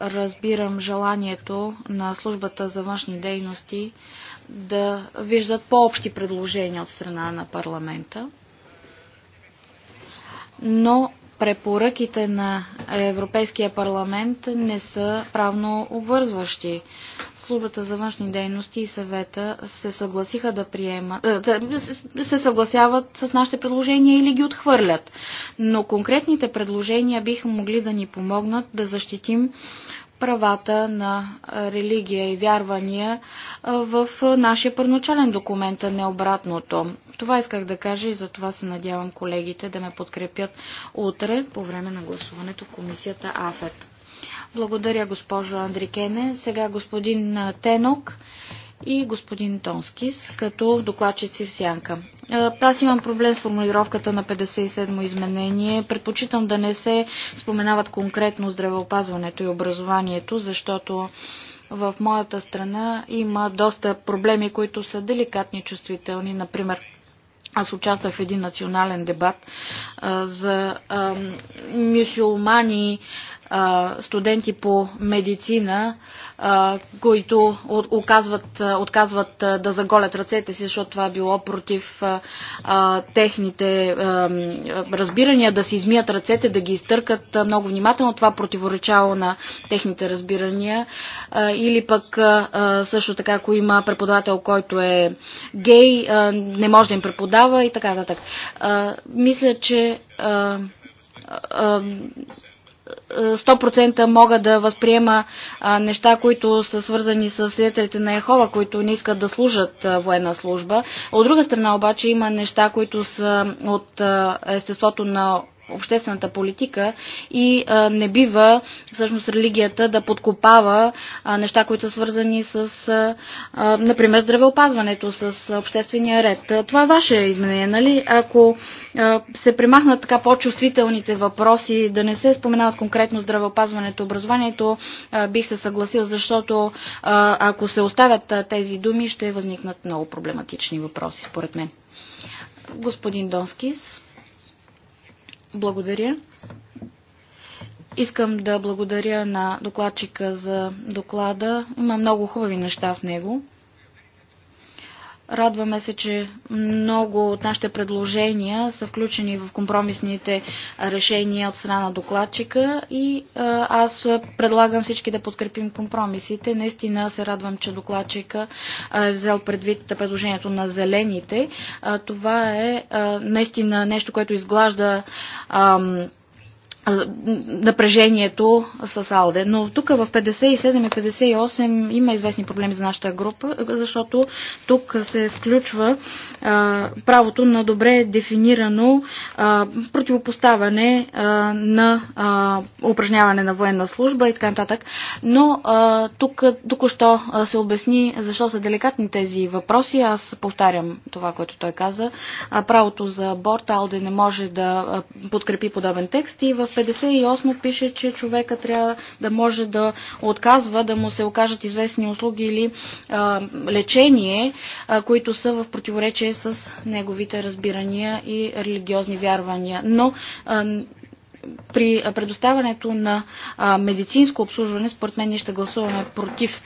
разбирам желанието на службата за външни дейности да виждат по-общи предложения от страна на парламента. Но препоръките на Европейския парламент не са правно обвързващи. Службата за външни дейности и съвета се съгласиха да приемат, е, се съгласяват с нашите предложения или ги отхвърлят. Но конкретните предложения биха могли да ни помогнат да защитим правата на религия и вярвания в нашия първоначален документ, а не обратното. Това исках да кажа и за това се надявам колегите да ме подкрепят утре по време на гласуването в комисията АФЕТ. Благодаря, госпожо Андрикене. Сега господин Тенок и господин Тонскис като докладчици в сянка. Аз имам проблем с формулировката на 57-о изменение. Предпочитам да не се споменават конкретно здравеопазването и образованието, защото в моята страна има доста проблеми, които са деликатни, чувствителни. Например, аз участвах в един национален дебат а, за мюсюлмани, студенти по медицина, които оказват, отказват да заголят ръцете си, защото това е било против техните разбирания, да си измият ръцете, да ги изтъркат много внимателно. Това противоречало на техните разбирания. Или пък също така, ако има преподавател, който е гей, не може да им преподава и така нататък. Мисля, че 100% мога да възприема неща, които са свързани с свидетелите на Ехова, които не искат да служат военна служба. От друга страна обаче има неща, които са от естеството на обществената политика и а, не бива всъщност религията да подкопава а, неща, които са свързани с, а, например, здравеопазването, с обществения ред. Това е ваше изменение, нали? Ако а, се примахнат така по-чувствителните въпроси, да не се споменават конкретно здравеопазването, образованието, а, бих се съгласил, защото а, ако се оставят а, тези думи, ще възникнат много проблематични въпроси, според мен. Господин Донскис. Благодаря. Искам да благодаря на докладчика за доклада. Има много хубави неща в него. Радваме се, че много от нашите предложения са включени в компромисните решения от страна на докладчика и аз предлагам всички да подкрепим компромисите. Наистина се радвам, че докладчика е взел предвид предложението на зелените. Това е наистина нещо, което изглажда напрежението с Алде. Но тук в 57 и 58 има известни проблеми за нашата група, защото тук се включва а, правото на добре дефинирано а, противопоставяне а, на а, упражняване на военна служба и така нататък. Но а, тук току-що се обясни защо са деликатни тези въпроси. Аз повтарям това, което той каза. А, правото за борт Алде не може да подкрепи подобен текст и в 58 пише, че човека трябва да може да отказва да му се окажат известни услуги или а, лечение, а, които са в противоречие с неговите разбирания и религиозни вярвания. Но а, при предоставянето на а, медицинско обслужване, според мен ние ще гласуваме против.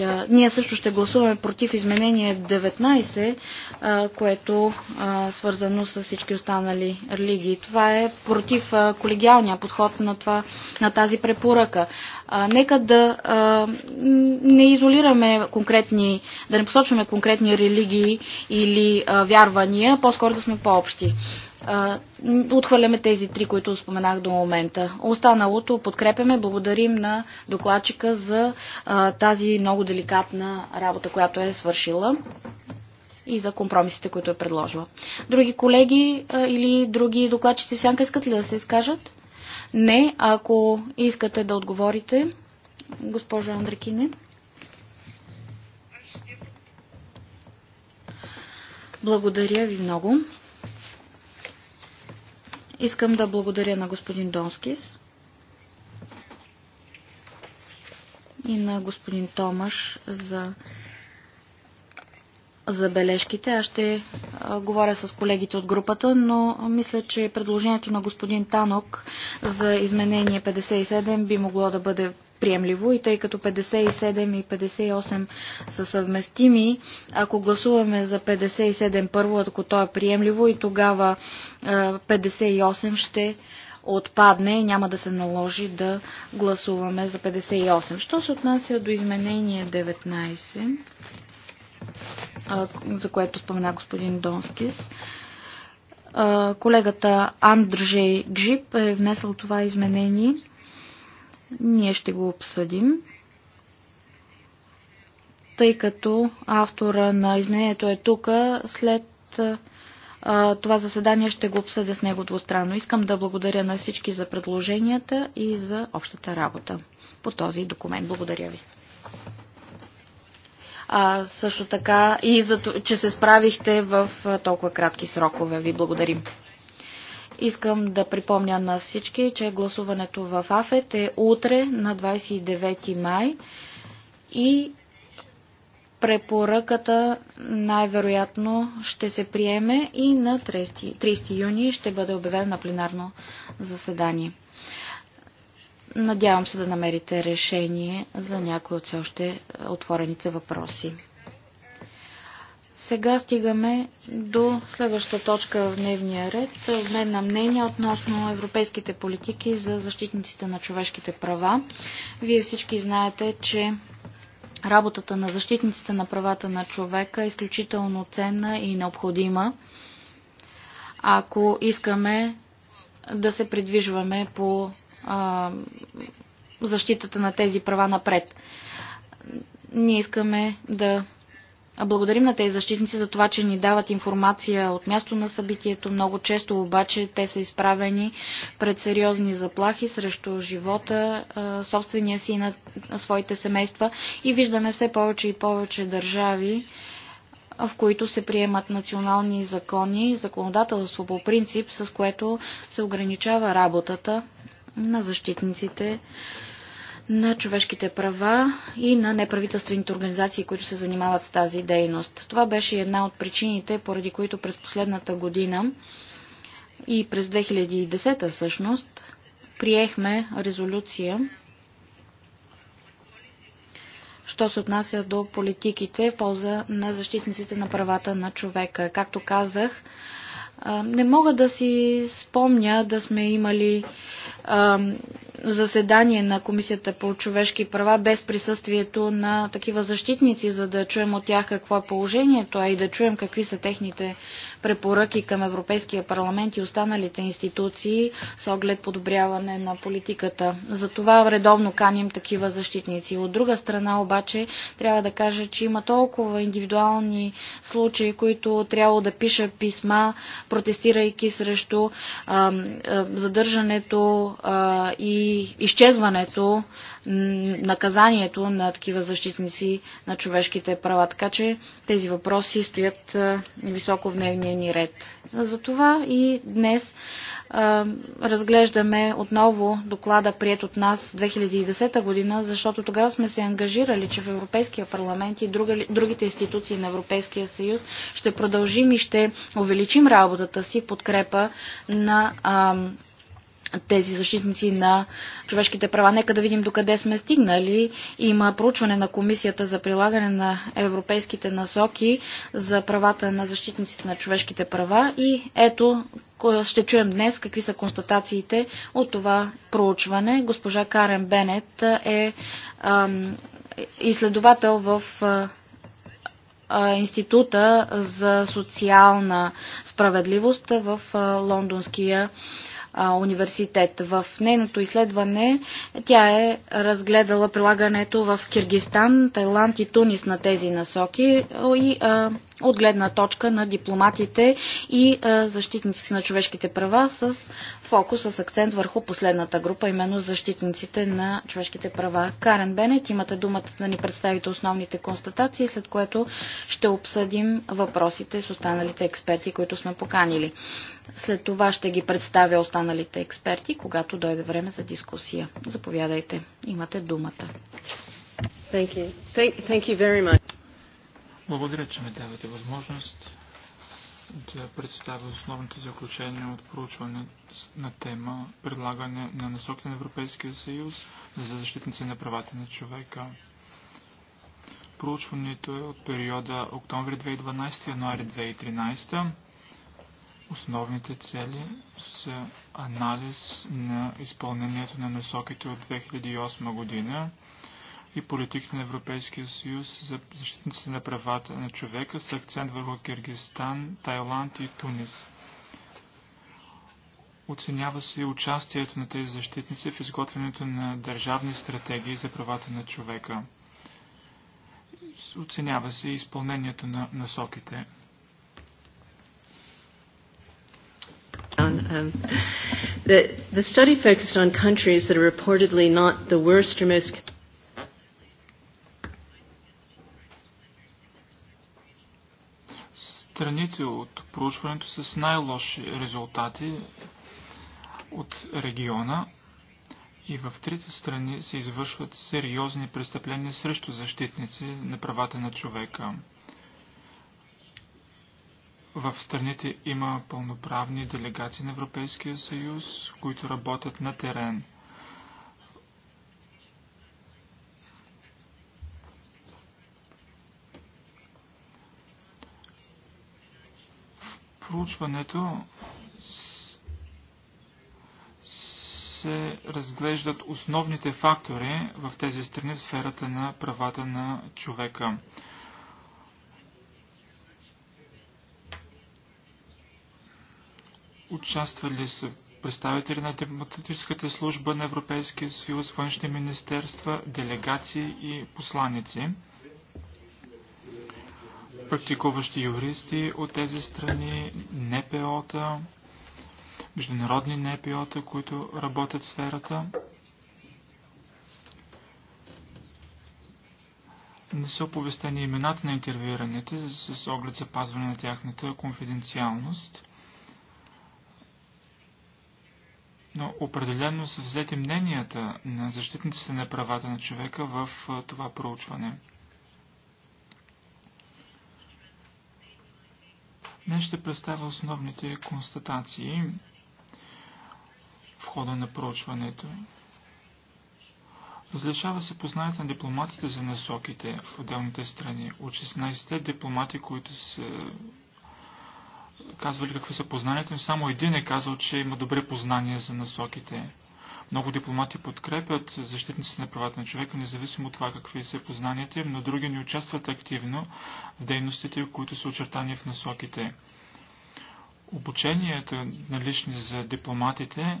А, ние също ще гласуваме против изменение 19, а, което а, свързано с всички останали религии. Това е против а, колегиалния подход на, това, на тази препоръка. А, нека да а, не изолираме конкретни, да не посочваме конкретни религии или а, вярвания, по-скоро да сме по-общи. Отхвърляме тези три, които споменах до момента. Останалото подкрепяме. Благодарим на докладчика за тази много деликатна работа, която е свършила и за компромисите, които е предложила. Други колеги или други докладчици сянка искат ли да се изкажат? Не, ако искате да отговорите, госпожа Андрекине. Благодаря ви много. Искам да благодаря на господин Донскис и на господин Томаш за забележките. Аз ще говоря с колегите от групата, но мисля, че предложението на господин Танок за изменение 57 би могло да бъде приемливо и тъй като 57 и 58 са съвместими, ако гласуваме за 57 първо, ако то е приемливо и тогава 58 ще отпадне и няма да се наложи да гласуваме за 58. Що се отнася до изменение 19? за което спомена господин Донскис. Колегата Андржей Гжип е внесъл това изменение. Ние ще го обсъдим тъй като автора на изменението е тук, след това заседание ще го обсъдя с него двустранно. Искам да благодаря на всички за предложенията и за общата работа по този документ. Благодаря ви а, също така и за че се справихте в толкова кратки срокове. Ви благодарим. Искам да припомня на всички, че гласуването в АФЕТ е утре на 29 май и препоръката най-вероятно ще се приеме и на 30, 30 юни ще бъде обявено на пленарно заседание. Надявам се да намерите решение за някои от все още е, отворените въпроси. Сега стигаме до следващата точка в дневния ред. Обмен на мнение относно европейските политики за защитниците на човешките права. Вие всички знаете, че работата на защитниците на правата на човека е изключително ценна и необходима, ако искаме да се придвижваме по защитата на тези права напред. Ние искаме да благодарим на тези защитници за това, че ни дават информация от място на събитието. Много често обаче те са изправени пред сериозни заплахи срещу живота, собствения си и на своите семейства. И виждаме все повече и повече държави, в които се приемат национални закони, законодателство по принцип, с което се ограничава работата на защитниците на човешките права и на неправителствените организации, които се занимават с тази дейност. Това беше една от причините, поради които през последната година и през 2010 всъщност приехме резолюция, що се отнася до политиките в полза на защитниците на правата на човека. Както казах, не мога да си спомня да сме имали заседание на Комисията по човешки права без присъствието на такива защитници, за да чуем от тях какво е положението, а и да чуем какви са техните препоръки към Европейския парламент и останалите институции с оглед подобряване на политиката. Затова редовно каним такива защитници. От друга страна обаче трябва да кажа, че има толкова индивидуални случаи, които трябва да пиша писма протестирайки срещу задържането и изчезването наказанието на такива защитници на човешките права. Така че тези въпроси стоят високо в дневния ни ред. Затова и днес разглеждаме отново доклада прият от нас 2010 година, защото тогава сме се ангажирали, че в Европейския парламент и другите институции на Европейския съюз ще продължим и ще увеличим работата си в подкрепа на тези защитници на човешките права. Нека да видим докъде сме стигнали. Има проучване на Комисията за прилагане на европейските насоки за правата на защитниците на човешките права и ето ще чуем днес какви са констатациите от това проучване. Госпожа Карен Бенет е ам, изследовател в Института за социална справедливост в Лондонския университет. В нейното изследване тя е разгледала прилагането в Киргистан, Тайланд и Тунис на тези насоки и а, от гледна точка на дипломатите и а, защитниците на човешките права с фокус, с акцент върху последната група, именно защитниците на човешките права. Карен Бенет, имате думата да ни представите основните констатации, след което ще обсъдим въпросите с останалите експерти, които сме поканили. След това ще ги представя останалите експерти, когато дойде време за дискусия. Заповядайте, имате думата. Thank you. Thank, thank you very much. Благодаря, че ми давате възможност да представя основните заключения от проучване на тема предлагане на насоки на Европейския съюз за защитници на правата на човека. Проучването е от периода октомври 2012-януари 2013 Основните цели са анализ на изпълнението на насоките от 2008 година и политиките на Европейския съюз за защитниците на правата на човека с акцент върху Киргизстан, Тайланд и Тунис. Оценява се и участието на тези защитници в изготвянето на държавни стратегии за правата на човека. Оценява се и изпълнението на насоките Um, the, the study focused on countries that are reportedly not the worst or most. Страните от проучването с най-лоши резултати от региона и в трите страни се извършват сериозни престъпления срещу защитници на правата на човека. В страните има пълноправни делегации на Европейския съюз, които работят на терен. В проучването се разглеждат основните фактори в тези страни в сферата на правата на човека. Участвали са представители на дипломатическата служба на Европейския съюз, външни министерства, делегации и посланици, практикуващи юристи от тези страни, НПО-та, международни НПО-та, които работят в сферата. Не са оповестени имената на интервюираните с оглед запазване на тяхната конфиденциалност – но определено са взети мненията на защитниците на правата на човека в това проучване. Днес ще представя основните констатации в хода на проучването. Различава се познанието на дипломатите за насоките в отделните страни. От 16-те дипломати, които са казвали какви са познанията им, само един е казал, че има добре познания за насоките. Много дипломати подкрепят защитниците на правата на човека, независимо от това какви са познанията им, но други не участват активно в дейностите, които са очертани в насоките. Обученията на лични за дипломатите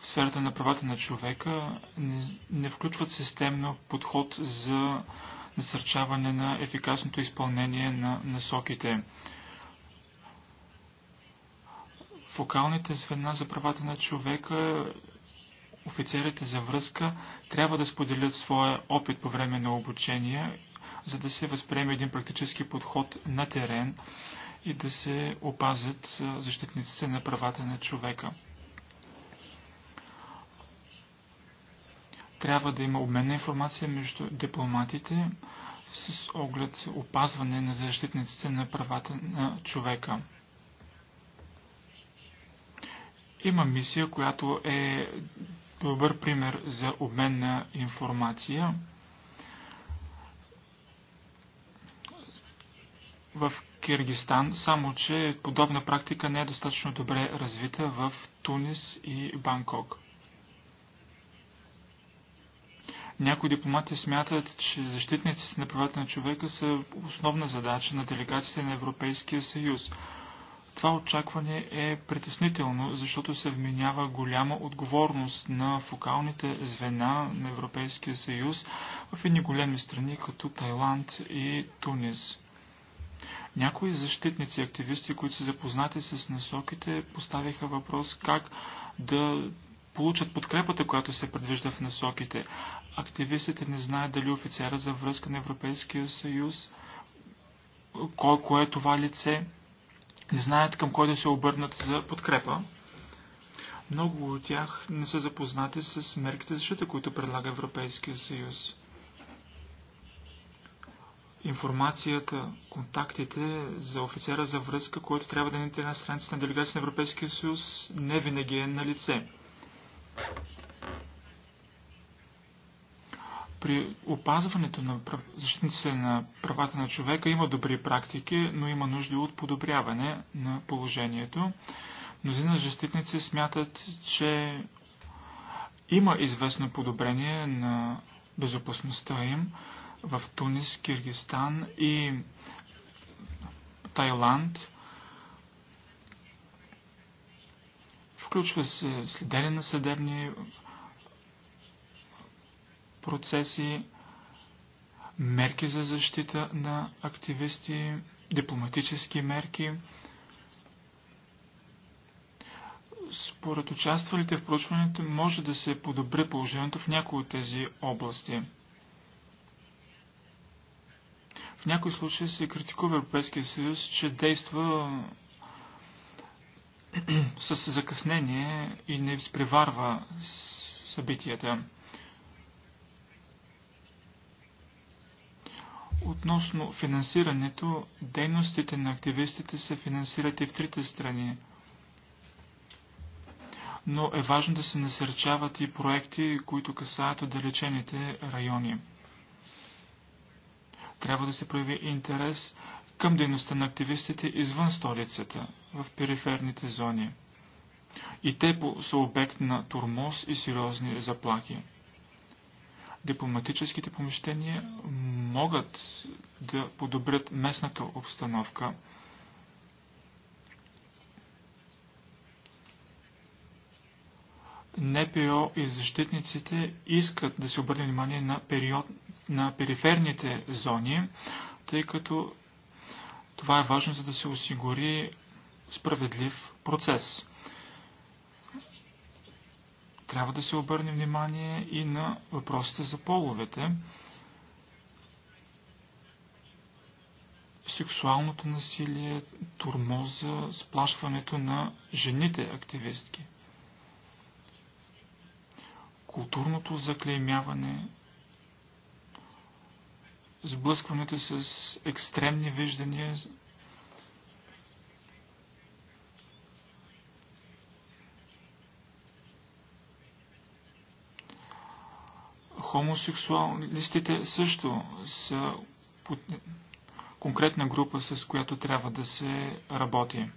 в сферата на правата на човека не, не включват системно подход за насърчаване на ефикасното изпълнение на насоките фокалните звена за правата на човека, офицерите за връзка трябва да споделят своя опит по време на обучение, за да се възприеме един практически подход на терен и да се опазят защитниците на правата на човека. Трябва да има обменна информация между дипломатите с оглед опазване на защитниците на правата на човека. Има мисия, която е добър пример за обмен на информация. В Киргистан, само че подобна практика не е достатъчно добре развита в Тунис и Банкок. Някои дипломати смятат, че защитниците на правата на човека са основна задача на делегациите на Европейския съюз – това очакване е притеснително, защото се вменява голяма отговорност на фокалните звена на Европейския съюз в едни големи страни като Тайланд и Тунис. Някои защитници и активисти, които са запознати с насоките, поставиха въпрос как да получат подкрепата, която се предвижда в насоките. Активистите не знаят дали офицера за връзка на Европейския съюз, кое е това лице, не знаят към кой да се обърнат за подкрепа. Много от тях не са запознати с мерките за защита, които предлага Европейския съюз. Информацията, контактите за офицера за връзка, който трябва да е на страницата на делегация на Европейския съюз, не винаги е на лице. При опазването на защитниците на правата на човека има добри практики, но има нужда от подобряване на положението. Мнозина защитници смятат, че има известно подобрение на безопасността им в Тунис, Киргистан и Тайланд. Включва се следение на съдебни процеси, мерки за защита на активисти, дипломатически мерки. Според участвалите в проучването може да се подобри положението в някои от тези области. В някои случаи се критикува Европейския съюз, че действа с закъснение и не изпреварва събитията. Относно финансирането, дейностите на активистите се финансират и в трите страни. Но е важно да се насърчават и проекти, които касаят отдалечените райони. Трябва да се прояви интерес към дейността на активистите извън столицата, в периферните зони. И те са обект на турмоз и сериозни заплахи дипломатическите помещения могат да подобрят местната обстановка. НПО и защитниците искат да се обърне внимание на, период, на периферните зони, тъй като това е важно, за да се осигури справедлив процес. Трябва да се обърне внимание и на въпросите за половете. сексуалното насилие, турмоза, сплашването на жените активистки, културното заклеймяване, сблъскването с екстремни виждания, Хомосексуалистите също са конкретна група, с която трябва да се работи.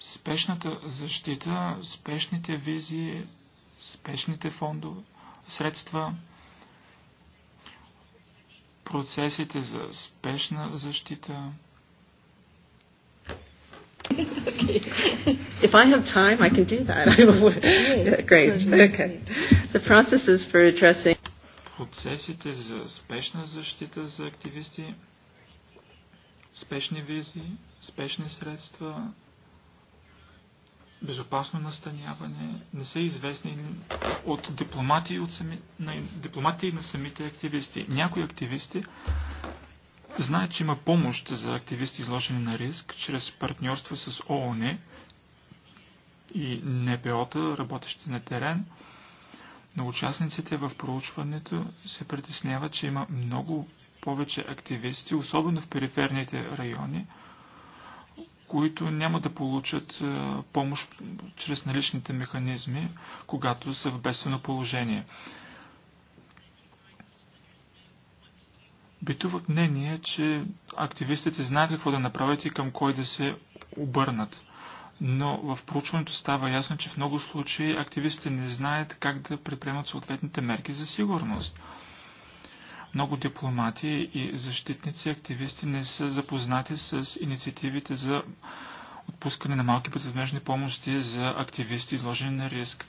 Спешната защита, спешните визи, спешните фондове, средства, процесите за спешна защита – okay. If I have time, I can do that. Great. Okay. The processes for addressing. Процесите за спешна защита за активисти, спешни визи, спешни средства, безопасно настаняване не са известни от дипломати, от сами, на дипломати и на самите активисти. Някои активисти знаят, че има помощ за активисти изложени на риск чрез партньорство с ООН и НПО-та, работещи на терен, но участниците в проучването се притесняват, че има много повече активисти, особено в периферните райони, които няма да получат е, помощ чрез наличните механизми, когато са в бедствено положение. битуват мнение, че активистите знаят какво да направят и към кой да се обърнат. Но в проучването става ясно, че в много случаи активистите не знаят как да предприемат съответните мерки за сигурност. Много дипломати и защитници активисти не са запознати с инициативите за отпускане на малки безвъзмежни помощи за активисти, изложени на риск.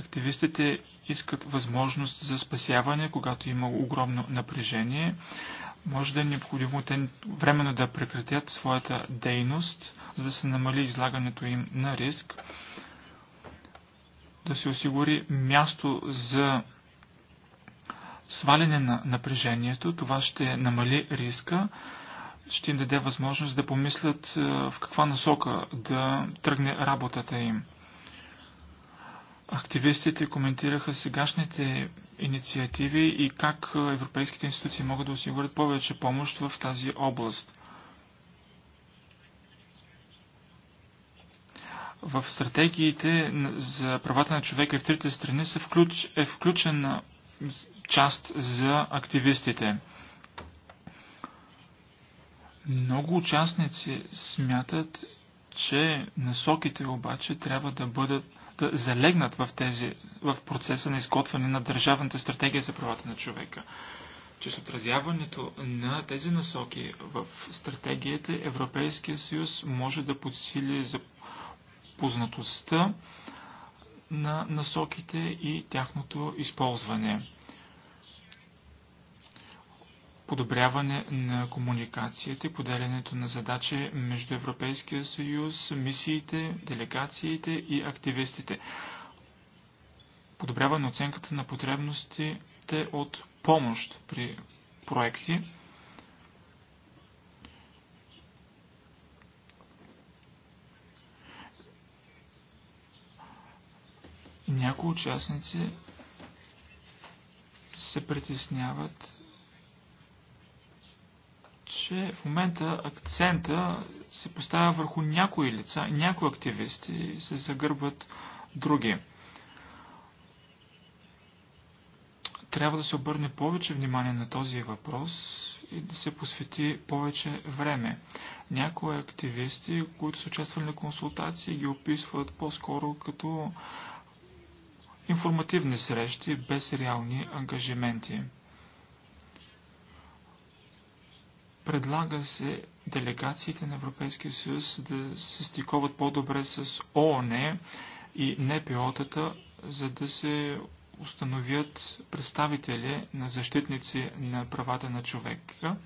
Активистите искат възможност за спасяване, когато има огромно напрежение. Може да е необходимо те временно да прекратят своята дейност, за да се намали излагането им на риск, да се осигури място за сваляне на напрежението. Това ще намали риска, ще им даде възможност да помислят е, в каква насока да тръгне работата им. Активистите коментираха сегашните инициативи и как европейските институции могат да осигурят повече помощ в тази област. В стратегиите за правата на човека в трите страни включ... е включена част за активистите. Много участници смятат, че насоките обаче трябва да бъдат да залегнат в, тези, в процеса на изготвяне на Държавната стратегия за правата на човека. Чрез отразяването на тези насоки в стратегията Европейския съюз може да подсили за познатостта на насоките и тяхното използване подобряване на комуникацията и поделянето на задачи между Европейския съюз, мисиите, делегациите и активистите. Подобряване оценката на потребностите от помощ при проекти. Някои участници се притесняват че в момента акцента се поставя върху някои лица, някои активисти и се загърбват други. Трябва да се обърне повече внимание на този въпрос и да се посвети повече време. Някои активисти, които са участвали на консултации, ги описват по-скоро като информативни срещи без реални ангажименти. Предлага се делегациите на Европейския съюз да се стиковат по-добре с ООН и НПО-тата, за да се установят представители на защитници на правата на човека.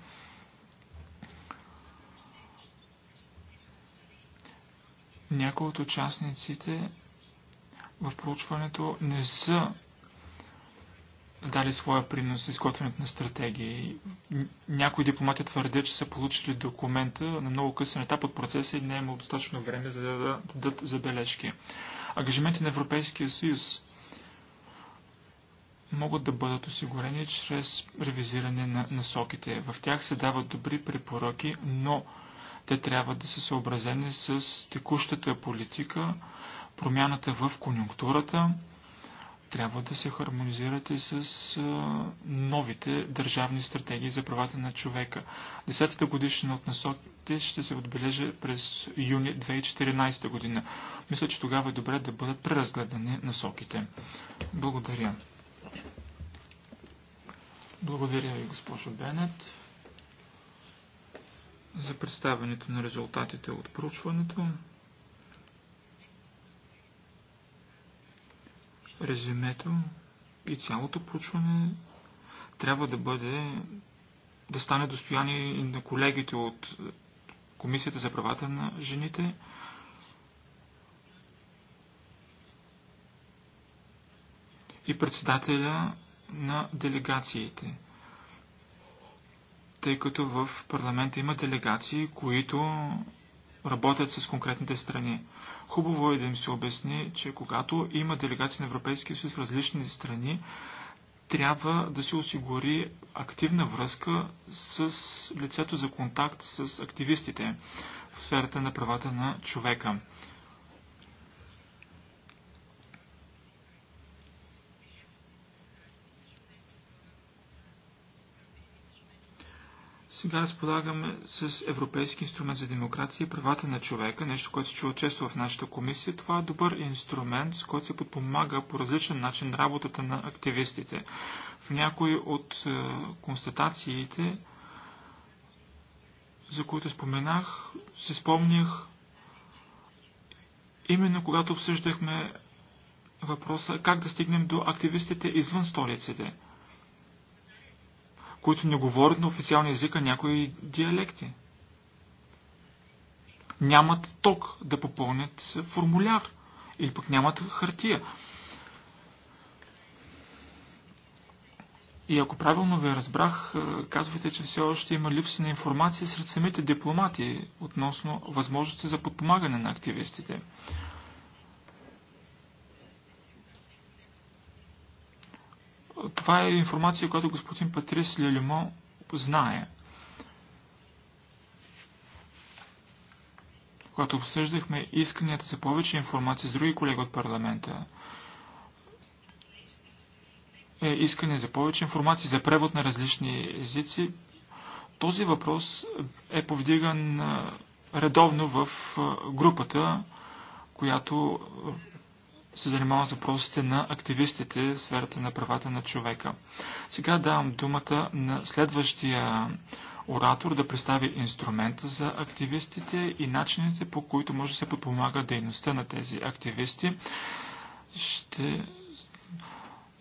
Някои от участниците в проучването не са дали своя принос за изготвянето на стратегии. Някои дипломати твърдят, че са получили документа на много късен етап от процеса и не е имало достатъчно време за да дадат забележки. Ангажименти на Европейския съюз могат да бъдат осигурени чрез ревизиране на насоките. В тях се дават добри препоръки, но те трябва да са съобразени с текущата политика, промяната в конюнктурата, трябва да се хармонизирате с новите държавни стратегии за правата на човека. Десетата годишна от насоките ще се отбележи през юни 2014 година. Мисля, че тогава е добре да бъдат преразгледани насоките. Благодаря. Благодаря ви, госпожо Бенет, за представянето на резултатите от проучването. резюмето и цялото проучване трябва да бъде да стане достояние и на колегите от Комисията за правата на жените. и председателя на делегациите. Тъй като в парламента има делегации, които работят с конкретните страни. Хубаво е да им се обясни, че когато има делегации на Европейския съюз в различни страни, трябва да се осигури активна връзка с лицето за контакт с активистите в сферата на правата на човека. Сега разполагаме с Европейски инструмент за демокрация и правата на човека, нещо, което се чува често в нашата комисия. Това е добър инструмент, с който се подпомага по различен начин работата на активистите. В някои от е, констатациите, за които споменах, се спомнях именно когато обсъждахме въпроса как да стигнем до активистите извън столиците – които не говорят на официални езика някои диалекти. Нямат ток да попълнят формуляр или пък нямат хартия. И ако правилно ви разбрах, е, казвате, че все още има липса на информация сред самите дипломати относно възможности за подпомагане на активистите. Това е информация, която господин Патрис Лелимо знае. Когато обсъждахме исканията за повече информация с други колеги от парламента, е искане за повече информация за превод на различни езици, този въпрос е повдиган редовно в групата, която се занимава с въпросите на активистите в сферата на правата на човека. Сега давам думата на следващия оратор да представи инструмента за активистите и начините по които може да се подпомага дейността на тези активисти. Ще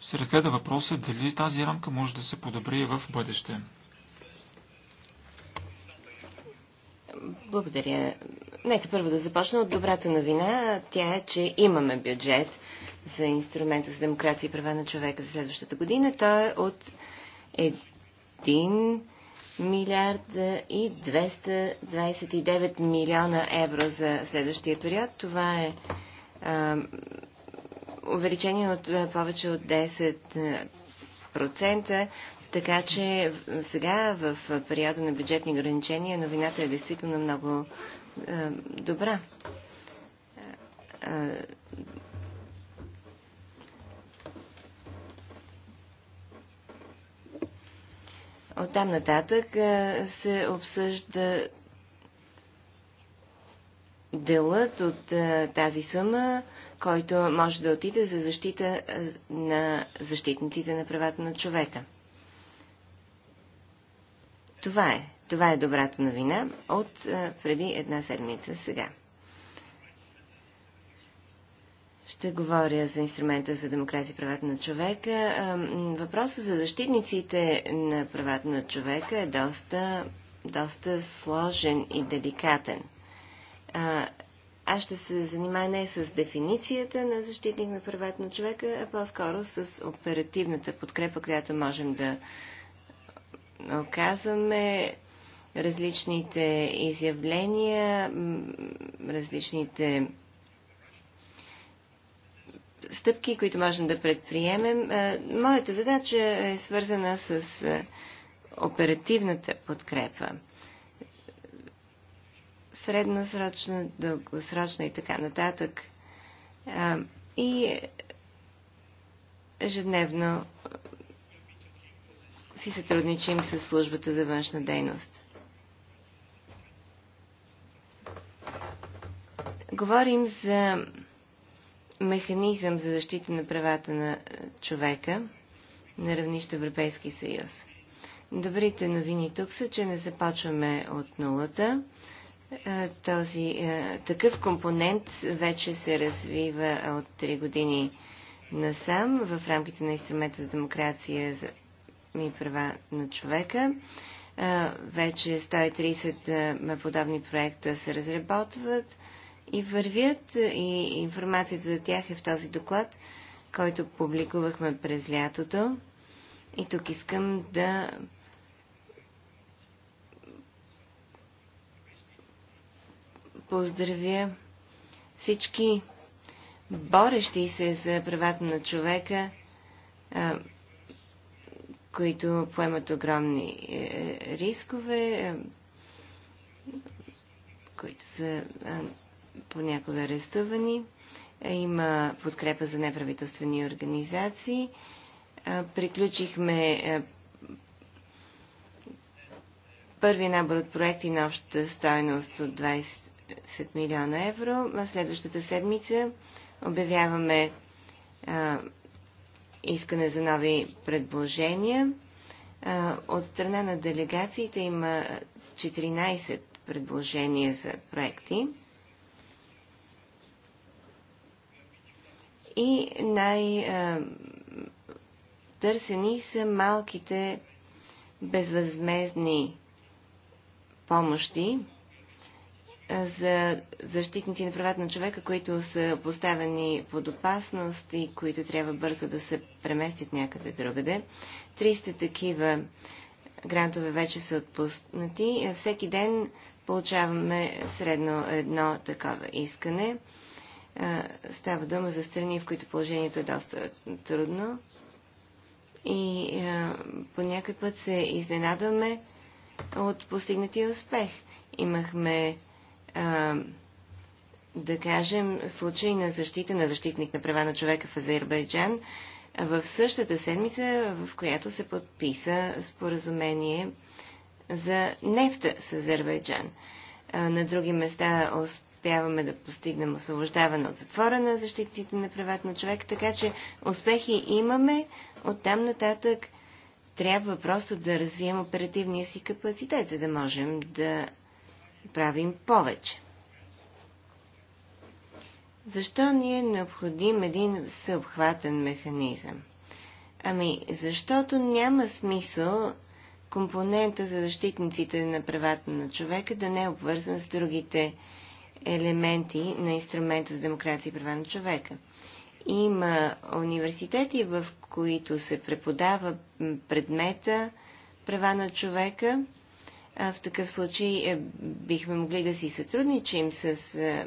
се разгледа въпроса дали тази рамка може да се подобри и в бъдеще. Благодаря. Нека първо да започна от добрата новина. Тя е, че имаме бюджет за инструмента за демокрация и права на човека за следващата година. Той е от 1 милиард и 229 милиона евро за следващия период. Това е а, увеличение от повече от 10% така че сега в периода на бюджетни ограничения новината е действително много е, добра. Е, е, от там нататък е, се обсъжда делът от тази сума, който може да отиде за защита на защитниците на правата на човека. Това е. Това е добрата новина от а, преди една седмица сега. Ще говоря за инструмента за демокрация и правата на човека. Въпросът за защитниците на правата на човека е доста, доста сложен и деликатен. А, аз ще се занимая не с дефиницията на защитник на правата на човека, а по-скоро с оперативната подкрепа, която можем да, оказваме различните изявления, различните стъпки, които можем да предприемем. Е, моята задача е свързана с е, оперативната подкрепа. Средносрочна, дългосрочна и така нататък. Е, и ежедневно си сътрудничим с службата за външна дейност. Говорим за механизъм за защита на правата на човека на равнище Европейски съюз. Добрите новини тук са, че не започваме от нулата. Е, този е, такъв компонент вече се развива от 3 години насам в рамките на инструмента за демокрация и права на човека. Вече 130 подобни проекта се разработват и вървят и информацията за тях е в този доклад, който публикувахме през лятото. И тук искам да поздравя всички борещи се за правата на човека които поемат огромни е, рискове, е, които са е, понякога арестувани. Има подкрепа за неправителствени организации. Приключихме първи набор от проекти на обща стоеност от 20 милиона евро. Следващата седмица обявяваме искане за нови предложения. От страна на делегациите има 14 предложения за проекти. И най-търсени са малките безвъзмезни помощи, за защитници на правата на човека, които са поставени под опасност и които трябва бързо да се преместят някъде другаде. 300 такива грантове вече са отпуснати. Всеки ден получаваме средно едно такова искане. Става дума за страни, в които положението е доста трудно. И по някой път се изненадваме от постигнатия успех. Имахме да кажем, случай на защита на защитник на права на човека в Азербайджан в същата седмица, в която се подписа споразумение за нефта с Азербайджан. На други места успяваме да постигнем освобождаване от затвора на защитите на правата на човека, така че успехи имаме. От там нататък трябва просто да развием оперативния си капацитет, за да можем да правим повече. Защо ни е необходим един съобхватен механизъм? Ами, защото няма смисъл компонента за защитниците на правата на човека да не е обвързан с другите елементи на инструмента за демокрация и права на човека. Има университети, в които се преподава предмета права на човека в такъв случай е, бихме могли да си сътрудничим с е,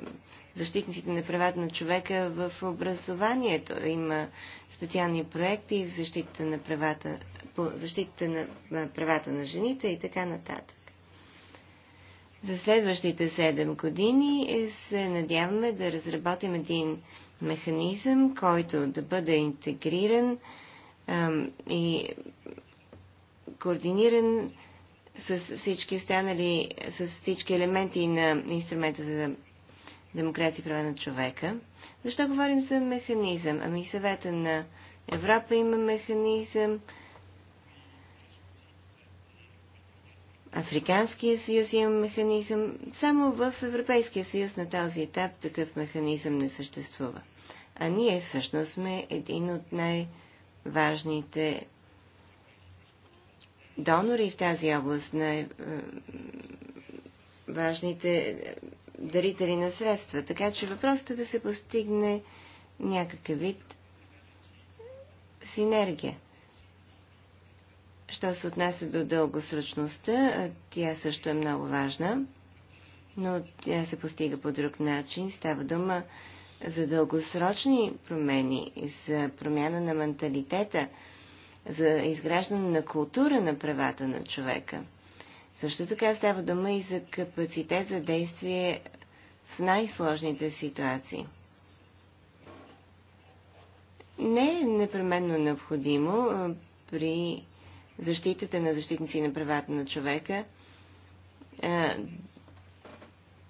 защитниците на правата на човека в образованието. Има специални проекти в защита на правата, по защита на е, правата на жените и така нататък. За следващите 7 години се надяваме да разработим един механизъм, който да бъде интегриран ам, и координиран с всички останали, с всички елементи на инструмента за демокрация и права на човека. Защо говорим за механизъм? Ами съвета на Европа има механизъм, Африканския съюз има механизъм. Само в Европейския съюз на този етап такъв механизъм не съществува. А ние всъщност сме един от най-важните донори в тази област, най-важните дарители на средства. Така че въпросът е да се постигне някакъв вид синергия. Що се отнася до дългосрочността, тя също е много важна, но тя се постига по друг начин. Става дума за дългосрочни промени, за промяна на менталитета – за изграждане на култура на правата на човека. Също така става дума и за капацитет за действие в най-сложните ситуации. Не е непременно необходимо при защитата на защитници на правата на човека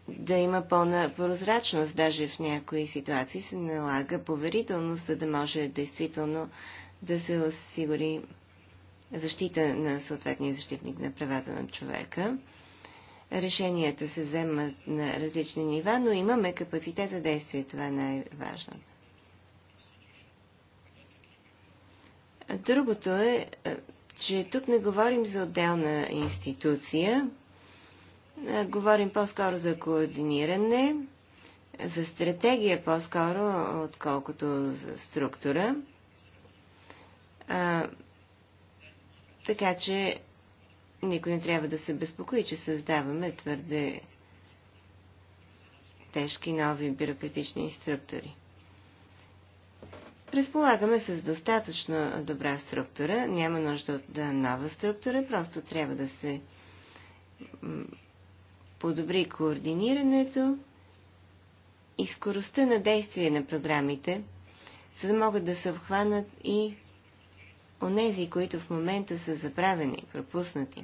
да има пълна прозрачност. Даже в някои ситуации се налага поверителност, за да може действително да се осигури защита на съответния защитник на правата на човека. Решенията се вземат на различни нива, но имаме капацитет за действие. Това е най-важното. Другото е, е че тук не говорим за отделна институция, е, говорим по-скоро за координиране, за стратегия по-скоро, отколкото за структура. А, така че никой не трябва да се безпокои, че създаваме твърде тежки нови бюрократични структури. Разполагаме с достатъчно добра структура, няма нужда от нова структура, просто трябва да се подобри координирането и скоростта на действие на програмите, за да могат да се обхванат и онези, които в момента са забравени, пропуснати.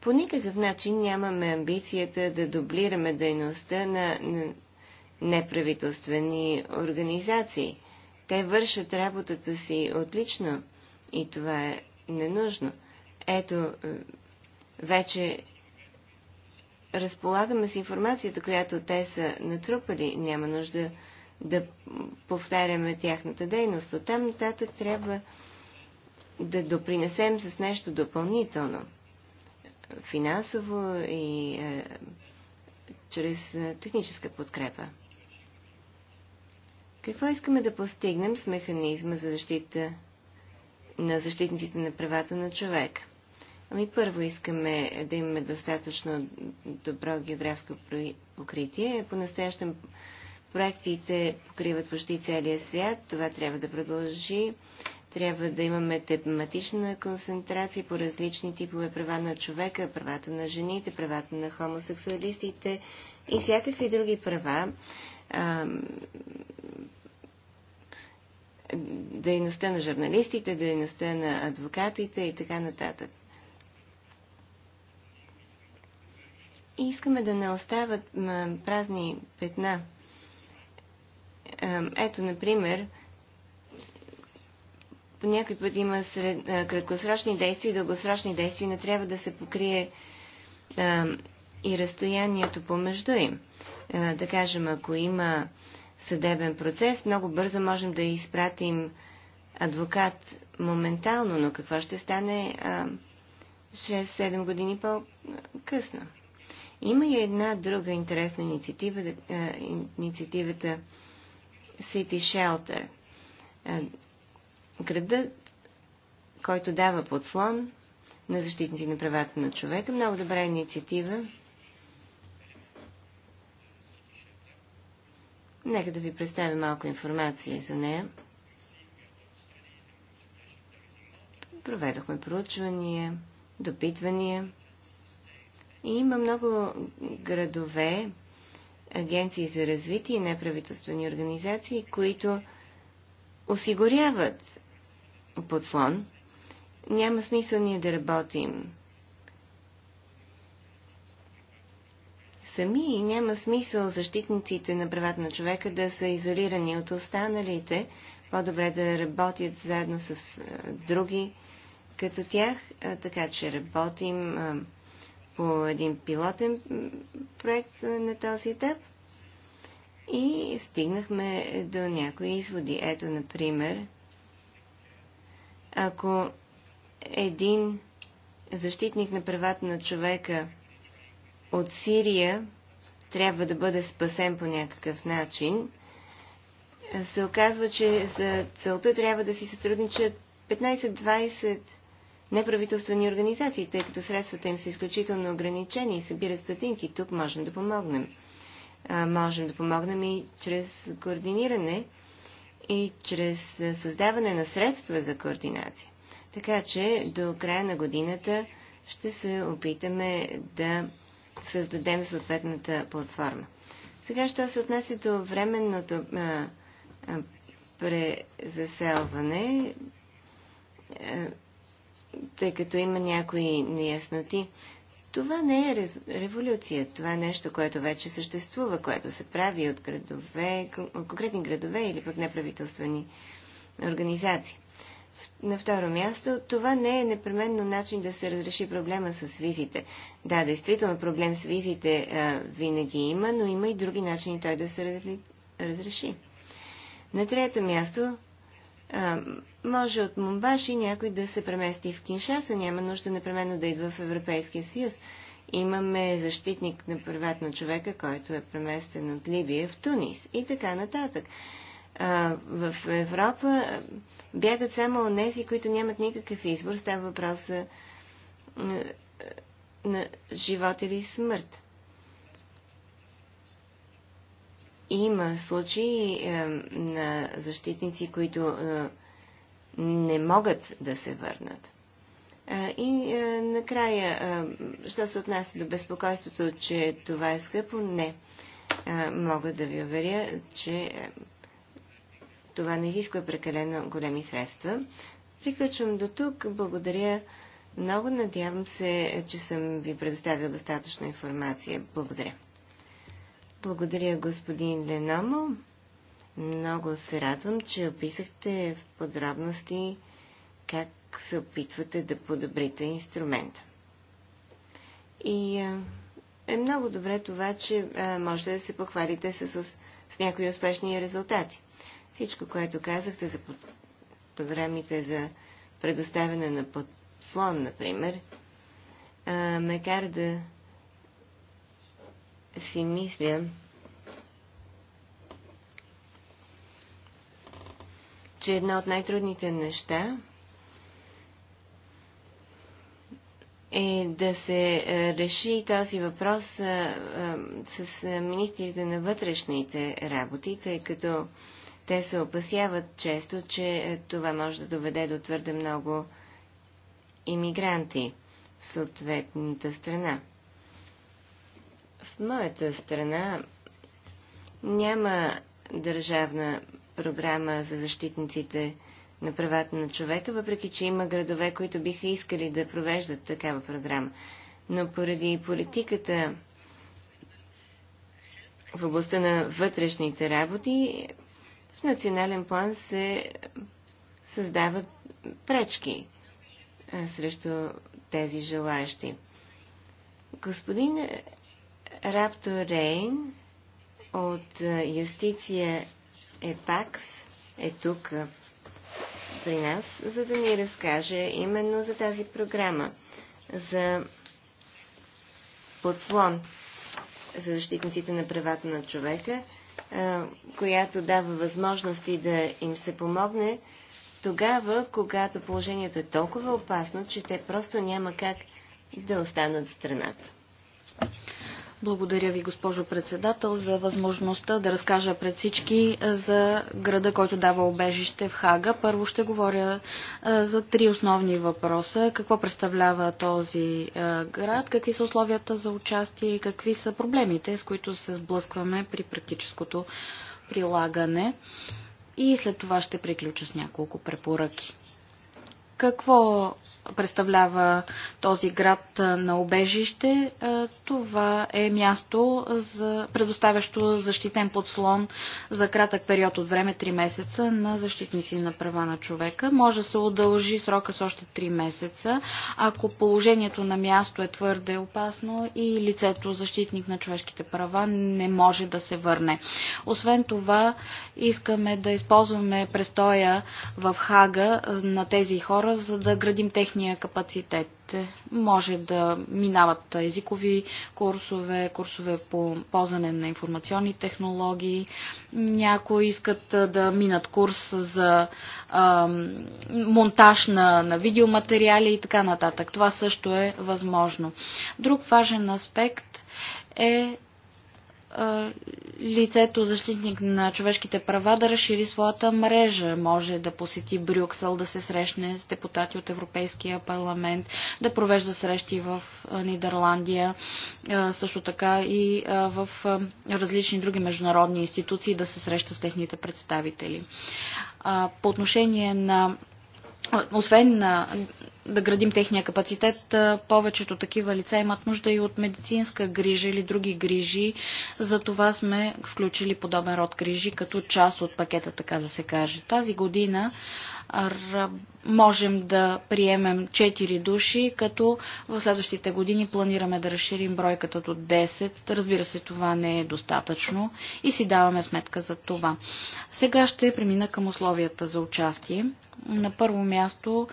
По никакъв начин нямаме амбицията да дублираме дейността на, на неправителствени организации. Те вършат работата си отлично и това е ненужно. Ето, е, вече разполагаме с информацията, която те са натрупали. Няма нужда да повтаряме тяхната дейност. От там нататък трябва да допринесем с нещо допълнително. Финансово и е, чрез е, техническа подкрепа. Какво искаме да постигнем с механизма за защита на защитниците на правата на човек? Ами първо искаме да имаме достатъчно добро географско покритие. По-настоящем Проектите покриват почти целия свят. Това трябва да продължи. Трябва да имаме тематична концентрация по различни типове права на човека, правата на жените, правата на хомосексуалистите и всякакви други права. Дейността на журналистите, дейността на адвокатите и така нататък. И искаме да не остават празни петна ето, например, по някой път има сред, е, краткосрочни действия и дългосрочни действия, но трябва да се покрие а, и разстоянието помежду им. А, е, да кажем, ако има съдебен процес, много бързо можем да изпратим адвокат моментално, но какво ще стане 6-7 години по-късно? Има и една друга интересна инициатива, а, е, инициативата City Shelter. Е, градът, който дава подслон на защитници на правата на човека. Много добра инициатива. Нека да ви представя малко информация за нея. Проведохме проучвания, допитвания. И има много градове, агенции за развитие и неправителствени организации, които осигуряват подслон. Няма смисъл ние да работим сами и няма смисъл защитниците на правата на човека да са изолирани от останалите, по-добре да работят заедно с други като тях, така че работим а, по един пилотен проект на този етап и стигнахме до някои изводи. Ето, например, ако един защитник на правата на човека от Сирия трябва да бъде спасен по някакъв начин, се оказва, че за целта трябва да си сътрудничат 15-20 неправителствени организации, тъй като средствата им са изключително ограничени и събират стотинки. Тук можем да помогнем. А, можем да помогнем и чрез координиране и чрез създаване на средства за координация. Така че до края на годината ще се опитаме да създадем съответната платформа. Сега, що се отнася до временното а, презаселване, а, тъй като има някои неясноти. Това не е революция, това е нещо, което вече съществува, което се прави от градове, от конкретни градове или пък неправителствени организации. На второ място, това не е непременно начин да се разреши проблема с визите. Да, действително проблем с визите а, винаги има, но има и други начини той да се разреши. На трето място, а, може от Мумбаши някой да се премести в Киншаса, няма нужда непременно да идва в Европейския съюз. Имаме защитник на правата на човека, който е преместен от Либия в Тунис и така нататък. А, в Европа бягат само онези, които нямат никакъв избор. Става въпрос на живот или смърт. Има случаи е, на защитници, които е, не могат да се върнат. Е, и е, накрая, е, що се отнася до безпокойството, че това е скъпо, не. Е, мога да ви уверя, че е, това не изисква прекалено големи средства. Приключвам до тук. Благодаря. Много надявам се, че съм ви предоставил достатъчно информация. Благодаря. Благодаря, господин Денамо. Много се радвам, че описахте в подробности как се опитвате да подобрите инструмента. И е много добре това, че можете да се похвалите с, с, с някои успешни резултати. Всичко, което казахте за под... програмите за предоставяне на подслон, например, ме кара да си мисля, че една от най-трудните неща е да се е, реши този въпрос е, е, с министрите на вътрешните работи, тъй като те се опасяват често, че това може да доведе до твърде много иммигранти в съответната страна. В моята страна няма държавна програма за защитниците на правата на човека, въпреки че има градове, които биха искали да провеждат такава програма. Но поради политиката в областта на вътрешните работи, в национален план се създават пречки срещу тези желаящи. Господин Рапто Рейн от Юстиция Епакс е тук при нас, за да ни разкаже именно за тази програма за подслон за защитниците на правата на човека, която дава възможности да им се помогне тогава, когато положението е толкова опасно, че те просто няма как да останат в страната. Благодаря ви, госпожо председател, за възможността да разкажа пред всички е, за града, който дава обежище в Хага. Първо ще говоря е, за три основни въпроса. Какво представлява този е, град, какви са условията за участие и какви са проблемите, с които се сблъскваме при практическото прилагане. И след това ще приключа с няколко препоръки. Какво представлява този град на обежище? Това е място, за предоставящо защитен подслон за кратък период от време 3 месеца на защитници на права на човека. Може да се удължи срока с още 3 месеца, ако положението на място е твърде опасно и лицето защитник на човешките права не може да се върне. Освен това, искаме да използваме престоя в Хага на тези хора, хора, за да градим техния капацитет. Може да минават езикови курсове, курсове по ползване на информационни технологии. Някои искат да минат курс за а, монтаж на, на видеоматериали и така нататък. Това също е възможно. Друг важен аспект е лицето защитник на човешките права да разшири своята мрежа. Може да посети Брюксел, да се срещне с депутати от Европейския парламент, да провежда срещи в Нидерландия, също така и в различни други международни институции да се среща с техните представители. По отношение на освен да градим техния капацитет, повечето такива лица имат нужда и от медицинска грижа или други грижи. За това сме включили подобен род грижи като част от пакета, така да се каже. Тази година можем да приемем 4 души, като в следващите години планираме да разширим бройката до 10. Разбира се, това не е достатъчно и си даваме сметка за това. Сега ще премина към условията за участие. На първо място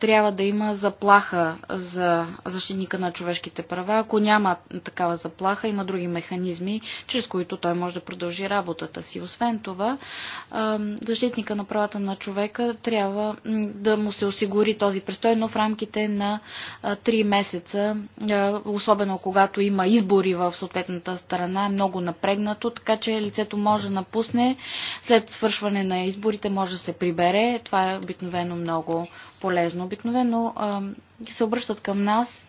трябва да има заплаха за защитника на човешките права. Ако няма такава заплаха, има други механизми, чрез които той може да продължи работата си. Освен това, защитника на правата на човека трябва да му се осигури този престой, но в рамките на 3 месеца, особено когато има избори в съответната страна, е много напрегнато, така че лицето може да напусне, след свършване на изборите може да се прибере. Това е обикновено много полезно полезно. Обикновено се обръщат към нас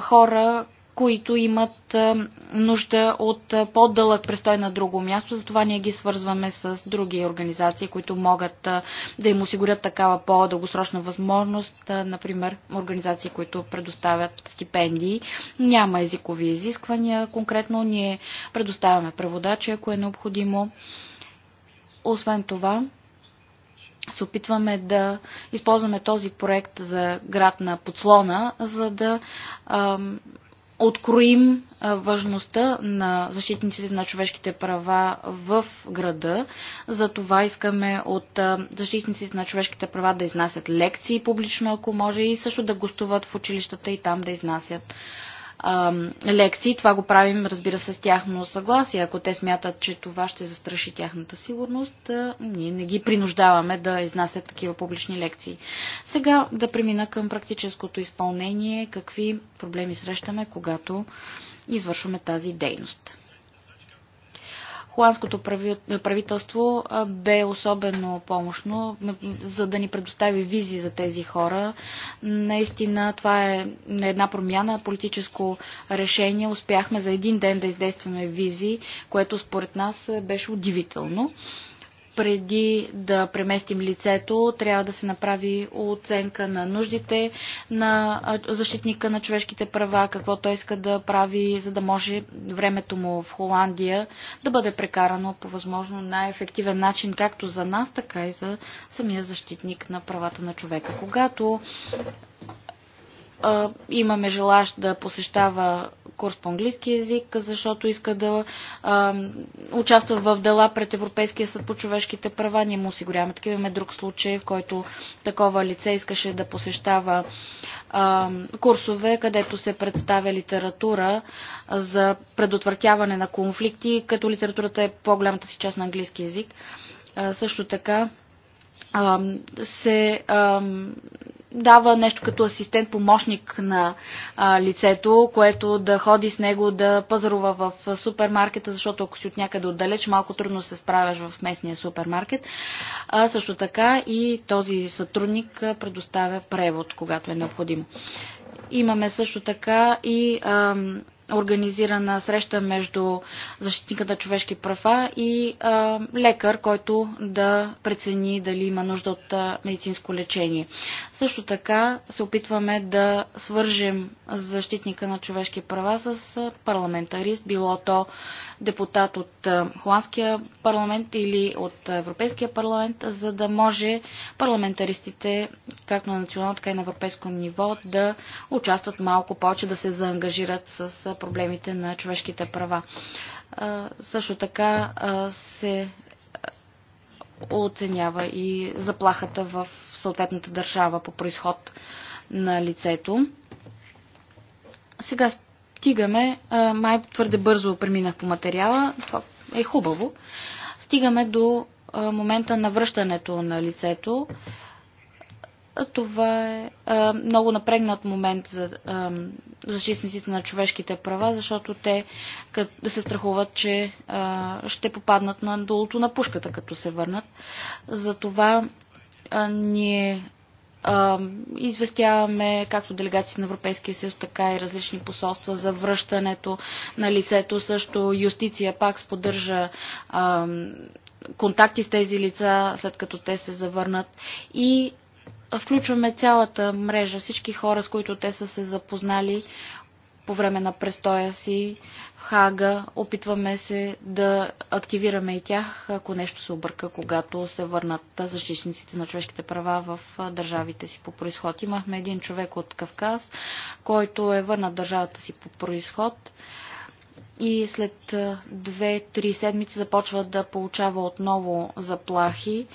хора, които имат нужда от по-дълъг престой на друго място. Затова ние ги свързваме с други организации, които могат да им осигурят такава по-дългосрочна възможност. Например, организации, които предоставят стипендии. Няма езикови изисквания. Конкретно ние предоставяме преводачи, ако е необходимо. Освен това, се опитваме да използваме този проект за град на подслона, за да ам, откроим важността на защитниците на човешките права в града. За това искаме от защитниците на човешките права да изнасят лекции публично, ако може, и също да гостуват в училищата и там да изнасят а, лекции. Това го правим, разбира се, с тяхно съгласие. Ако те смятат, че това ще застраши тяхната сигурност, а, ние не ги принуждаваме да изнасят такива публични лекции. Сега да премина към практическото изпълнение. Какви проблеми срещаме, когато извършваме тази дейност? Холандското правителство бе особено помощно, за да ни предостави визи за тези хора. Наистина това е една промяна, политическо решение. Успяхме за един ден да издействаме визи, което според нас беше удивително преди да преместим лицето, трябва да се направи оценка на нуждите на защитника на човешките права, какво той иска да прави, за да може времето му в Холандия да бъде прекарано по възможно най-ефективен начин, както за нас, така и за самия защитник на правата на човека. Когато имаме желащ да посещава курс по английски язик, защото иска да а, участва в дела пред Европейския съд по човешките права. Ние му осигуряваме. Такива имаме друг случай, в който такова лице искаше да посещава а, курсове, където се представя литература за предотвратяване на конфликти, като литературата е по-голямата си част на английски язик. А, също така се дава нещо като асистент, помощник на а, лицето, което да ходи с него да пазарува в супермаркета, защото ако си от някъде отдалеч, малко трудно се справяш в местния супермаркет. А, също така и този сътрудник предоставя превод, когато е необходимо. Имаме също така и А, организирана среща между защитника на човешки права и а, лекар, който да прецени дали има нужда от а, медицинско лечение. Също така се опитваме да свържем защитника на човешки права с парламентарист, било то депутат от Холандския парламент или от Европейския парламент, за да може парламентаристите, както на национално, така и на европейско ниво, да участват малко повече, да се заангажират с проблемите на човешките права. Също така се оценява и заплахата в съответната държава по происход на лицето. Сега стигаме, май твърде бързо преминах по материала, това е хубаво. Стигаме до момента на връщането на лицето. Това е а, много напрегнат момент за защитниците на човешките права, защото те кът, се страхуват, че а, ще попаднат на долото на пушката, като се върнат. Затова а, ние известяваме както делегации на Европейския съюз, така и различни посолства за връщането на лицето. Също юстиция пак сподържа контакти с тези лица, след като те се завърнат. И включваме цялата мрежа, всички хора, с които те са се запознали по време на престоя си в Хага. Опитваме се да активираме и тях, ако нещо се обърка, когато се върнат защитниците на човешките права в държавите си по происход. Имахме един човек от Кавказ, който е върнат държавата си по происход и след 2-3 седмици започва да получава отново заплахи,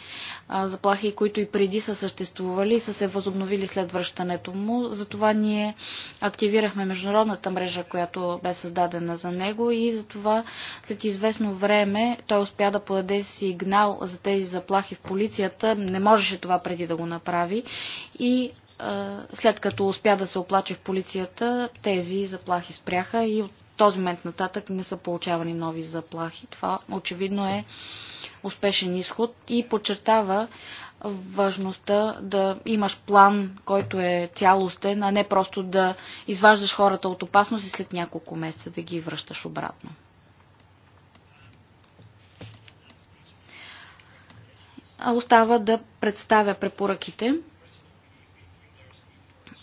заплахи, които и преди са съществували и са се възобновили след връщането му. Затова ние активирахме международната мрежа, която бе създадена за него и затова след известно време той успя да подаде сигнал за тези заплахи в полицията. Не можеше това преди да го направи и след като успя да се оплаче в полицията, тези заплахи спряха и от този момент нататък не са получавани нови заплахи. Това очевидно е успешен изход и подчертава важността да имаш план, който е цялостен, а не просто да изваждаш хората от опасност и след няколко месеца да ги връщаш обратно. Остава да представя препоръките.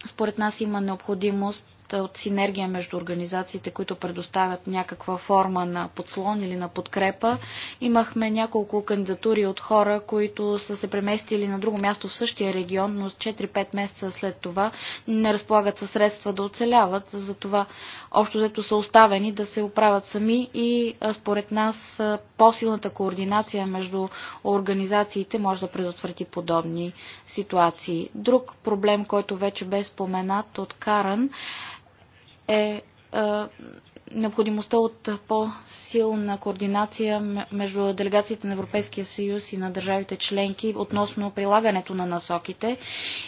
Според нас има необходимост от синергия между организациите, които предоставят някаква форма на подслон или на подкрепа. Имахме няколко кандидатури от хора, които са се преместили на друго място в същия регион, но 4-5 месеца след това не разполагат със средства да оцеляват. Затова общо взето са оставени да се оправят сами и според нас по-силната координация между организациите може да предотврати подобни ситуации. Друг проблем, който вече бе споменат от Каран, е е, необходимостта от по-силна координация между делегациите на Европейския съюз и на държавите членки относно прилагането на насоките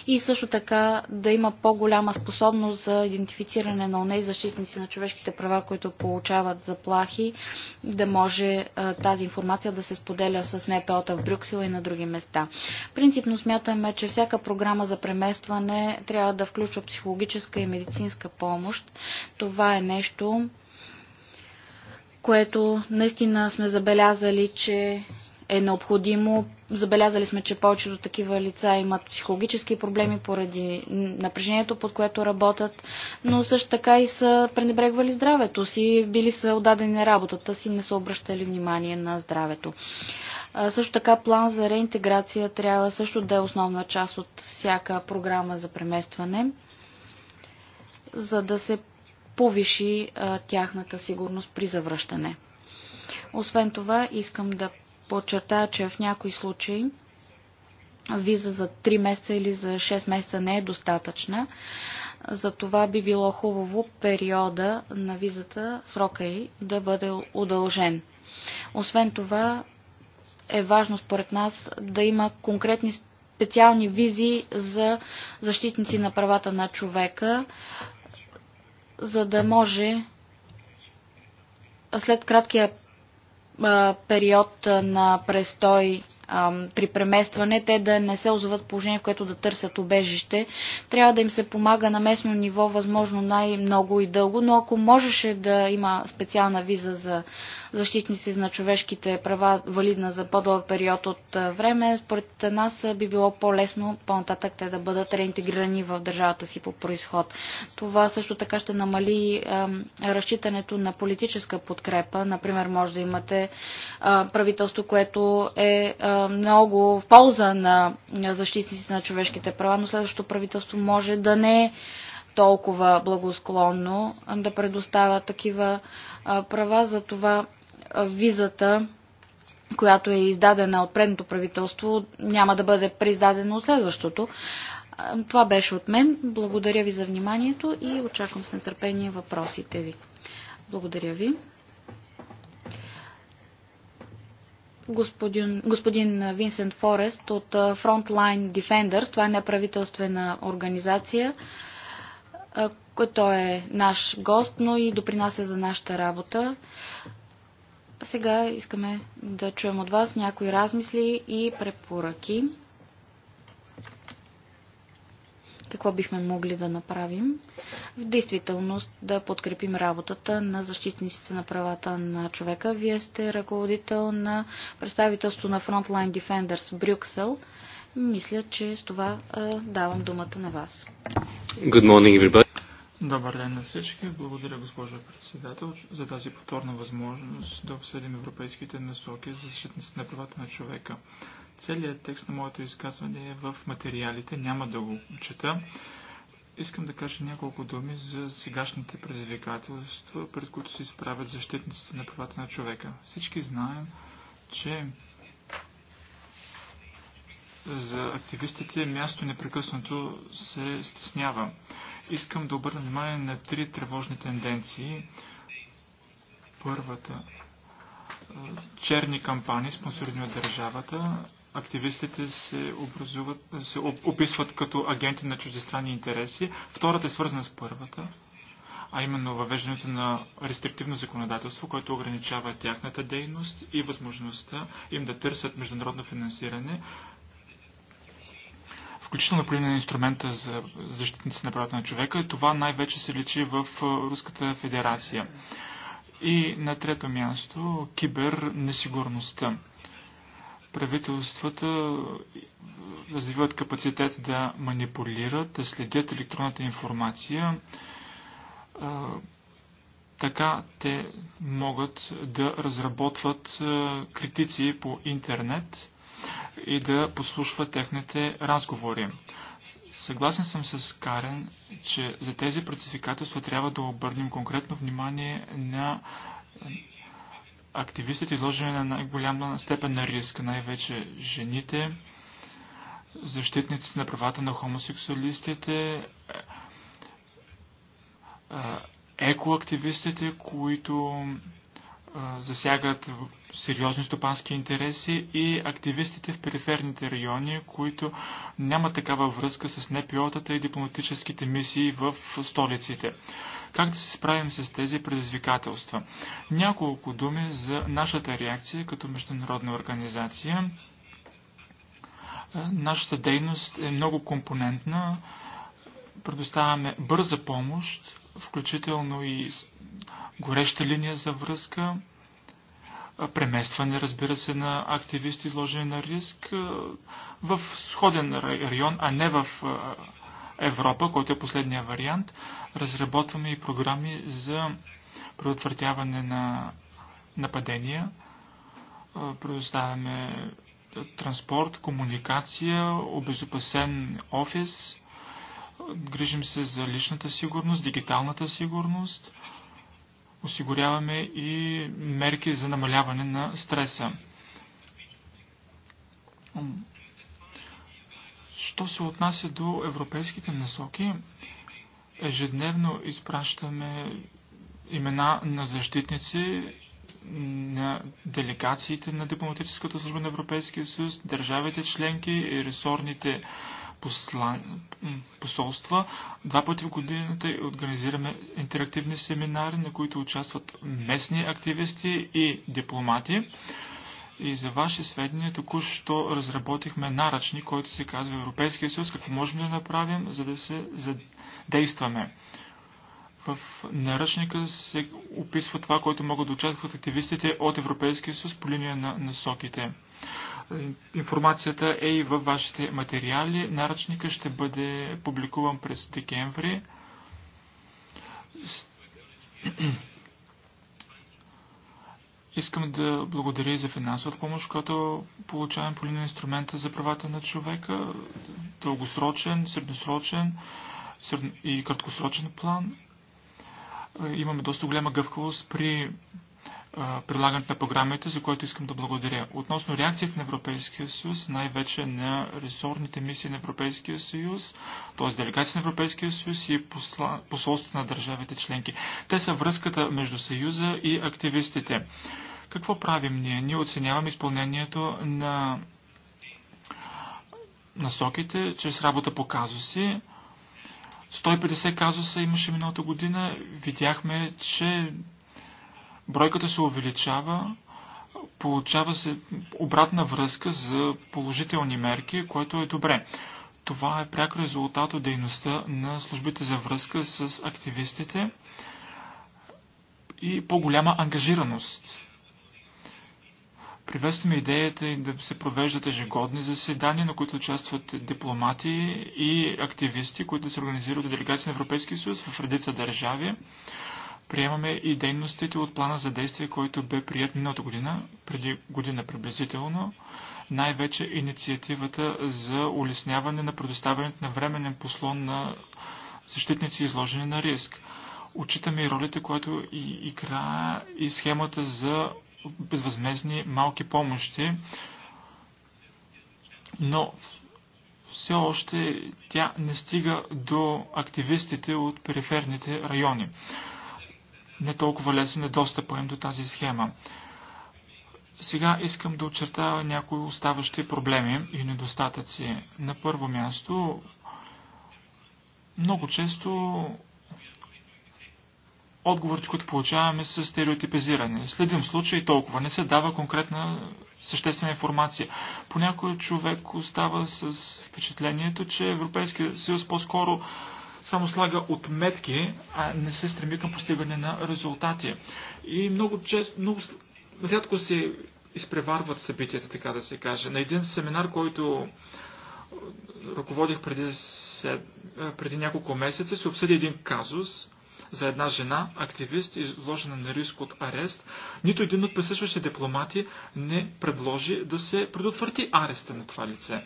и също така да има по-голяма способност за идентифициране на онези защитници на човешките права, които получават заплахи, да може е, тази информация да се споделя с НПО-та в Брюксел и на други места. Принципно смятаме, че всяка програма за преместване трябва да включва психологическа и медицинска помощ. Това е е нещо, което наистина сме забелязали, че е необходимо. Забелязали сме, че повечето такива лица имат психологически проблеми поради напрежението, под което работят, но също така и са пренебрегвали здравето си, били са отдадени на работата си, не са обръщали внимание на здравето. Също така план за реинтеграция трябва също да е основна част от всяка програма за преместване, за да се повиши а, тяхната сигурност при завръщане. Освен това, искам да подчертая, че в някои случаи виза за 3 месеца или за 6 месеца не е достатъчна. За това би било хубаво периода на визата, срока й, да бъде удължен. Освен това, е важно според нас да има конкретни специални визи за защитници на правата на човека, за да може след краткия период на престой при преместване, те да не се озоват положение, в което да търсят убежище. Трябва да им се помага на местно ниво, възможно най-много и дълго, но ако можеше да има специална виза за защитници на човешките права, валидна за по-дълъг период от време, според нас би било по-лесно по-нататък те да бъдат реинтегрирани в държавата си по происход. Това също така ще намали разчитането на политическа подкрепа. Например, може да имате правителство, което е а, много в полза на защитниците на човешките права, но следващото правителство може да не е толкова благосклонно да предоставя такива права. За това визата, която е издадена от предното правителство, няма да бъде преиздадена от следващото. Това беше от мен. Благодаря ви за вниманието и очаквам с нетърпение въпросите ви. Благодаря ви. господин, господин Винсент Форест от Frontline Defenders. Това е неправителствена организация, който е наш гост, но и допринася за нашата работа. Сега искаме да чуем от вас някои размисли и препоръки какво бихме могли да направим. В действителност да подкрепим работата на защитниците на правата на човека. Вие сте ръководител на представителство на Frontline Defenders в Брюксел. Мисля, че с това а, давам думата на вас. Good morning, everybody. Добър ден на всички. Благодаря, госпожо председател, за тази повторна възможност да обсъдим европейските насоки за защитниците на правата на човека. Целият текст на моето изказване е в материалите, няма да го чета. Искам да кажа няколко думи за сегашните предизвикателства, пред които се изправят защитниците на правата на човека. Всички знаем, че за активистите място непрекъснато се стеснява. Искам да обърна внимание на три тревожни тенденции. Първата черни кампании, спонсорирани от държавата, активистите се, образуват, се описват като агенти на чуждестранни интереси. Втората е свързана с първата, а именно въвеждането на рестриктивно законодателство, което ограничава тяхната дейност и възможността им да търсят международно финансиране, включително при на инструмента за защитници на правата на човека. И това най-вече се личи в Руската федерация. И на трето място кибернесигурността правителствата е, развиват капацитет да манипулират, да следят електронната информация. Е, така те могат да разработват е, критици по интернет и да послушват техните разговори. Съгласен съм с Карен, че за тези предизвикателства трябва да обърнем конкретно внимание на активистите изложени на най-голяма степен на риск, най-вече жените, защитниците на правата на хомосексуалистите, е, е, екоактивистите, които е, засягат сериозни стопански интереси и активистите в периферните райони, които нямат такава връзка с НПО-тата и дипломатическите мисии в столиците как да се справим с тези предизвикателства. Няколко думи за нашата реакция като международна организация. Е, нашата дейност е много компонентна. Предоставяме бърза помощ, включително и гореща линия за връзка, преместване, разбира се, на активисти, изложени на риск е, в сходен район, а не в е, Европа, който е последния вариант, разработваме и програми за предотвратяване на нападения. Предоставяме транспорт, комуникация, обезопасен офис. Грижим се за личната сигурност, дигиталната сигурност. Осигуряваме и мерки за намаляване на стреса Що се отнася до европейските насоки, ежедневно изпращаме имена на защитници на делегациите на дипломатическата служба на Европейския съюз, държавите членки и ресорните послан... посолства. Два пъти в годината организираме интерактивни семинари, на които участват местни активисти и дипломати. И за ваше сведение, току-що разработихме наръчник, който се казва Европейския съюз, какво можем да направим, за да се задействаме. В наръчника се описва това, което могат да очакват активистите от Европейския съюз по линия на насоките. Информацията е и във вашите материали. Наръчника ще бъде публикуван през декември Искам да благодаря и за финансовата помощ, която получавам по линия инструмента за правата на човека, дългосрочен, средносрочен и краткосрочен план. Имаме доста голяма гъвкавост при прилагането на програмите, за което искам да благодаря. Относно реакцията на Европейския съюз, най-вече на ресорните мисии на Европейския съюз, т.е. делегация на Европейския съюз и посолството на държавите членки. Те са връзката между съюза и активистите. Какво правим ние? Ние оценяваме изпълнението на насоките чрез работа по казуси. 150 казуса имаше миналата година. Видяхме, че бройката се увеличава, получава се обратна връзка за положителни мерки, което е добре. Това е пряк резултат от дейността на службите за връзка с активистите и по-голяма ангажираност. Приветстваме идеята да се провеждат ежегодни заседания, на които участват дипломати и активисти, които се организират от делегация на Европейския съюз в редица държави. Приемаме и дейностите от плана за действие, който бе прият миналата година, преди година приблизително, най-вече инициативата за улесняване на предоставянето на временен послон на защитници изложени на риск. Отчитаме и ролите, която и игра и схемата за безвъзмезни малки помощи, но все още тя не стига до активистите от периферните райони не толкова лесен е достъпа до тази схема. Сега искам да очертава някои оставащи проблеми и недостатъци. На първо място, много често отговорите, които получаваме, са стереотипизирани. Следим случай толкова. Не се дава конкретна съществена информация. Понякога човек остава с впечатлението, че Европейския съюз по-скоро само слага отметки, а не се стреми към постигане на резултати. И много, често, много рядко се изпреварват събитията, така да се каже. На един семинар, който ръководих преди, се, преди няколко месеца, се обсъди един казус за една жена, активист, изложена на риск от арест. Нито един от присъстващите дипломати не предложи да се предотврати ареста на това лице.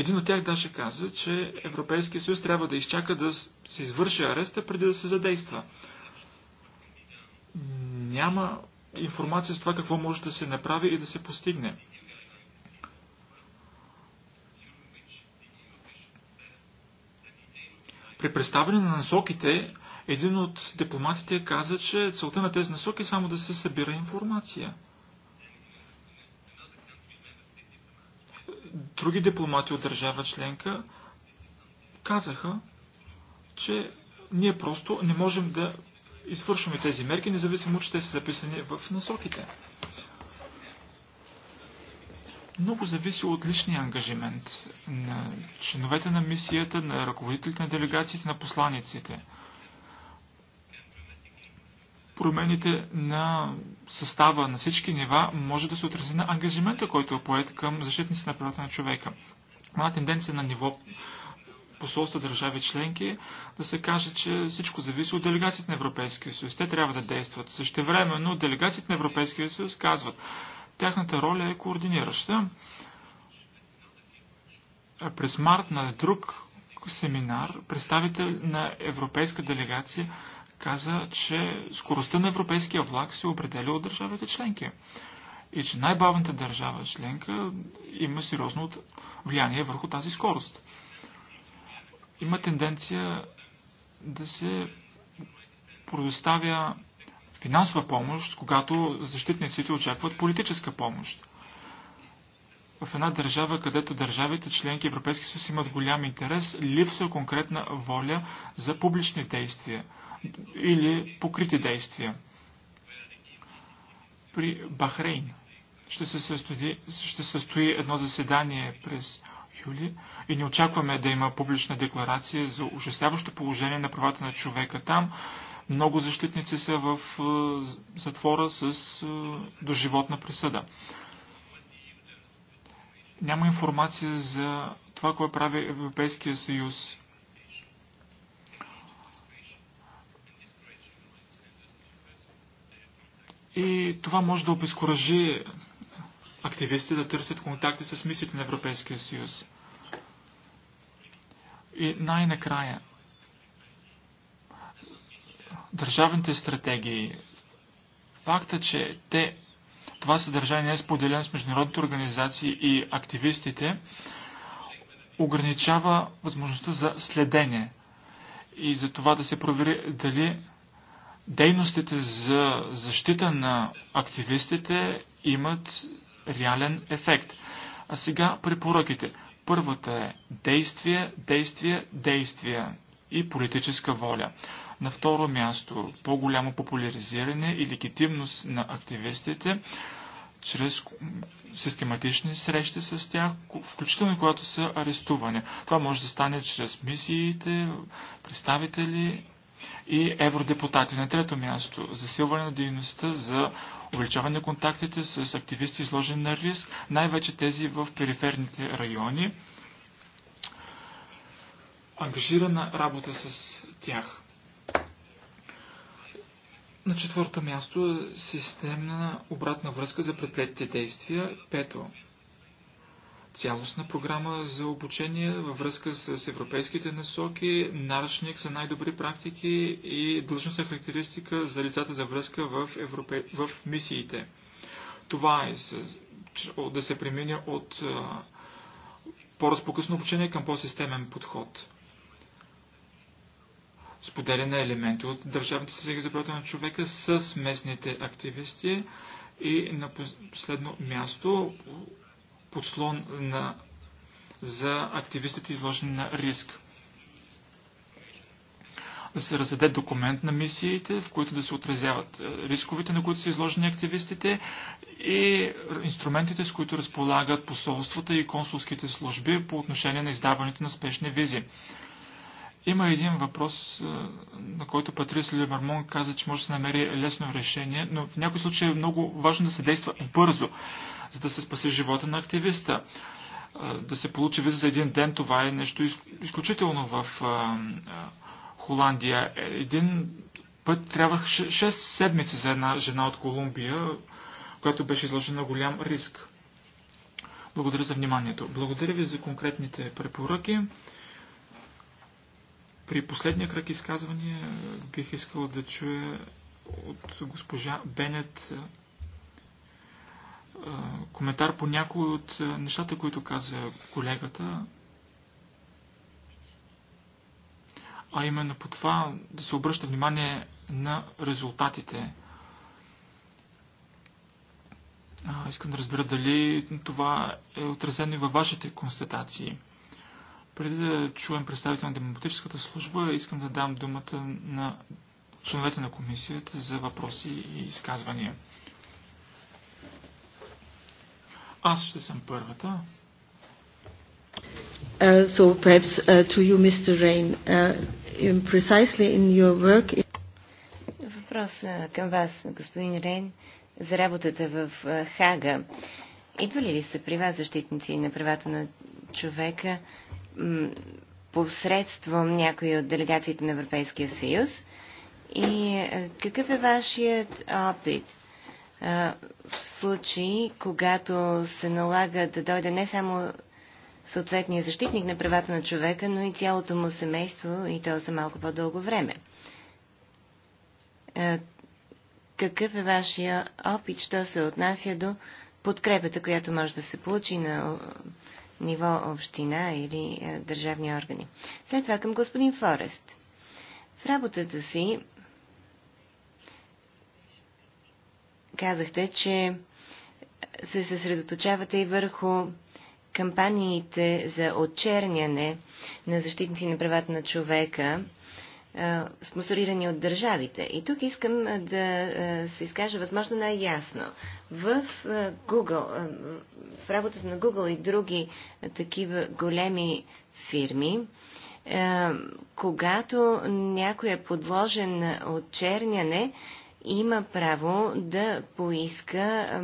Един от тях даже каза, че Европейския съюз трябва да изчака да се извърши ареста преди да се задейства. Няма информация за това какво може да се направи и да се постигне. При представяне на насоките, един от дипломатите каза, че целта на тези насоки е само да се събира информация – други дипломати от държава членка казаха, че ние просто не можем да извършваме тези мерки, независимо, че те са записани в насоките. Много зависи от личния ангажимент на членовете на мисията, на ръководителите на делегациите, на посланиците – промените на състава на всички нива може да се отрази на ангажимента, който е поет към защитници на правата на човека. Ма тенденция на ниво посолства държави членки да се каже, че всичко зависи от делегацията на Европейския съюз. Те трябва да действат. Същевременно делегацията на Европейския съюз казват, тяхната роля е координираща. През март на друг семинар представител на европейска делегация каза, че скоростта на европейския влак се определя от държавите членки и че най-бавната държава членка има сериозно влияние върху тази скорост. Има тенденция да се предоставя финансова помощ, когато защитниците очакват политическа помощ. В една държава, където държавите членки Европейски съюз имат голям интерес, липсва конкретна воля за публични действия – или покрити действия. При Бахрейн ще се състои, ще състои едно заседание през юли и не очакваме да има публична декларация за ужасяващо положение на правата на човека там. Много защитници са в е, затвора с е, доживотна присъда. Няма информация за това, кое прави Европейския съюз И това може да обезкуражи активисти да търсят контакти с мислите на Европейския съюз. И най-накрая, държавните стратегии, факта, че те, това съдържание е споделено с международните организации и активистите, ограничава възможността за следение и за това да се провери дали дейностите за защита на активистите имат реален ефект. А сега препоръките. Първата е действие, действие, действие и политическа воля. На второ място по-голямо популяризиране и легитимност на активистите чрез систематични срещи с тях, включително когато са арестувани. Това може да стане чрез мисиите, представители и евродепутати. На трето място, засилване на дейността за увеличаване на контактите с активисти изложени на риск, най-вече тези в периферните райони. Ангажирана работа с тях. На четвърто място системна обратна връзка за предплетите действия. Пето, цялостна програма за обучение във връзка с европейските насоки, наръчник за най-добри практики и длъжностна характеристика за лицата за връзка в, европе... в мисиите. Това е с... да се премине от по-разпокъсно обучение към по-системен подход. Споделяне на елементи от държавните стратегии за правата на човека с местните активисти и на последно място подслон на, за активистите изложени на риск. Да се раздаде документ на мисиите, в които да се отразяват е, рисковите, на които са изложени активистите и инструментите, с които разполагат посолствата и консулските служби по отношение на издаването на спешни визи. Има един въпрос, е, на който Патрис Левармон каза, че може да се намери лесно решение, но в някои случаи е много важно да се действа бързо, за да се спаси живота на активиста. Да се получи виза за един ден, това е нещо изключително в Холандия. Е, един път трябваше 6 седмици за една жена от Колумбия, която беше изложена на голям риск. Благодаря за вниманието. Благодаря ви за конкретните препоръки. При последния кръг изказвания бих искал да чуя от госпожа Бенет коментар по някои от нещата, които каза колегата. А именно по това да се обръща внимание на резултатите. А, искам да разбера дали това е отразено и във вашите констатации. Преди да чуем представител на демократическата служба, искам да дам думата на членовете на комисията за въпроси и изказвания. Аз ще съм първата. Uh, so perhaps uh, to you, Mr. Rain, uh, in precisely in your work... Въпрос uh, към вас, господин Рейн, за работата в uh, Хага. Идва ли са при вас защитници на правата на човека посредством някои от делегациите на Европейския съюз? И uh, какъв е вашият опит в случаи, когато се налага да дойде не само съответния защитник на правата на човека, но и цялото му семейство и то за малко по-дълго време. Какъв е вашия опит, що се отнася до подкрепата, която може да се получи на ниво община или държавни органи? След това към господин Форест. В работата си казахте, че се съсредоточавате и върху кампаниите за отчерняне на защитници на правата на човека, спонсорирани от държавите. И тук искам да се изкажа възможно най-ясно. В Google, в работата на Google и други такива големи фирми, когато някой е подложен на отчерняне, има право да поиска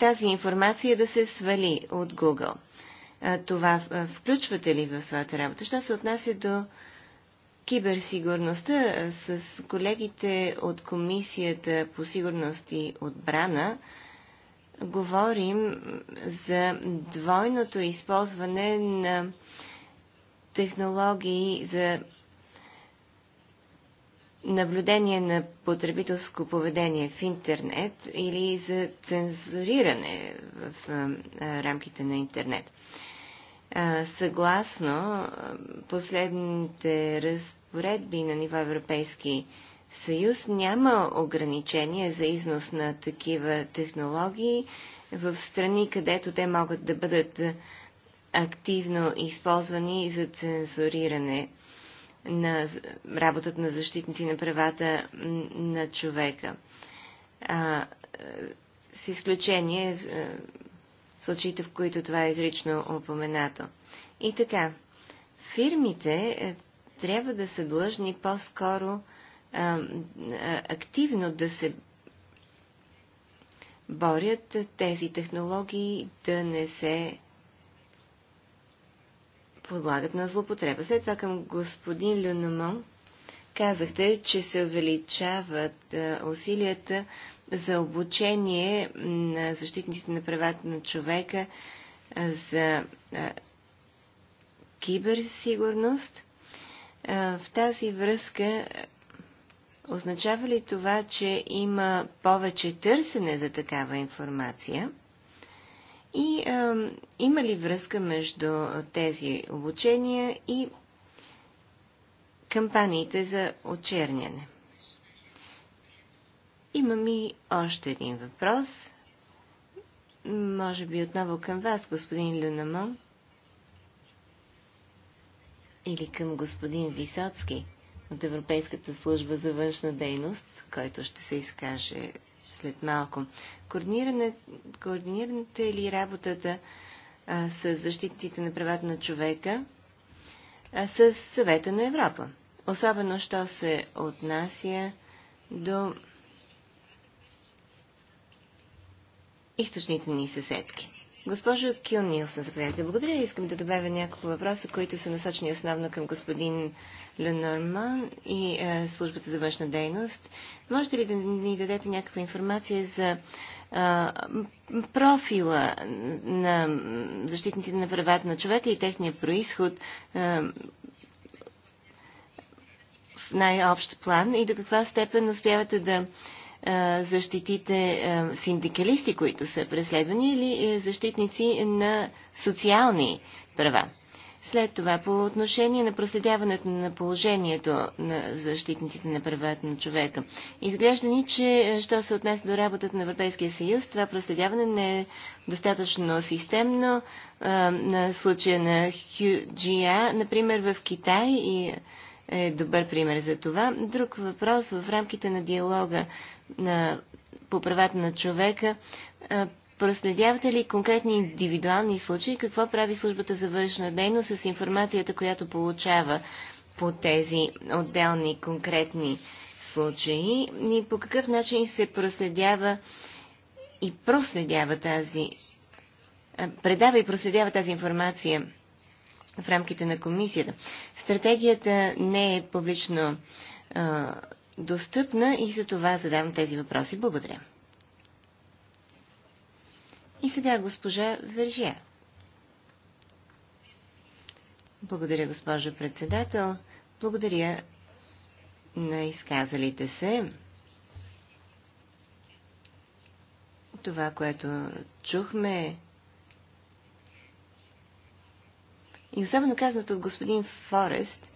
тази информация да се свали от Google. Това включвате ли в своята работа? Що се отнася до киберсигурността с колегите от Комисията по сигурност и отбрана, говорим за двойното използване на технологии за наблюдение на потребителско поведение в интернет или за цензуриране в рамките на интернет. Съгласно последните разпоредби на ниво Европейски съюз няма ограничения за износ на такива технологии в страни, където те могат да бъдат активно използвани за цензуриране на работата на защитници на правата на човека. А, с изключение е, в случаите, в които това е изрично упоменато. И така, фирмите е, трябва да са длъжни по-скоро активно да се борят тези технологии да не се подлагат на злопотреба. След това към господин Люномон казахте, че се увеличават усилията за обучение на защитниците на правата на човека за киберсигурност. В тази връзка означава ли това, че има повече търсене за такава информация? И а, има ли връзка между тези обучения и кампаниите за очерняне? Имам и още един въпрос. Може би отново към вас, господин Люнамон. Или към господин Висоцки от Европейската служба за външна дейност, който ще се изкаже след малко. Координирана, координираната е ли работата а, с защитците на правата на човека а, с съвета на Европа? Особено, що се отнася до източните ни съседки. Госпожо Кил Нилсен, заповядайте. Благодаря. Искам да добавя няколко въпроса, които са насочени основно към господин Ленорман и е, службата за външна дейност. Можете ли да ни дадете някаква информация за е, профила на защитниците на правата на човека и техния происход е, в най-общ план и до каква степен успявате да е, защитите е, синдикалисти, които са преследвани, или е, защитници на социални права. След това, по отношение на проследяването на положението на защитниците на правата на човека, изглежда ни, че, що се отнесе до работата на Европейския съюз, това проследяване не е достатъчно системно. на случая на Джия, например, в Китай и е добър пример за това. Друг въпрос в рамките на диалога на, по правата на човека. Проследявате ли конкретни индивидуални случаи? Какво прави службата за външна дейност с информацията, която получава по тези отделни конкретни случаи? И по какъв начин се проследява и проследява тази предава и проследява тази информация в рамките на комисията. Стратегията не е публично а, достъпна и за това задавам тези въпроси. Благодаря. И сега госпожа Вержия. Благодаря, госпожа председател. Благодаря на изказалите се. Това, което чухме, И особено казаното от господин Форест,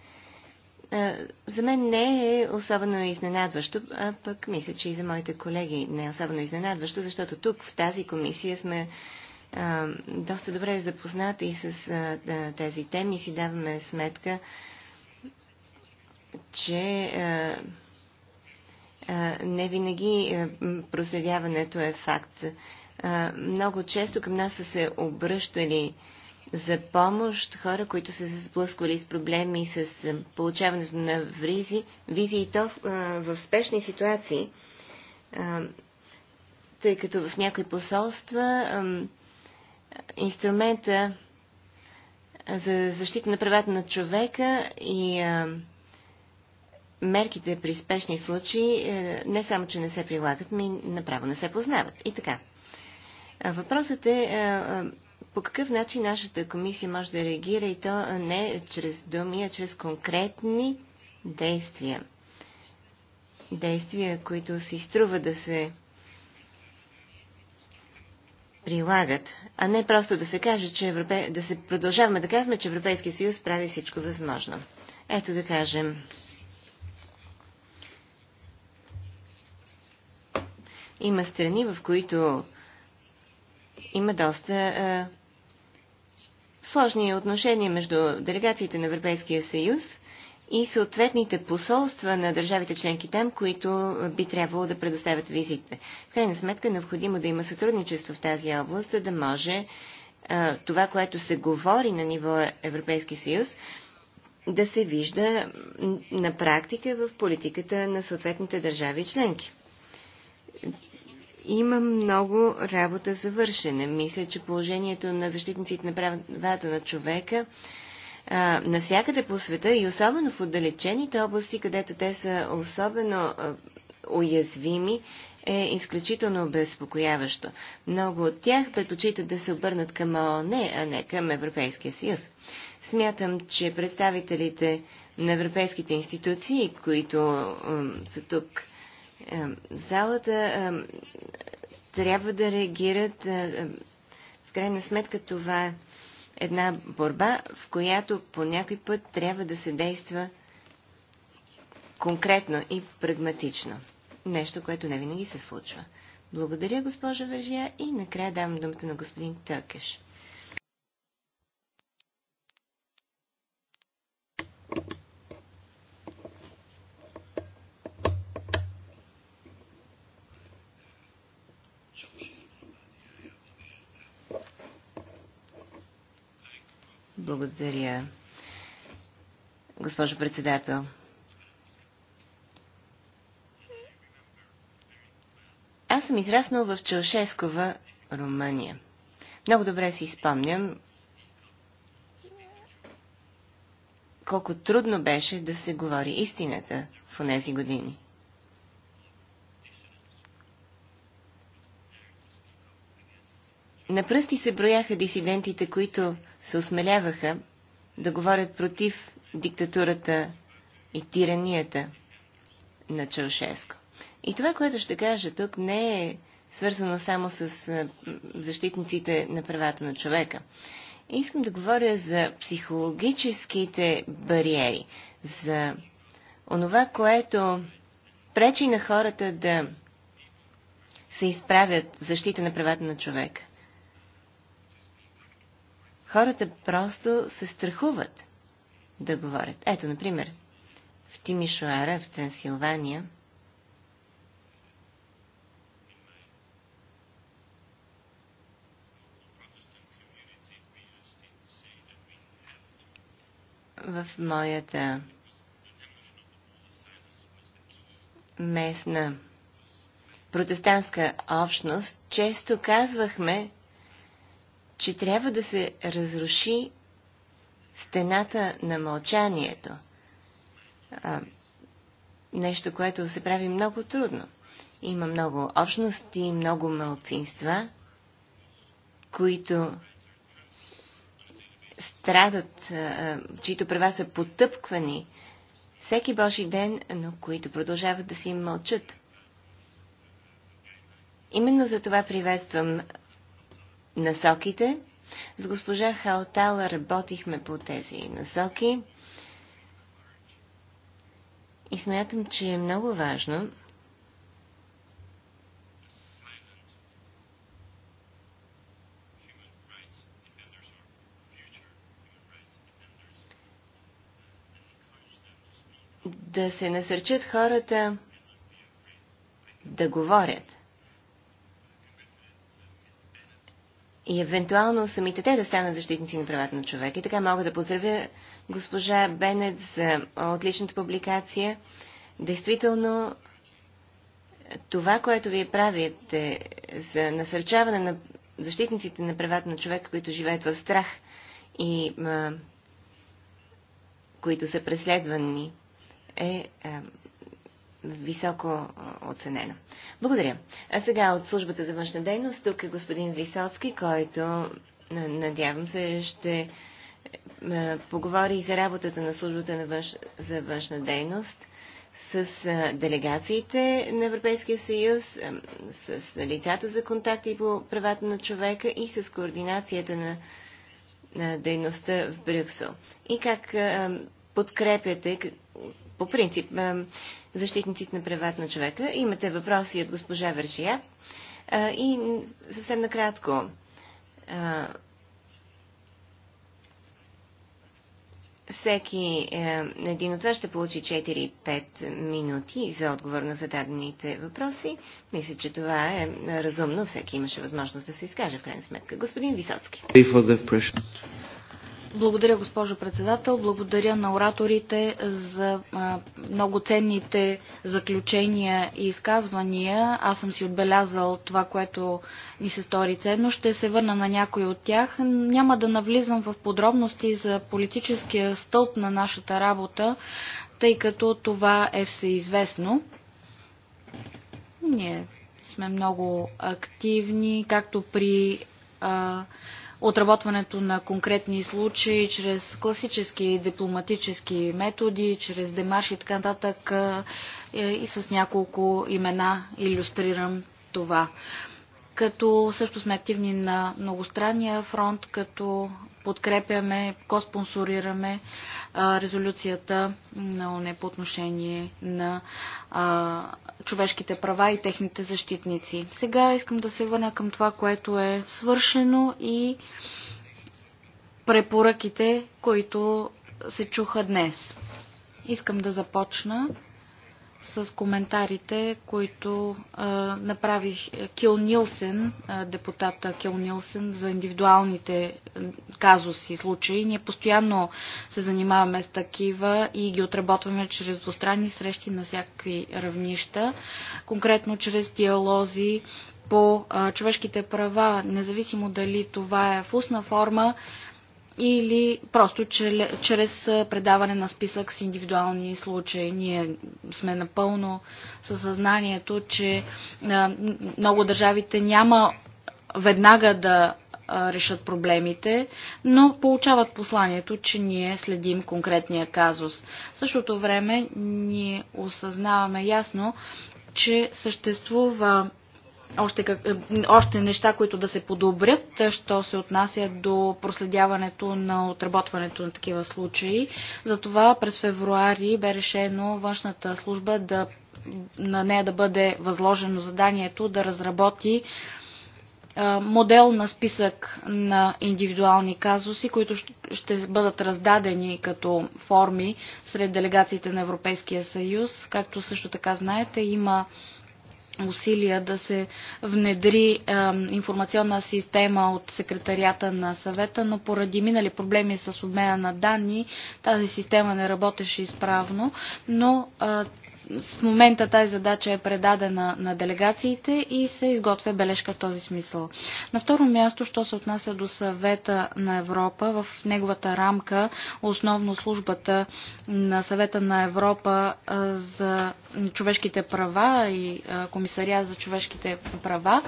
за мен не е особено изненадващо, а пък мисля, че и за моите колеги не е особено изненадващо, защото тук в тази комисия сме доста добре запознати и с тези теми си даваме сметка, че не винаги проследяването е факт. Много често към нас са се обръщали за помощ, хора, които са се сблъсквали с проблеми с е, получаването на визи, визи и то в, е, в спешни ситуации, е, тъй като в някои посолства инструмента за защита на правата на човека и мерките при спешни случаи не само, че не се прилагат, и направо не се познават. И така. Въпросът е по какъв начин нашата комисия може да реагира и то не чрез думи, а чрез конкретни действия. Действия, които си струва да се прилагат, а не просто да се каже, че Европе... да се продължаваме да казваме, че Европейския съюз прави всичко възможно. Ето да кажем. Има страни, в които има доста сложни отношения между делегациите на Европейския съюз и съответните посолства на държавите членки там, които би трябвало да предоставят визите. В крайна сметка е необходимо да има сътрудничество в тази област, за да може това, което се говори на ниво Европейски съюз, да се вижда на практика в политиката на съответните държави членки има много работа за вършене. Мисля, че положението на защитниците на правата на човека а, навсякъде по света и особено в отдалечените области, където те са особено а, уязвими, е изключително обезпокояващо. Много от тях предпочитат да се обърнат към ООН, а не към Европейския съюз. Смятам, че представителите на европейските институции, които а, са тук залата трябва да реагират. Е, е, в крайна сметка това е една борба, в която по някой път трябва да се действа конкретно и прагматично. Нещо, което не винаги се случва. Благодаря, госпожа Вържия, и накрая давам думата на господин Тъкеш. Благодаря, госпожо председател. Аз съм израснал в Челшескова, Румъния. Много добре си спомням колко трудно беше да се говори истината в тези години. На пръсти се брояха дисидентите, които се осмеляваха да говорят против диктатурата и тиранията на Чаушеско. И това, което ще кажа тук, не е свързано само с защитниците на правата на човека. Искам да говоря за психологическите бариери, за онова, което пречи на хората да се изправят в защита на правата на човека. Хората просто се страхуват да говорят. Ето, например, в Тимишоара, в Трансилвания, в моята местна протестантска общност често казвахме че трябва да се разруши стената на мълчанието. А, нещо, което се прави много трудно. Има много общности, много мълцинства, които страдат, а, чието права са потъпквани всеки Божи ден, но които продължават да си мълчат. Именно за това приветствам насоките. С госпожа Халтала работихме по тези насоки. И смятам, че е много важно да се насърчат хората да говорят. и евентуално самите те да станат защитници на правата на човека. И така мога да поздравя госпожа Бенет за отличната публикация. Действително, това, което вие правите за насърчаване на защитниците на правата на човека, които живеят в страх и а, които са преследвани, е а, високо оценено. Благодаря. А сега от службата за външна дейност тук е господин Висоцки, който надявам се ще е, поговори и за работата на службата на външ... за външна дейност с делегациите на Европейския съюз, с лицата за контакти по правата на човека и с координацията на, на дейността в Брюксел. И как подкрепяте по принцип е, защитниците на правата на човека. Имате въпроси от госпожа Вержия. Е, и съвсем накратко. Е, всеки един от вас ще получи 4-5 минути за отговор на зададените въпроси. Мисля, че това е разумно. Всеки имаше възможност да се изкаже в крайна сметка. Господин Висоцки. Благодаря, госпожо председател. Благодаря на ораторите за много ценните заключения и изказвания. Аз съм си отбелязал това, което ни се стори ценно. Ще се върна на някои от тях. Няма да навлизам в подробности за политическия стълб на нашата работа, тъй като това е всеизвестно. Ние сме много активни, както при отработването на конкретни случаи чрез класически дипломатически методи, чрез демарши и така нататък е, и с няколко имена иллюстрирам това като също сме активни на многостранния фронт, като подкрепяме, коспонсорираме а, резолюцията на ОНЕ по отношение на а, човешките права и техните защитници. Сега искам да се върна към това, което е свършено и препоръките, които се чуха днес. Искам да започна с коментарите, които а, направих Кил Нилсен, а, депутата Кил Нилсен, за индивидуалните казуси, и случаи. Ние постоянно се занимаваме с такива и ги отработваме чрез двустранни срещи на всякакви равнища, конкретно чрез диалози по а, човешките права, независимо дали това е в устна форма или просто чрез предаване на списък с индивидуални случаи. Ние сме напълно със съзнанието, че много държавите няма веднага да решат проблемите, но получават посланието, че ние следим конкретния казус. В същото време ние осъзнаваме ясно, че съществува още, как, още неща, които да се подобрят, що се отнася до проследяването на отработването на такива случаи. Затова през февруари бе решено външната служба да на нея да бъде възложено заданието да разработи модел на списък на индивидуални казуси, които ще бъдат раздадени като форми сред делегациите на Европейския съюз. Както също така знаете, има усилия да се внедри е, информационна система от секретарията на съвета, но поради минали проблеми с обмена на данни, тази система не работеше изправно, но е, в момента тази задача е предадена на делегациите и се изготвя бележка в този смисъл. На второ място, що се отнася до съвета на Европа, в неговата рамка, основно службата на съвета на Европа за човешките права и комисария за човешките права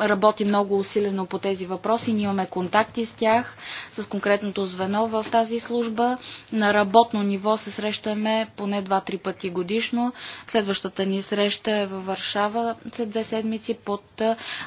работи много усилено по тези въпроси. Ние имаме контакти с тях, с конкретното звено в тази служба. На работно ниво се срещаме поне два-три пъти пъти годишно. Следващата ни среща е във Варшава след две седмици под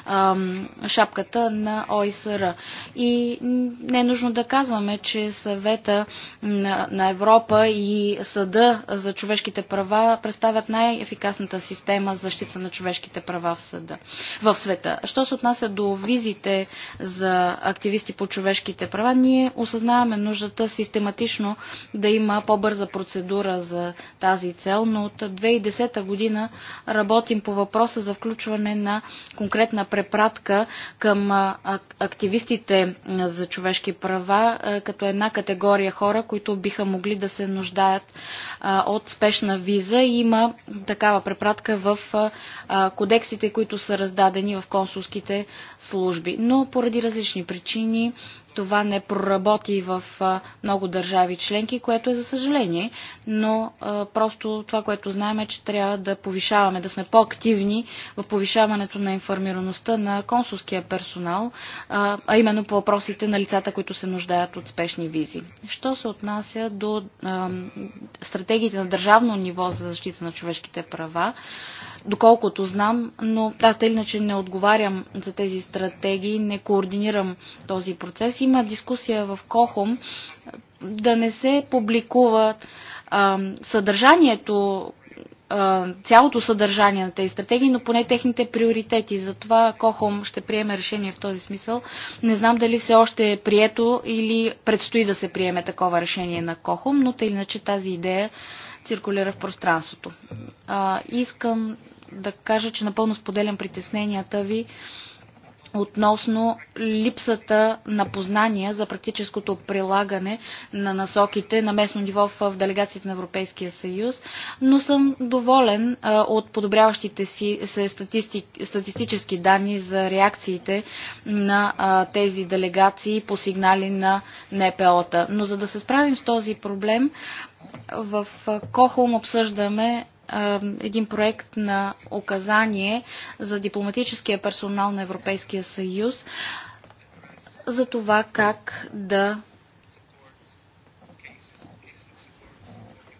ам, шапката на ОИСР. И не е нужно да казваме, че съвета на, на Европа и съда за човешките права представят най-ефикасната система за защита на човешките права в съда в света. Що се отнася до визите за активисти по човешките права, ние осъзнаваме нуждата систематично да има по-бърза процедура за тази цел, но от 2010 година работим по въпроса за включване на конкретна препратка към активистите за човешки права, като една категория хора, които биха могли да се нуждаят от спешна виза. има такава препратка в кодексите, които са раздадени в консулските служби. Но поради различни причини това не проработи в много държави членки, което е за съжаление, но просто това, което знаем е, че трябва да повишаваме, да сме по-активни в повишаването на информираността на консулския персонал, а именно по въпросите на лицата, които се нуждаят от спешни визи. Що се отнася до стратегиите на държавно ниво за защита на човешките права, доколкото знам, но аз тъй иначе не отговарям за тези стратегии, не координирам този процес. Има дискусия в Кохом е, да не се публикува а, съдържанието, а, цялото съдържание на тези стратегии, но поне техните приоритети. Затова Кохом ще приеме решение в този смисъл. Не знам дали все още е прието или предстои да се приеме такова решение на Кохом, но тъй иначе тази идея циркулира в пространството. А, искам да кажа, че напълно споделям притесненията ви относно липсата на познания за практическото прилагане на насоките на местно ниво в делегацията на Европейския съюз, но съм доволен от подобряващите си се статисти, статистически данни за реакциите на тези делегации по сигнали на НПО-та. Но за да се справим с този проблем, в Кохум обсъждаме един проект на указание за дипломатическия персонал на Европейския съюз за това как да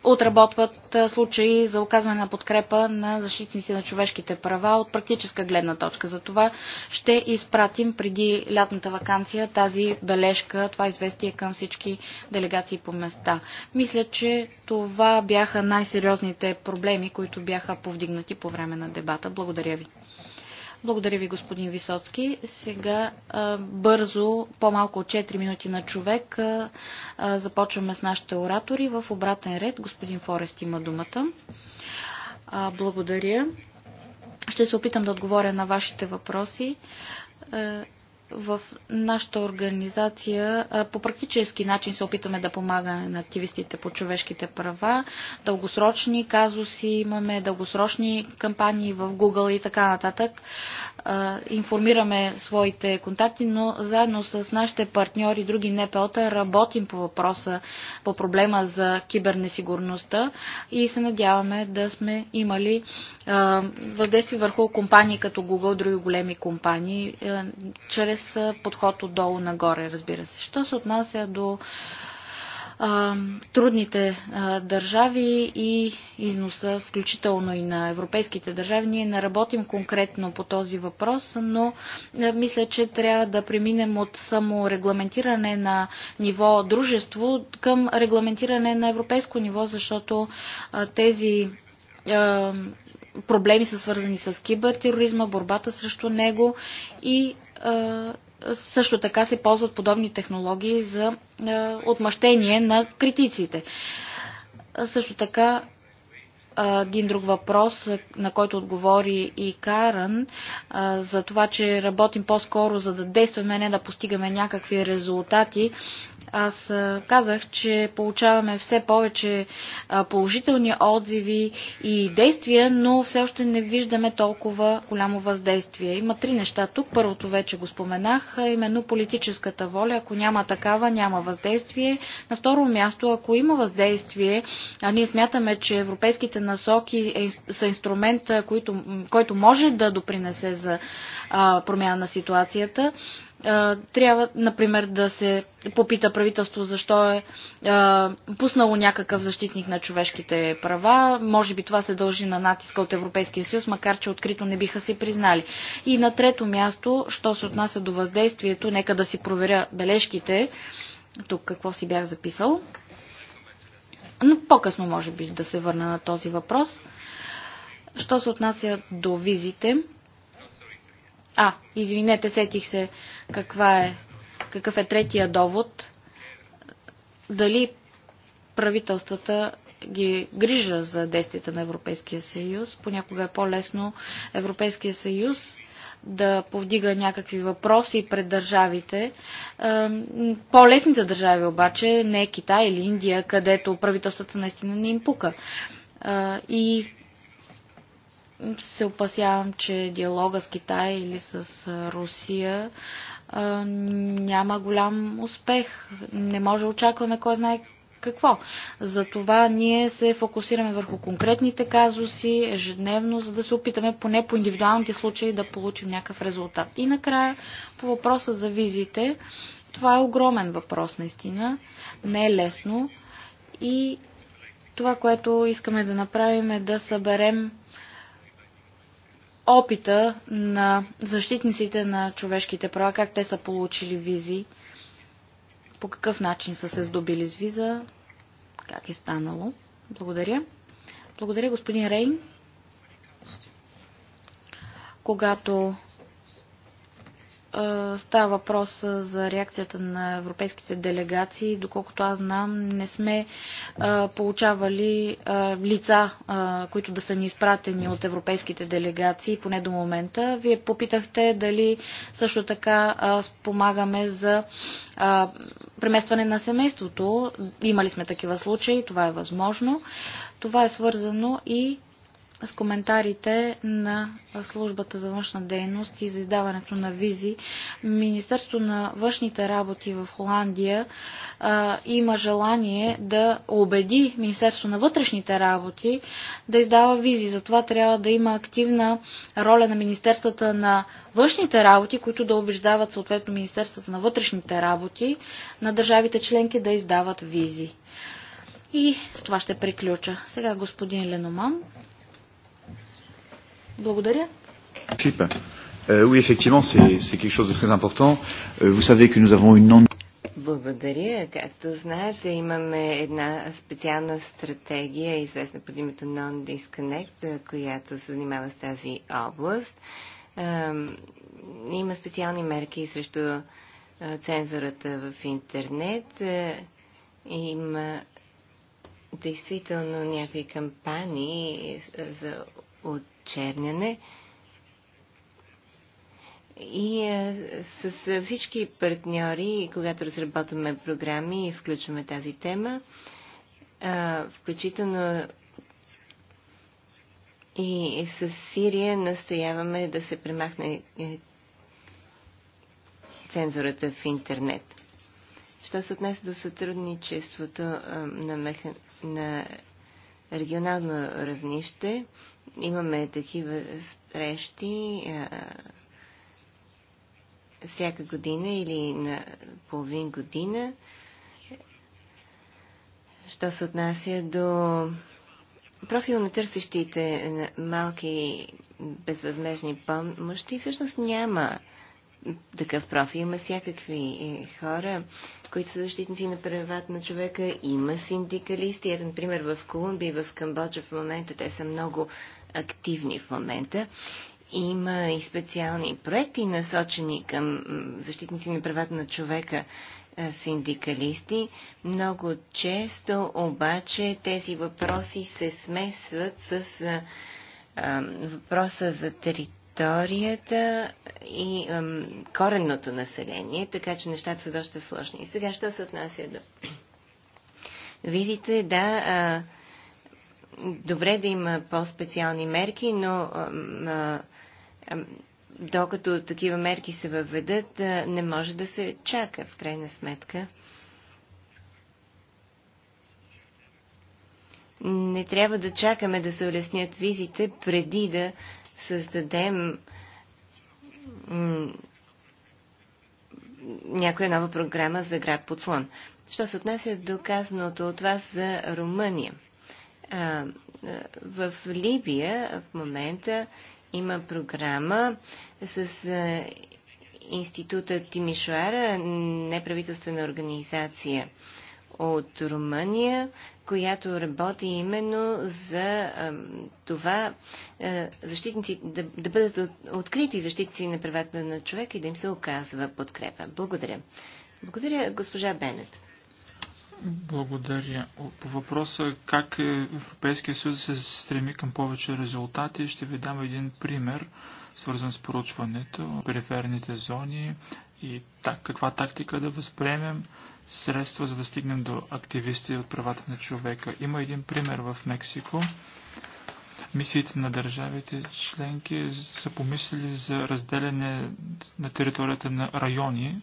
отработват случаи за оказване на подкрепа на защитници на човешките права от практическа гледна точка. За това ще изпратим преди лятната вакансия тази бележка, това известие към всички делегации по места. Мисля, че това бяха най-сериозните проблеми, които бяха повдигнати по време на дебата. Благодаря ви. Благодаря ви, господин Висоцки. Сега бързо, по-малко от 4 минути на човек, започваме с нашите оратори в обратен ред. Господин Форест има думата. Благодаря. Ще се опитам да отговоря на вашите въпроси в нашата организация по практически начин се опитваме да помагаме на активистите по човешките права. Дългосрочни казуси имаме, дългосрочни кампании в Google и така нататък. Информираме своите контакти, но заедно с нашите партньори, други НПО-та, работим по въпроса, по проблема за кибернесигурността и се надяваме да сме имали въздействие върху компании като Google, други големи компании, чрез чрез подход отдолу нагоре, разбира се. Що се отнася до а, трудните а, държави и износа, включително и на европейските държави. Ние не работим конкретно по този въпрос, но а, мисля, че трябва да преминем от саморегламентиране на ниво дружество към регламентиране на европейско ниво, защото а, тези проблеми са свързани с кибертероризма, борбата срещу него и също така се ползват подобни технологии за отмъщение на критиците. Също така един друг въпрос, на който отговори и Каран, за това, че работим по-скоро за да действаме, не да постигаме някакви резултати, аз казах, че получаваме все повече положителни отзиви и действия, но все още не виждаме толкова голямо въздействие. Има три неща тук. Първото вече го споменах, именно политическата воля. Ако няма такава, няма въздействие. На второ място, ако има въздействие, а ние смятаме, че европейските насоки е са инструмент, който, който може да допринесе за промяна на ситуацията, е, трябва, например, да се попита правителство защо е, е пуснало някакъв защитник на човешките права. Може би това се дължи на натиска от Европейския съюз, макар че открито не биха си признали. И на трето място, що се отнася до въздействието, нека да си проверя бележките. Тук какво си бях записал. Но по-късно може би да се върна на този въпрос. Що се отнася до визите, а, извинете, сетих се каква е, какъв е третия довод. Дали правителствата ги грижа за действията на Европейския съюз. Понякога е по-лесно Европейския съюз да повдига някакви въпроси пред държавите. По-лесните държави обаче не е Китай или Индия, където правителствата наистина не им пука. И се опасявам, че диалога с Китай или с Русия няма голям успех. Не може да очакваме кой знае какво. Затова ние се фокусираме върху конкретните казуси ежедневно, за да се опитаме поне по индивидуалните случаи да получим някакъв резултат. И накрая по въпроса за визите. Това е огромен въпрос, наистина. Не е лесно. И това, което искаме да направим е да съберем опита на защитниците на човешките права, как те са получили визи, по какъв начин са се здобили с виза, как е станало. Благодаря. Благодаря, господин Рейн. Когато става въпрос за реакцията на европейските делегации. Доколкото аз знам, не сме получавали лица, които да са ни изпратени от европейските делегации, поне до момента. Вие попитахте дали също така спомагаме за преместване на семейството. Имали сме такива случаи, това е възможно. Това е свързано и с коментарите на службата за външна дейност и за издаването на визи. Министерство на външните работи в Холандия а, има желание да убеди Министерство на вътрешните работи да издава визи. Затова трябва да има активна роля на Министерствата на външните работи, които да убеждават съответно Министерствата на вътрешните работи на държавите членки да издават визи. И с това ще приключа. Сега господин Леноман. Благодаря. Чипа. Е, oui, effectivement, c'est quelque chose de très important. Е, vous savez que nous avons une non... Благодаря. Както знаете, имаме една специална стратегия, известна под името Non-Disconnect, е, която се занимава с тази област. Има специални мерки срещу цензурата в интернет. Има действително някакви кампании за от черняне и е, с е, всички партньори, когато разработваме програми и включваме тази тема, е, включително и с Сирия настояваме да се премахне цензурата в интернет. Що се отнесе до сътрудничеството на, меха... на регионално равнище, Имаме такива срещи всяка година или на половин година. Що се отнася до профил на търсещите на малки безвъзмежни помощи, всъщност няма такъв профил. Има всякакви е, хора, които са защитници на правата на човека. Има синдикалисти. Ето, например, в Колумбия и в Камбоджа в момента те са много активни в момента. Има и специални проекти, насочени към защитници на правата на човека синдикалисти. Много често обаче тези въпроси се смесват с а, въпроса за територията и а, коренното население, така че нещата са доста сложни. И сега, що се отнася до визите, да, а, добре да има по-специални мерки, но докато такива мерки се въведат, не може да се чака в крайна сметка. Не трябва да чакаме да се улеснят визите преди да създадем някоя нова програма за град Подслон. Що се отнася до казаното от вас за Румъния – в Либия в момента има програма с Института Тимишуара, неправителствена организация от Румъния, която работи именно за това защитници, да, да бъдат открити защитници на правата на човека и да им се оказва подкрепа. Благодаря. Благодаря, госпожа Бенет. Благодаря. По въпроса как Европейския съюз се стреми към повече резултати, ще ви дам един пример, свързан с поручването, периферните зони и так, каква тактика да възприемем средства, за да стигнем до активисти от правата на човека. Има един пример в Мексико. Мисиите на държавите членки са помислили за разделяне на територията на райони,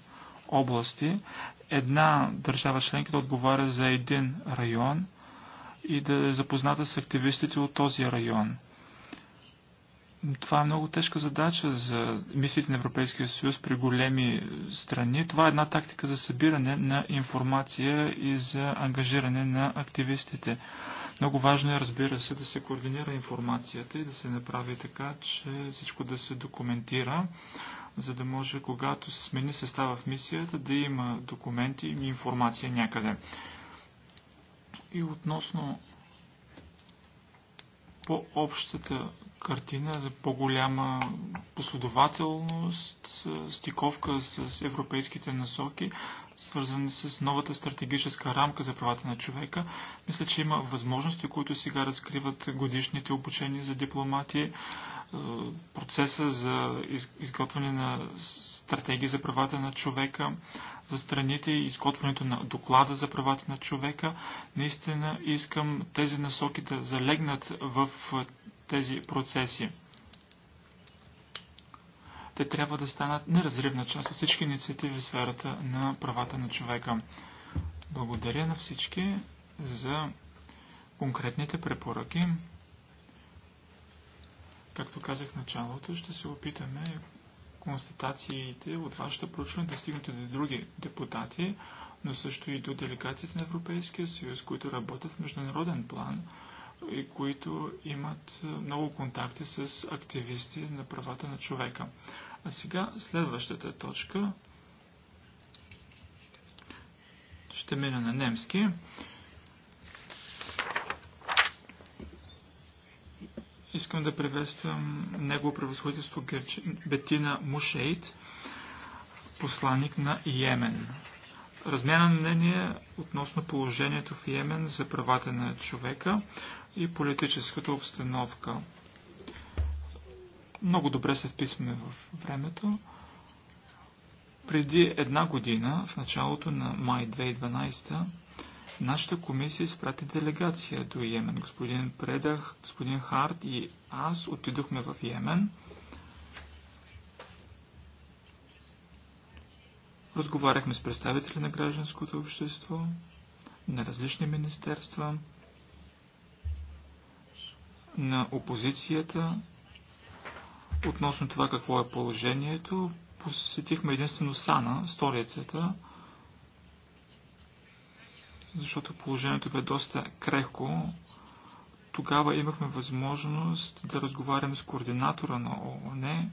области една държава членка да отговаря за един район и да е запозната с активистите от този район. Това е много тежка задача за мислите на Европейския съюз при големи страни. Това е една тактика за събиране на информация и за ангажиране на активистите. Много важно е, разбира се, да се координира информацията и да се направи така, че всичко да се документира, за да може, когато се смени състава в мисията, да има документи и информация някъде. И относно по-общата картина, за по-голяма последователност, стиковка с европейските насоки, свързани с новата стратегическа рамка за правата на човека. Мисля, че има възможности, които сега разкриват годишните обучения за дипломати, процеса за изготвяне на стратегии за правата на човека за страните и изготвянето на доклада за правата на човека. Наистина искам тези насоки да залегнат в тези процеси. Те трябва да станат неразривна част от всички инициативи в сферата на правата на човека. Благодаря на всички за конкретните препоръки. Както казах в началото, ще се опитаме констатациите от вашата проучване да стигнат до други депутати, но също и до делегатите на Европейския съюз, които работят в международен план и които имат е, много контакти с активисти на правата на човека. А сега следващата точка ще мина на немски. Искам да приветствам Негово превъзходителство Бетина Мушейт, посланник на Йемен. Размяна на мнение относно положението в Йемен за правата на човека и политическата обстановка. Много добре се вписваме в времето. Преди една година, в началото на май 2012, Нашата комисия изпрати делегация до Йемен. Господин Предах, господин Харт и аз отидохме в Йемен. Разговаряхме с представители на гражданското общество, на различни министерства, на опозицията, относно това какво е положението. Посетихме единствено Сана, столицата, защото положението бе доста крехко. Тогава имахме възможност да разговарям с координатора на ООН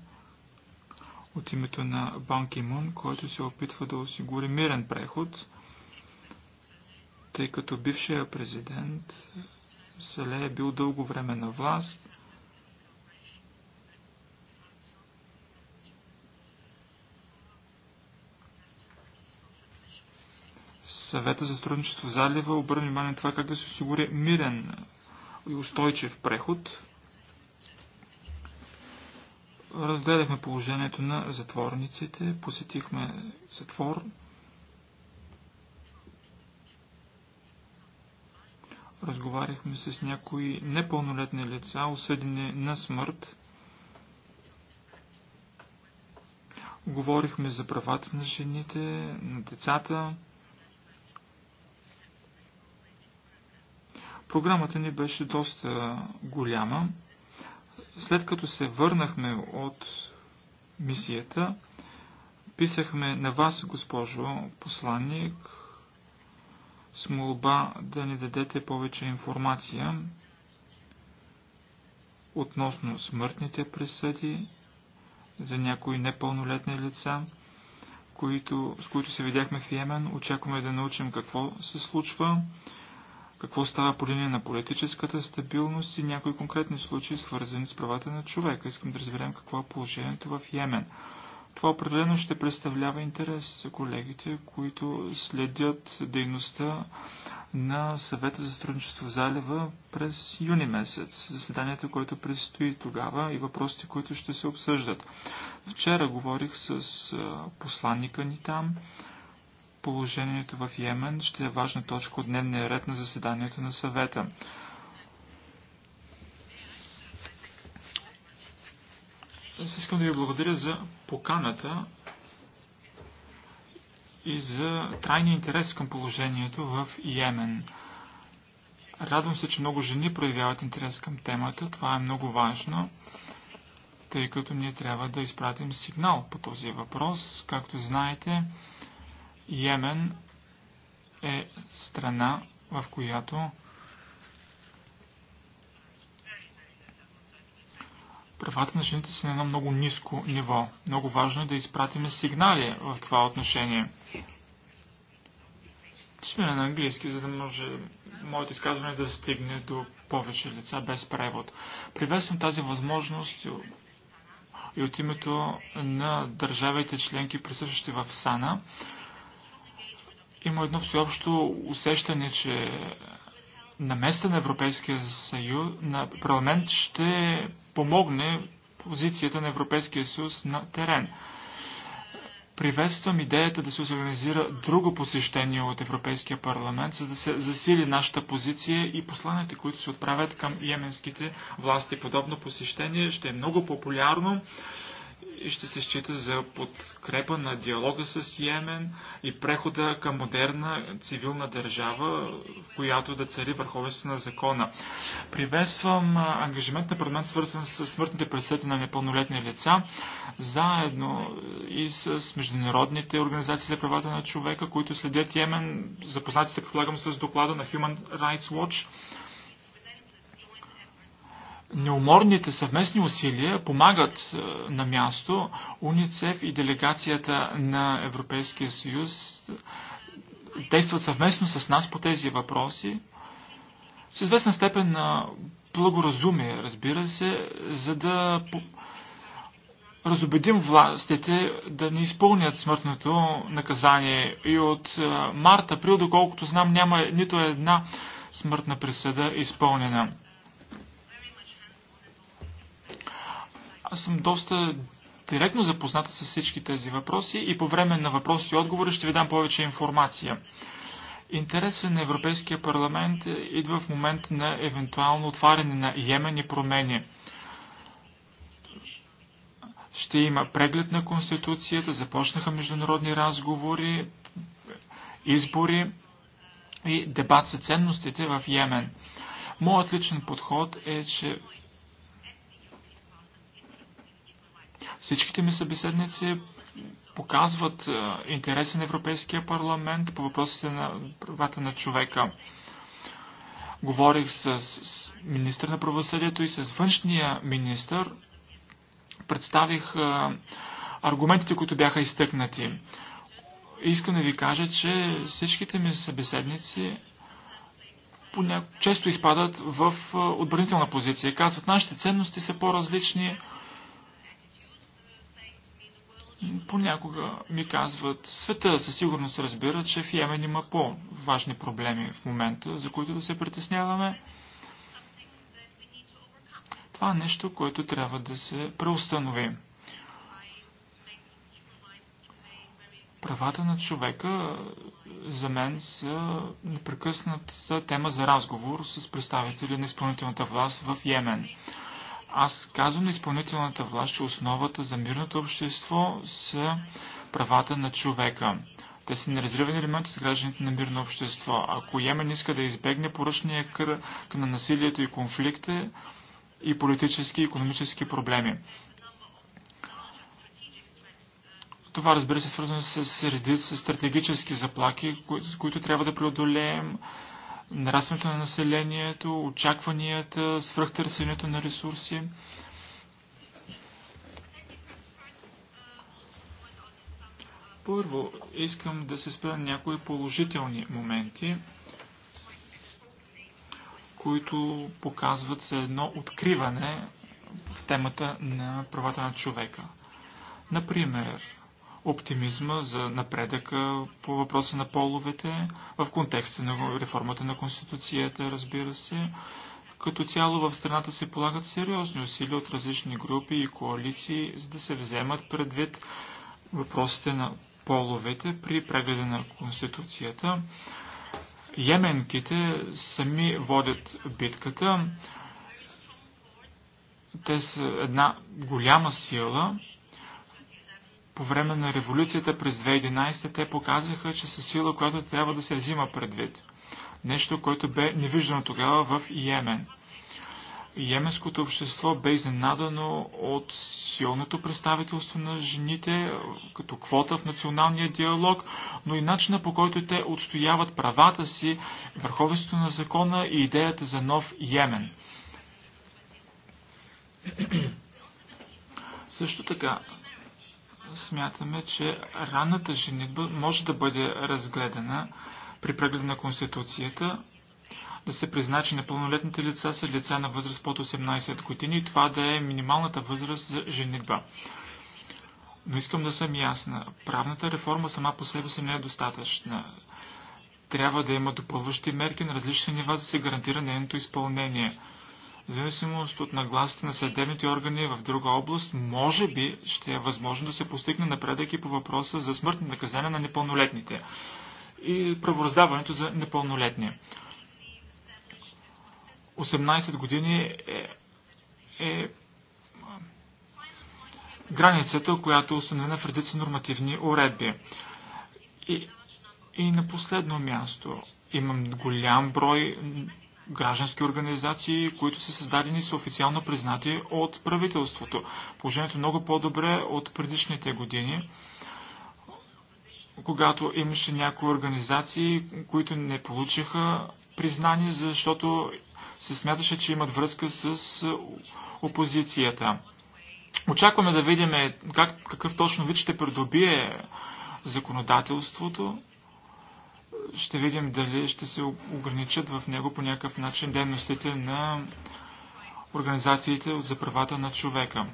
от името на Бан Кимун, който се опитва да осигури мирен преход, тъй като бившия президент Сале е бил дълго време на власт Съвета за сътрудничество в залива обърна внимание на това как да се осигури мирен и устойчив преход. Разгледахме положението на затворниците, посетихме затвор. Разговаряхме с някои непълнолетни лица, осъдени на смърт. Говорихме за правата на жените, на децата. Програмата ни беше доста голяма. След като се върнахме от мисията, писахме на вас, госпожо посланник, с молба да ни дадете повече информация относно смъртните присъди за някои непълнолетни лица, които, с които се видяхме в Йемен. Очакваме да научим какво се случва какво става по линия на политическата стабилност и някои конкретни случаи, свързани с правата на човека. Искам да разберем какво е положението в Йемен. Това определено ще представлява интерес за колегите, които следят дейността на съвета за сътрудничество в залива през юни месец, заседанието, което предстои тогава и въпросите, които ще се обсъждат. Вчера говорих с посланника ни там, Положението в Йемен ще е важна точка от дневния ред на заседанието на съвета. Аз искам да ви благодаря за поканата и за трайния интерес към положението в Йемен. Радвам се, че много жени проявяват интерес към темата. Това е много важно, тъй като ние трябва да изпратим сигнал по този въпрос. Както знаете, Йемен е страна, в която правата на жените са на едно много ниско ниво. Много важно е да изпратиме сигнали в това отношение. Ще на английски, за да може моето изказване да стигне до повече лица без превод. Приветствам тази възможност и от името на държавите членки, присъщащи в САНА, има едно всеобщо усещане, че на места на Европейския съюз, на парламент ще помогне позицията на Европейския съюз на терен. Приветствам идеята да се организира друго посещение от Европейския парламент, за да се засили нашата позиция и посланите, които се отправят към йеменските власти. Подобно посещение ще е много популярно и ще се счита за подкрепа на диалога с Йемен и прехода към модерна цивилна държава, в която да цари върховенството на закона. Приветствам ангажимент на парламент, свързан с смъртните пресети на непълнолетни лица, заедно и с международните организации за правата на човека, които следят Йемен. Запознати се, предполагам, с доклада на Human Rights Watch – Неуморните съвместни усилия помагат е, на място УНИЦЕФ и делегацията на Европейския съюз е, действат съвместно с нас по тези въпроси. С известна степен на благоразумие, разбира се, за да разобедим властите да не изпълнят смъртното наказание. И от е, март, април, доколкото знам, няма нито една смъртна присъда изпълнена. Аз съм доста директно запозната с всички тези въпроси и по време на въпроси и отговори ще ви дам повече информация. Интересът на Европейския парламент идва в момент на евентуално отваряне на Йемени промени. Ще има преглед на Конституцията, започнаха международни разговори, избори и дебат за ценностите в Йемен. Моят личен подход е, че Всичките ми събеседници показват е, интереси на Европейския парламент по въпросите на правата на човека. Говорих с министър на правосъдието и с външния министър. Представих е, аргументите, които бяха изтъкнати. Искам да ви кажа, че всичките ми събеседници поня... често изпадат в е, отбранителна позиция. Казват, нашите ценности са по-различни, Понякога ми казват, света със сигурност разбира, че в Йемен има по-важни проблеми в момента, за които да се притесняваме. Това е нещо, което трябва да се преустанови. Правата на човека за мен са непрекъсната тема за разговор с представители на изпълнителната власт в Йемен. Аз казвам на изпълнителната власт, че основата за мирното общество са правата на човека. Те са неразривен елемент от изграждането на мирно общество. Ако Йемен иска да избегне поръчния кръг на насилието и конфликта и политически и економически проблеми. Това, разбира се, е свързано с редица стратегически заплаки, които, които трябва да преодолеем нарастването на населението, очакванията, свръхтърсенето на ресурси. Първо, искам да се спра някои положителни моменти, които показват се едно откриване в темата на правата на човека. Например, оптимизма за напредъка по въпроса на половете в контекста на реформата на Конституцията, разбира се. Като цяло в страната се полагат сериозни усилия от различни групи и коалиции, за да се вземат предвид въпросите на половете при прегледа на Конституцията. Йеменките сами водят битката. Те са една голяма сила, по време на революцията през 2011 те показаха, че са сила, която трябва да се взима предвид. Нещо, което бе невиждано тогава в Йемен. Йеменското общество бе изненадано от силното представителство на жените като квота в националния диалог, но и начина по който те отстояват правата си, върховенството на закона и идеята за нов Йемен. Също така, смятаме, че ранната женитба може да бъде разгледана при преглед на Конституцията, да се призна, че непълнолетните лица са лица на възраст под 18 години и това да е минималната възраст за женитба. Но искам да съм ясна. Правната реформа сама по себе си не е достатъчна. Трябва да има допълващи мерки на различни нива, за да се гарантира нейното изпълнение – зависимост от нагласите на съдебните органи в друга област, може би ще е възможно да се постигне напредък и по въпроса за смъртни наказания на непълнолетните и правораздаването за непълнолетни. 18 години е, е, е границата, която е установена в редица нормативни уредби. И, и на последно място имам голям брой граждански организации, които са създадени и са официално признати от правителството. Положението е много по-добре от предишните години, когато имаше някои организации, които не получиха признание, защото се смяташе, че имат връзка с опозицията. Очакваме да видим как, какъв точно вид ще придобие законодателството ще видим дали ще се ограничат в него по някакъв начин дейностите на организациите за правата на човека.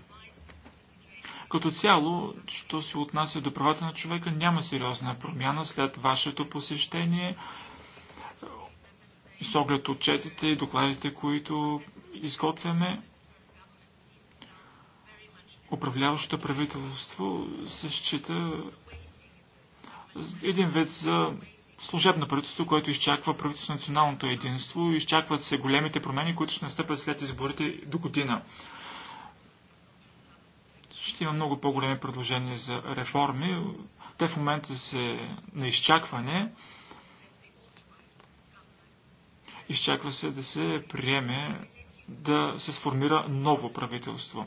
Като цяло, що се отнася до правата на човека, няма сериозна промяна след вашето посещение. С оглед отчетите и докладите, които изготвяме, управляващото правителство се счита един вид за служебно правителство, което изчаква правителство на националното единство, изчакват се големите промени, които ще настъпят след изборите до година. Ще има много по-големи предложения за реформи. Те в момента се на изчакване. Изчаква се да се приеме да се сформира ново правителство.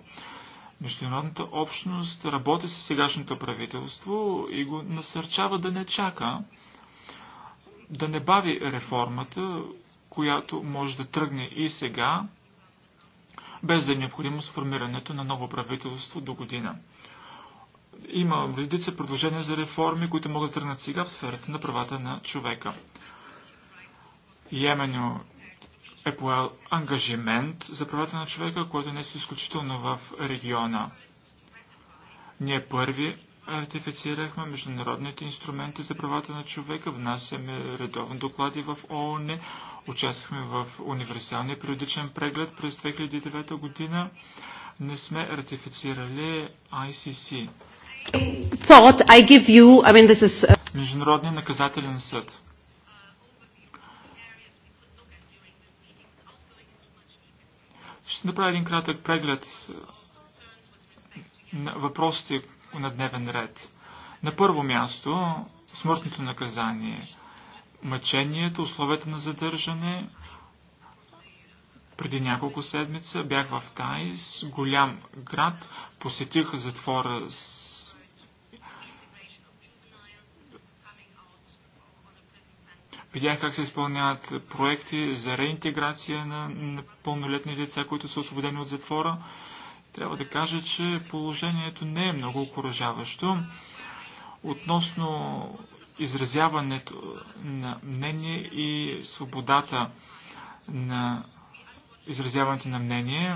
Международната общност работи с сегашното правителство и го насърчава да не чака да не бави реформата, която може да тръгне и сега, без да е необходимо сформирането на ново правителство до година. Има редица предложения за реформи, които могат да тръгнат сега в сферата на правата на човека. Йемен е поел ангажимент за правата на човека, който не е изключително в региона. Ние първи ратифицирахме международните инструменти за правата на човека, внасяме редовни доклади в ООН, участвахме в универсалния периодичен преглед през 2009 година. Не сме ратифицирали ICC. Uh, Международния наказателен съд. Ще направя един кратък преглед на въпросите, на дневен ред. На първо място смъртното наказание, мъченията, условията на задържане. Преди няколко седмица бях в Тайс, голям град, посетих затвора с Видях как се изпълняват проекти за реинтеграция на, на пълнолетни деца, които са освободени от затвора. Трябва да кажа, че положението не е много окоръжаващо. Относно изразяването на мнение и свободата на изразяването на мнение,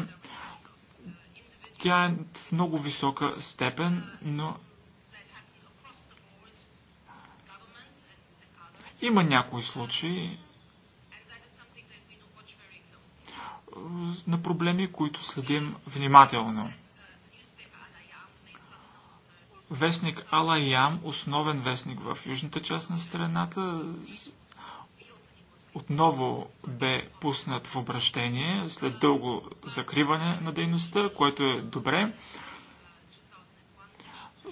тя е в много висока степен, но има някои случаи, на проблеми, които следим внимателно. Вестник Алаям, основен вестник в южната част на страната, отново бе пуснат в обращение след дълго закриване на дейността, което е добре.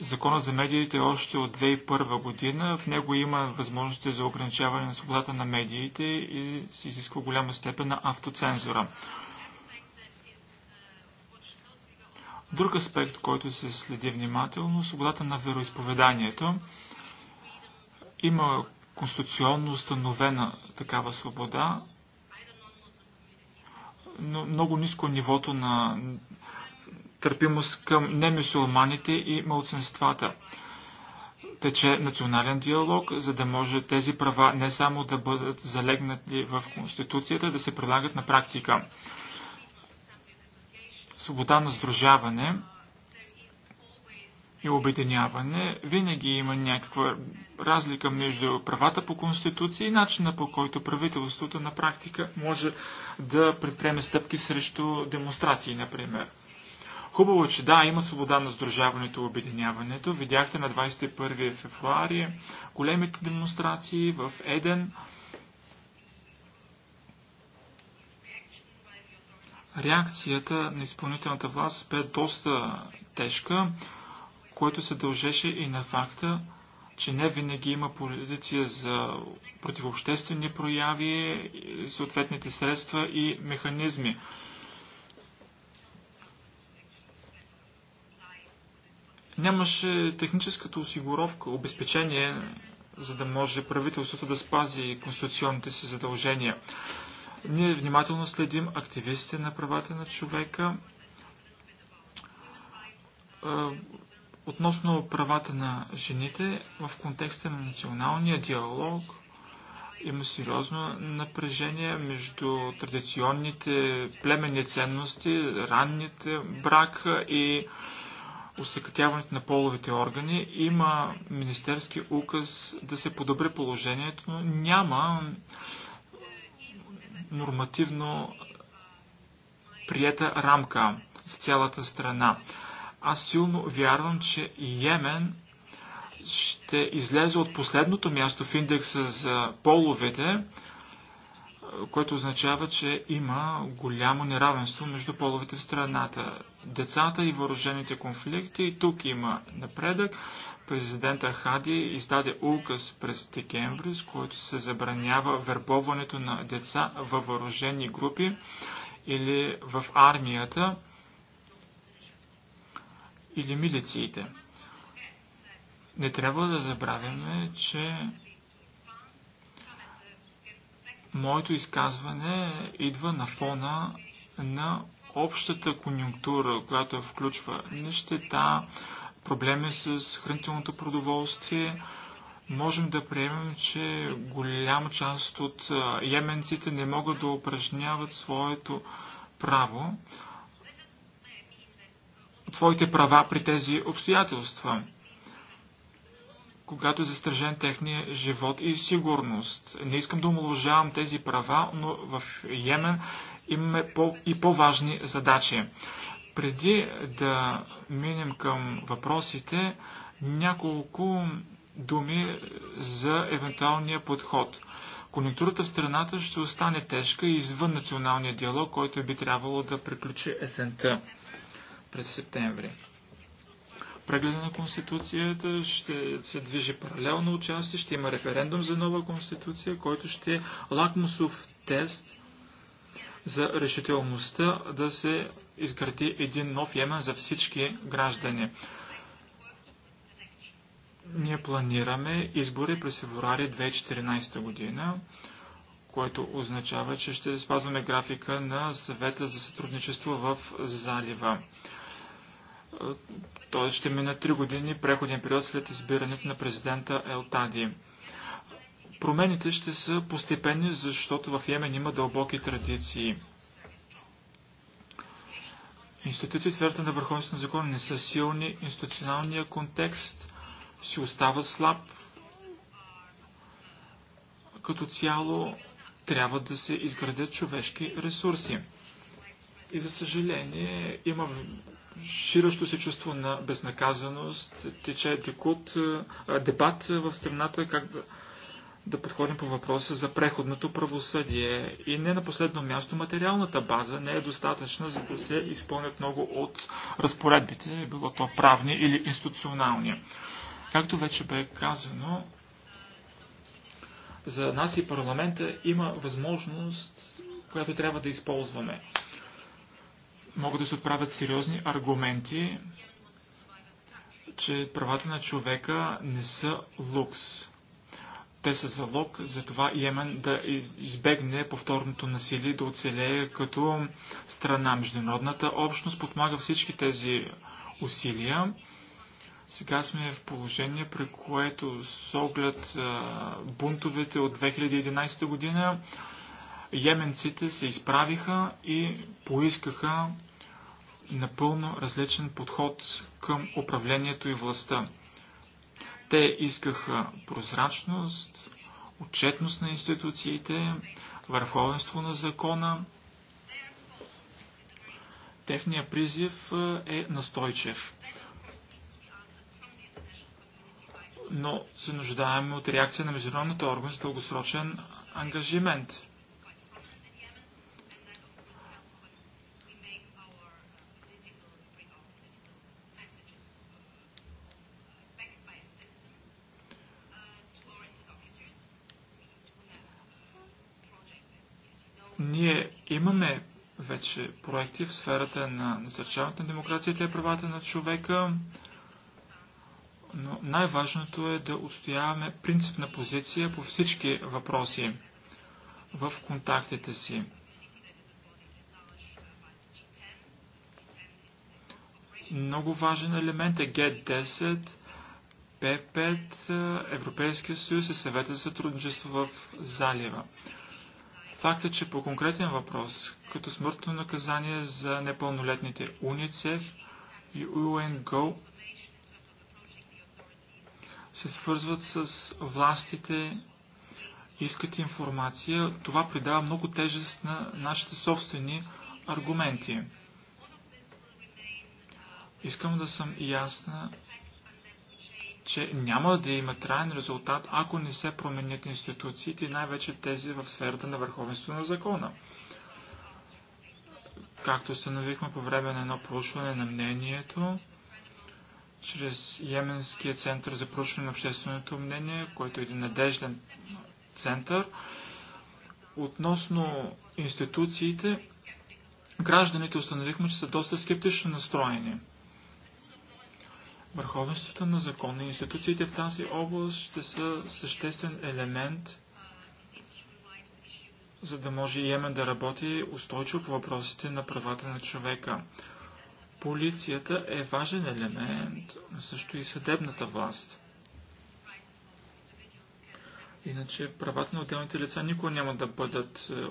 Закона за медиите е още от 2001 година. В него има възможности за ограничаване на свободата на медиите и се изисква голяма степен на автоцензура. Друг аспект, който се следи внимателно, свободата на вероисповеданието. Има конституционно установена такава свобода, но много ниско нивото на търпимост към немюсулманите и мълцинствата. Тече национален диалог, за да може тези права не само да бъдат залегнати в Конституцията, да се прилагат на практика. Свобода на сдружаване и обединяване, винаги има някаква разлика между правата по Конституция и начина по който правителството на практика може да предприеме стъпки срещу демонстрации, например. Хубаво, е, че да, има свобода на сдружаването и обединяването. Видяхте на 21 февруари големите демонстрации в Еден. Реакцията на изпълнителната власт бе доста тежка, което се дължеше и на факта, че не винаги има полиция за противообществени прояви, съответните средства и механизми. Нямаше техническата осигуровка, обезпечение, за да може правителството да спази конституционните си задължения. Ние внимателно следим активистите на правата на човека е, относно правата на жените в контекста на националния диалог има сериозно напрежение между традиционните племенни ценности, ранните брак и усъкътяването на половите органи. Има министерски указ да се подобри положението, но няма нормативно приета рамка за цялата страна. Аз силно вярвам, че Йемен ще излезе от последното място в индекса за половите, което означава, че има голямо неравенство между половете в страната. Децата и въоръжените конфликти, тук има напредък. Президента Хади издаде указ през декември, с който се забранява вербоването на деца във въоръжени групи или в армията или милициите. Не трябва да забравяме, че Моето изказване идва на фона на общата конюнктура, която включва нещета, проблеми с хранителното продоволствие. Можем да приемем, че голяма част от йеменците не могат да упражняват своето право, своите права при тези обстоятелства когато е застрежен техния живот и сигурност. Не искам да омалуважавам тези права, но в Йемен имаме по- и по-важни задачи. Преди да минем към въпросите, няколко думи за евентуалния подход. Конъюнктурата в страната ще остане тежка и извън националния диалог, който би трябвало да приключи есента през септември прегледа на Конституцията, ще се движи паралелно участие, ще има референдум за нова Конституция, който ще е лакмусов тест за решителността да се изгради един нов Йемен за всички граждани. Ние планираме избори през февруари 2014 година което означава, че ще спазваме графика на съвета за сътрудничество в залива. Той ще мина 3 години преходен период след избирането на президента Елтади. Промените ще са постепенни, защото в Йемен има дълбоки традиции. Институции в сферата на върховенството на закона не са силни, институционалният контекст си остава слаб. Като цяло трябва да се изградят човешки ресурси. И за съжаление има ширащо се чувство на безнаказаност, тече декут, дебат в страната как да, да подходим по въпроса за преходното правосъдие. И не на последно място материалната база не е достатъчна, за да се изпълнят много от разпоредбите, било то правни или институционални. Както вече бе казано, за нас и парламента има възможност, която трябва да използваме могат да се отправят сериозни аргументи, че правата на човека не са лукс. Те са залог за това Йемен да избегне повторното насилие, да оцелее като страна. Международната общност подмага всички тези усилия. Сега сме в положение, при което с оглед бунтовете от 2011 година Йеменците се изправиха и поискаха напълно различен подход към управлението и властта. Те искаха прозрачност, отчетност на институциите, върховенство на закона. Техният призив е, е настойчив. Но се нуждаем от реакция на международната органи с дългосрочен ангажимент. Имаме вече проекти в сферата на насърчаването на демокрацията и правата на човека, но най-важното е да отстояваме принципна позиция по всички въпроси в контактите си. Много важен елемент е G10, P5, Европейския съюз и съвета за сътрудничество в залива. Факт е, че по конкретен въпрос, като смъртно наказание за непълнолетните УНИЦЕФ и УНГО се свързват с властите, искат информация, това придава много тежест на нашите собствени аргументи. Искам да съм ясна, че няма да има траен резултат, ако не се променят институциите най-вече тези в сферата на върховенство на закона. Както установихме по време на едно проучване на мнението, чрез Йеменския център за проучване на общественото мнение, който е един надежден център, относно институциите, гражданите установихме, че са доста скептично настроени – Върховенството на закона и институциите в тази област ще са съществен елемент, за да може Йемен да работи устойчиво по въпросите на правата на човека. Полицията е важен елемент, също и съдебната власт. Иначе правата на отделните лица никога няма да бъдат е,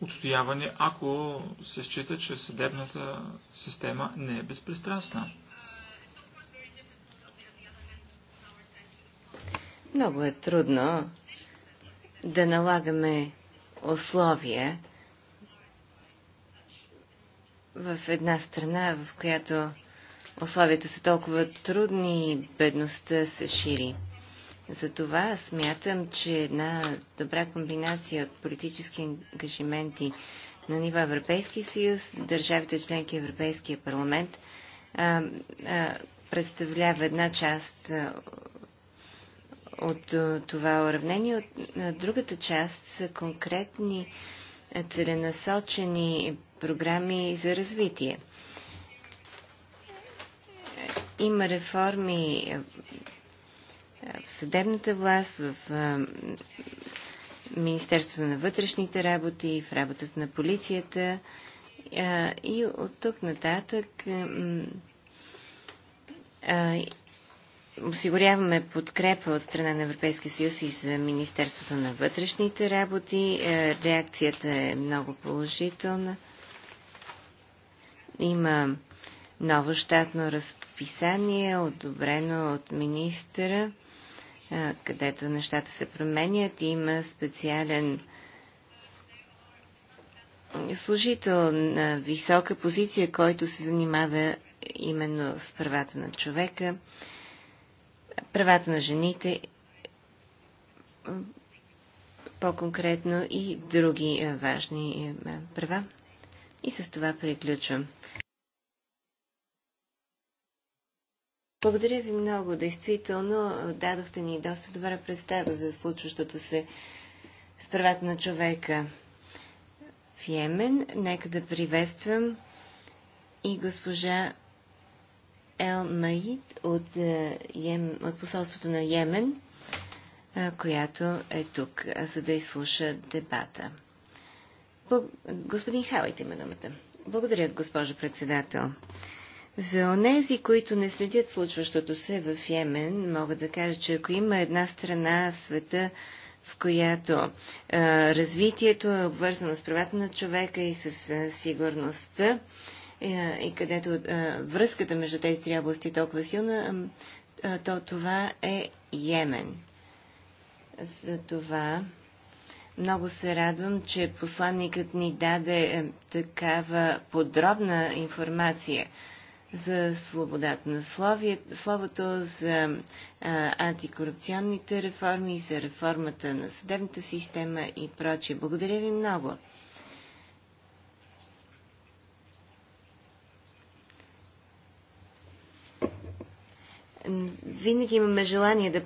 отстоявани, ако се счита, че съдебната система не е безпристрастна. Много е трудно да налагаме условия в една страна, в която условията са толкова трудни и бедността се шири. Затова смятам, че една добра комбинация от политически ангажименти на ниво Европейски съюз, държавите членки Европейския парламент представлява една част от това уравнение. От другата част са конкретни целенасочени програми за развитие. Има реформи в съдебната власт, в Министерството на вътрешните работи, в работата на полицията и от тук нататък Осигуряваме подкрепа от страна на Европейския съюз и за Министерството на вътрешните работи. Е, реакцията е много положителна. Има ново щатно разписание, одобрено от министъра, е, където нещата се променят. Има специален служител на висока позиция, който се занимава именно с правата на човека правата на жените, по-конкретно и други е, важни е, е, права. И с това приключвам. Благодаря ви много. Действително дадохте ни доста добра представа за случващото се с правата на човека в Йемен. Нека да приветствам и госпожа Ел Маид от, е, от посолството на Йемен, е, която е тук, за да изслуша дебата. Господин Хавайте има думата. Благодаря, госпожо председател. За онези, които не следят случващото се в Йемен, мога да кажа, че ако има една страна в света, в която а, е, развитието е обвързано с правата на човека и с а, сигурността, е, и където е, връзката между тези три области е толкова силна, е, то това е Йемен. За това много се радвам, че посланникът ни даде такава подробна информация за свободата на словото, за антикорупционните реформи, за реформата на съдебната система и прочие. Благодаря ви много. винаги имаме желание да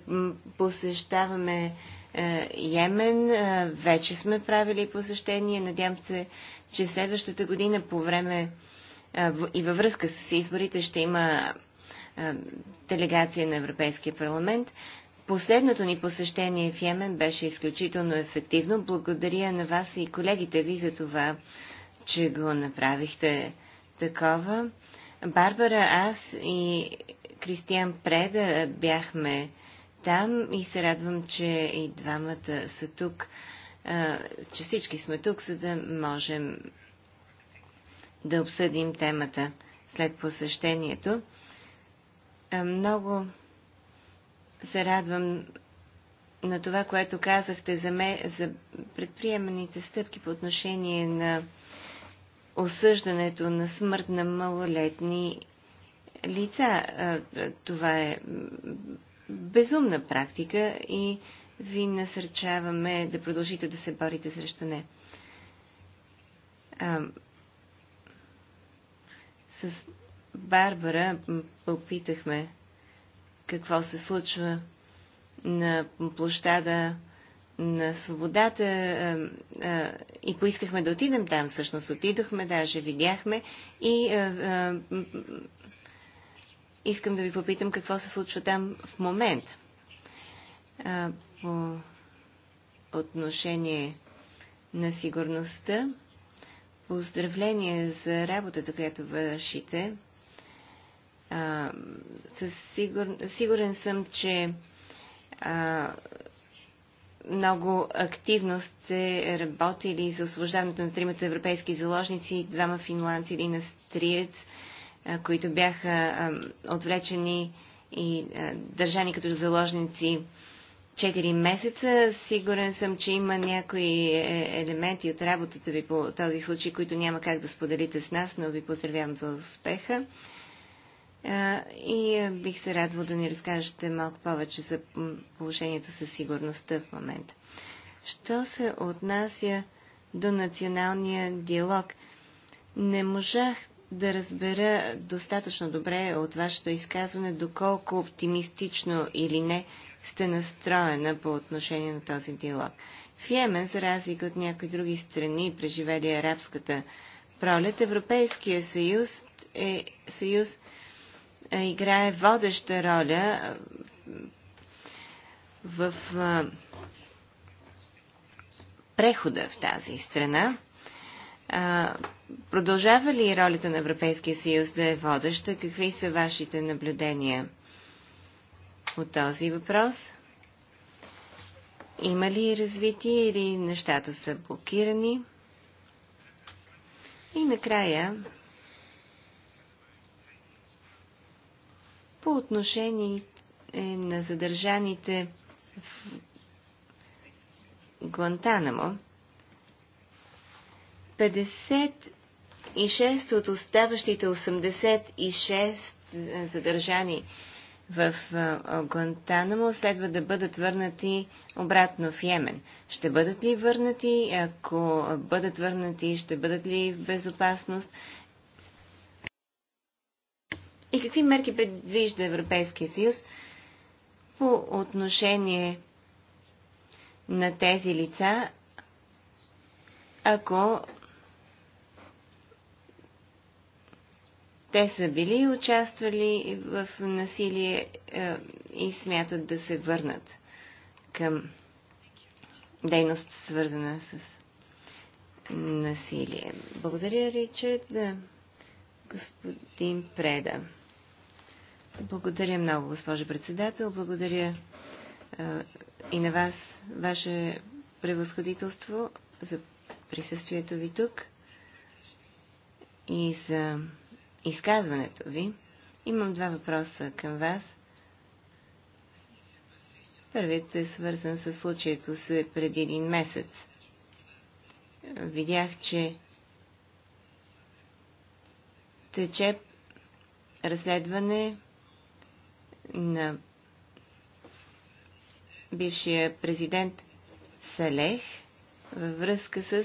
посещаваме е, Йемен. Е, вече сме правили посещение. Надявам се, че следващата година по време е, и във връзка с изборите ще има делегация на Европейския парламент. Последното ни посещение в Йемен беше изключително ефективно. Благодаря на вас и колегите ви за това, че го направихте такова. Барбара, аз и Кристиан Преда бяхме там и се радвам, че и двамата са тук, че всички сме тук, за да можем да обсъдим темата след посещението. Много се радвам на това, което казахте за, ме, за предприеманите стъпки по отношение на осъждането на смърт на малолетни лица. Това е безумна практика и ви насърчаваме да продължите да се борите срещу не. А, с Барбара попитахме какво се случва на площада на свободата и поискахме да отидем там. Всъщност отидохме, даже видяхме и Искам да ви попитам какво се случва там в момента. По отношение на сигурността, поздравление за работата, която вършите. А, със сигур... Сигурен съм, че а, много активно сте работили за освобождаването на тримата европейски заложници, двама финландци, един астриец които бяха отвлечени и държани като заложници 4 месеца. Сигурен съм, че има някои е, елементи от работата ви по този случай, които няма как да споделите с нас, но ви поздравявам за успеха. И бих се радвал да ни разкажете малко повече за положението със сигурността в момента. Що се отнася до националния диалог? Не можах да разбера достатъчно добре от вашето изказване, доколко оптимистично или не сте настроена по отношение на този диалог. В Йемен, за разлика от някои други страни, преживели арабската пролет, Европейския съюз, е, съюз е, играе водеща роля в е, прехода в тази страна продължава ли ролята на Европейския съюз да е водеща? Какви са вашите наблюдения от този въпрос? Има ли развитие или нещата са блокирани? И накрая, по отношение на задържаните в Гуантанамо, 56 от оставащите 86 е, задържани в е, е, Гуантанамо следва да бъдат върнати обратно в Йемен. Ще бъдат ли върнати? Ако бъдат върнати, ще бъдат ли в безопасност? И какви мерки предвижда Европейския съюз по отношение на тези лица, ако Те са били участвали в насилие е, и смятат да се върнат към дейност, свързана с насилие. Благодаря, Ричард, да, господин Преда. Благодаря много, госпожо председател. Благодаря е, и на вас, ваше превъзходителство, за присъствието ви тук и за изказването ви. Имам два въпроса към вас. Първият е свързан с случаето се преди един месец. Видях, че тече разследване на бившия президент Салех във връзка с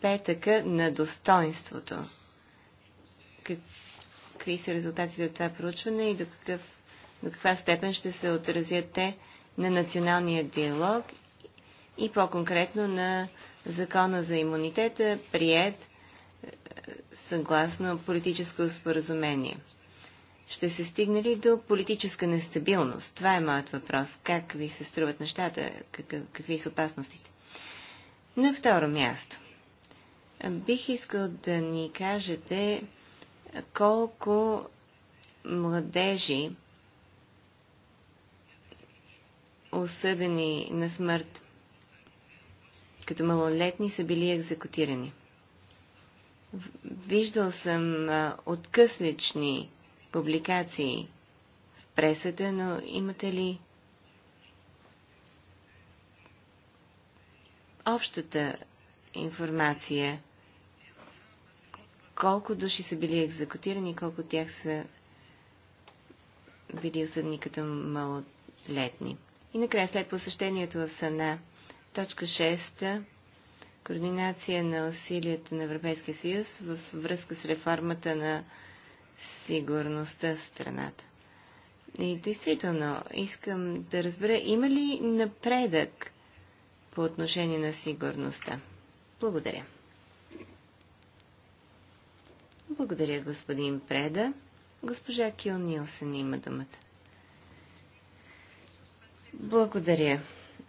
петъка на достоинството. Какви са резултатите от това проучване и до, какъв, до каква степен ще се отразят те на националния диалог и по-конкретно на закона за имунитета, прият е, съгласно политическо споразумение. Ще се стигне ли до политическа нестабилност? Това е моят въпрос. Как ви се струват нещата? Какъв, какви са опасностите? На второ място. Бих искал да ни кажете колко младежи осъдени на смърт като малолетни са били екзекутирани. Виждал съм откъслични публикации в пресата, но имате ли общата информация колко души са били екзекутирани, колко от тях са били осъдни като малолетни. И накрая, след посещението в Сана, точка 6, координация на усилията на Европейския съюз в връзка с реформата на сигурността в страната. И действително, искам да разбера, има ли напредък по отношение на сигурността? Благодаря. Благодаря, господин Преда. Госпожа Кил Нилсен има думата. Благодаря,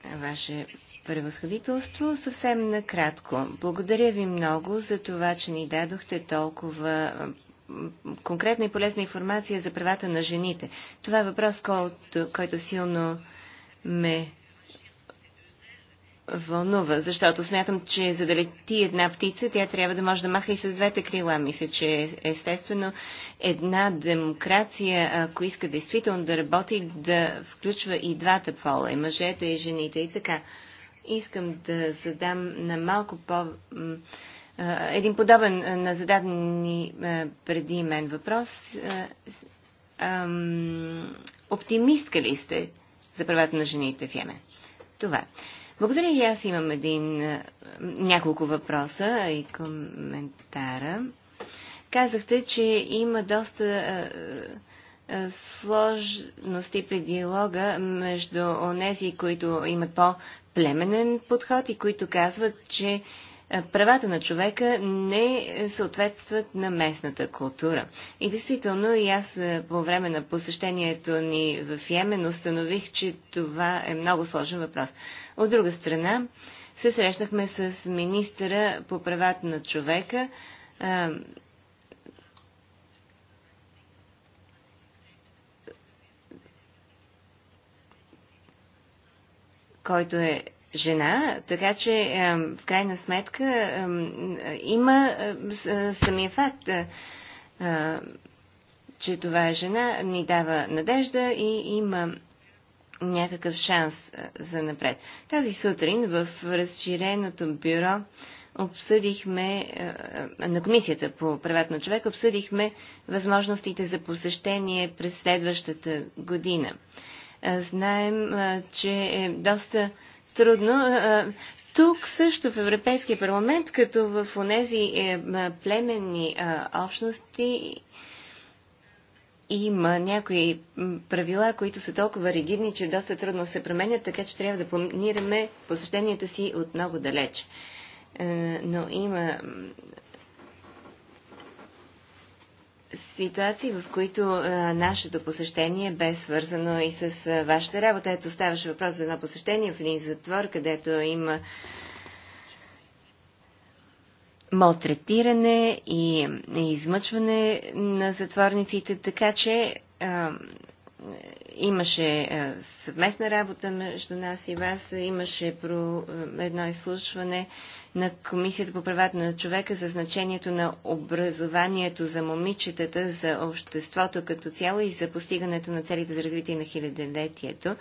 Ваше превъзходителство. Съвсем накратко. Благодаря Ви много за това, че ни дадохте толкова конкретна и полезна информация за правата на жените. Това е въпрос, който, който силно ме вълнува, защото смятам, че за да лети една птица, тя трябва да може да маха и с двете крила. Мисля, че е естествено една демокрация, ако иска действително да работи, да включва и двата пола, и мъжете, и жените, и така. Искам да задам на малко по... Един подобен на зададен ни преди мен въпрос. Оптимистка ли сте за правата на жените в Йемен? Това. Благодаря и аз имам един, е, няколко въпроса и коментара. Казахте, че има доста е, е, сложности при диалога между онези, които имат по-племенен подход и които казват, че е, правата на човека не съответстват на местната култура. И действително и аз е, по време на посещението ни в Йемен установих, че това е много сложен въпрос. От друга страна, се срещнахме с министъра по правата на човека, е, който е жена, така че в крайна сметка има самия факт, е, е, че това е жена, ни дава надежда и има някакъв шанс е, за напред. Тази сутрин в разширеното бюро обсъдихме, на Комисията по правата на човека обсъдихме възможностите за посещение през следващата година. Знаем, че е доста трудно. Тук също в Европейския парламент, като в тези е, племенни общности, има някои правила, които са толкова ригидни, че доста трудно се променят, така че трябва да планираме посещенията си от много далеч. Е, но има ситуации, в които а, нашето посещение бе свързано и с а, вашата работа. Ето ставаше въпрос за едно посещение в един затвор, където има малтретиране и измъчване на затворниците, така че а, имаше а, съвместна работа между нас и вас, имаше про, а, едно изслушване. А, на Комисията по правата на човека за значението на образованието за момичетата, за обществото като цяло и за постигането на целите за развитие на хилядолетието.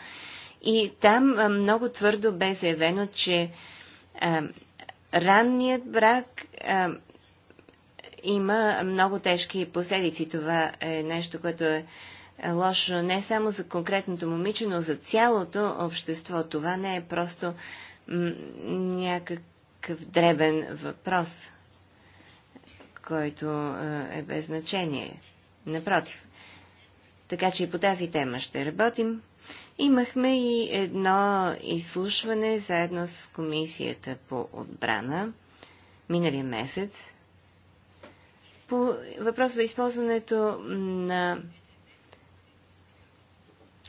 И там много твърдо бе заявено, че а, ранният брак а, има много тежки последици. Това е нещо, което е, е лошо не само за конкретното момиче, но за цялото общество. Това не е просто някакъв такъв дребен въпрос, който е без значение. Напротив. Така че и по тази тема ще работим. Имахме и едно изслушване заедно с Комисията по отбрана миналия месец по въпрос за използването на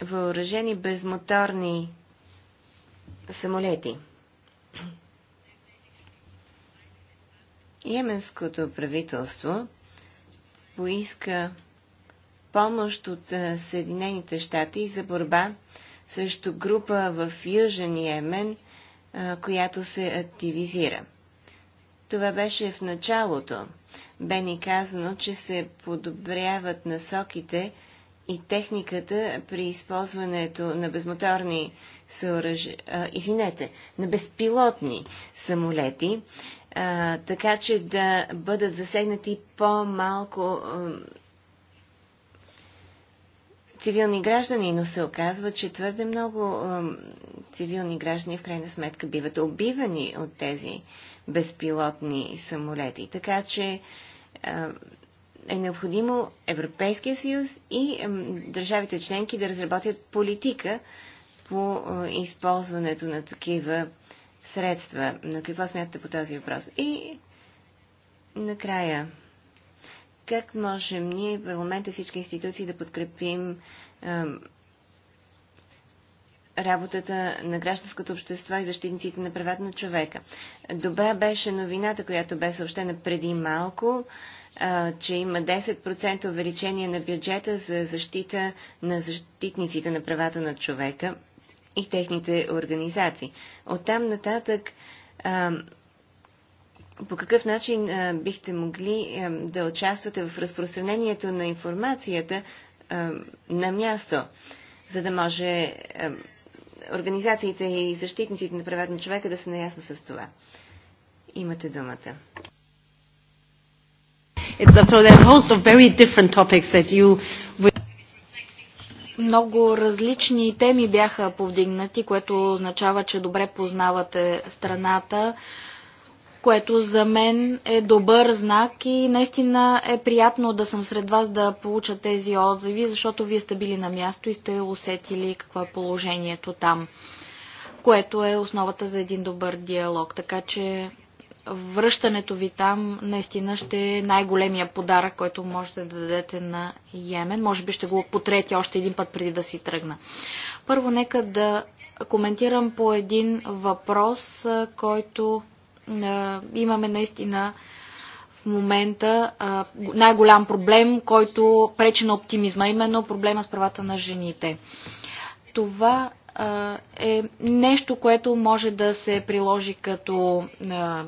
въоръжени безмоторни самолети. Йеменското правителство поиска помощ от е, Съединените щати за борба срещу група в Южен Йемен, е, която се активизира. Това беше в началото. Бе ни казано, че се подобряват насоките и техниката при използването на безмоторни съоръж... а, извинете, на безпилотни самолети, а, така че да бъдат засегнати по-малко цивилни граждани, но се оказва, че твърде много а, цивилни граждани в крайна сметка биват убивани от тези безпилотни самолети. Така че а, е необходимо Европейския съюз и държавите членки да разработят политика по е, използването на такива средства. На какво смятате по този въпрос? И накрая, как можем ние в момента всички институции да подкрепим работата на гражданското общество и защитниците на правата на човека. Добра беше новината, която бе съобщена преди малко че има 10% увеличение на бюджета за защита на защитниците на правата на човека и техните организации. Оттам нататък по какъв начин бихте могли да участвате в разпространението на информацията на място, за да може организациите и защитниците на правата на човека да са наясно с това? Имате думата. It's, so there are a host of very different topics that you will много различни теми бяха повдигнати, което означава, че добре познавате страната, което за мен е добър знак и наистина е приятно да съм сред вас да получа тези отзиви, защото вие сте били на място и сте усетили какво е положението там, което е основата за един добър диалог. Така че връщането ви там наистина ще е най-големия подарък, който можете да дадете на Йемен. Може би ще го потретя още един път преди да си тръгна. Първо нека да коментирам по един въпрос, който имаме наистина в момента най-голям проблем, който пречи на оптимизма, именно проблема с правата на жените. Това е нещо, което може да се приложи като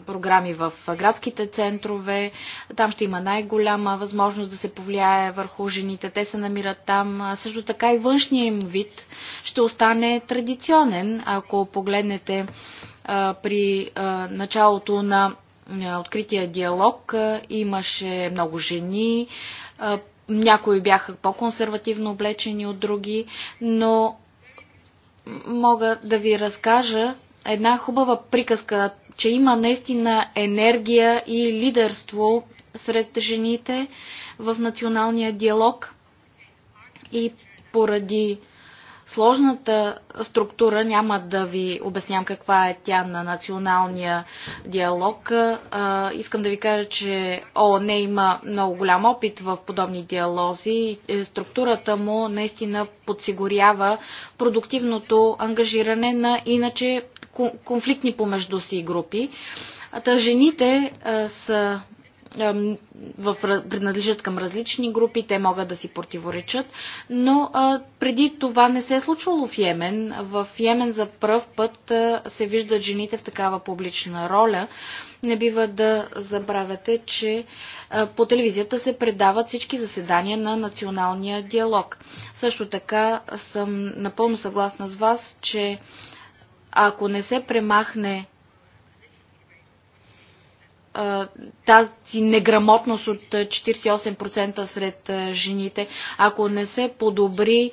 програми в градските центрове. Там ще има най-голяма възможност да се повлияе върху жените. Те се намират там. Също така и външния им вид ще остане традиционен. Ако погледнете при началото на открития диалог имаше много жени, някои бяха по-консервативно облечени от други, но мога да ви разкажа една хубава приказка, че има наистина енергия и лидерство сред жените в националния диалог и поради сложната структура, няма да ви обясням каква е тя на националния диалог. Искам да ви кажа, че ООН има много голям опит в подобни диалози. Е, структурата му наистина подсигурява продуктивното ангажиране на иначе конфликтни помежду си групи. Та жените са в, принадлежат към различни групи, те могат да си противоречат, но а, преди това не се е случвало в Йемен. В Йемен за пръв път а, се виждат жените в такава публична роля. Не бива да забравяте, че а, по телевизията се предават всички заседания на националния диалог. Също така съм напълно съгласна с вас, че ако не се премахне тази неграмотност от 48% сред жените, ако не се подобри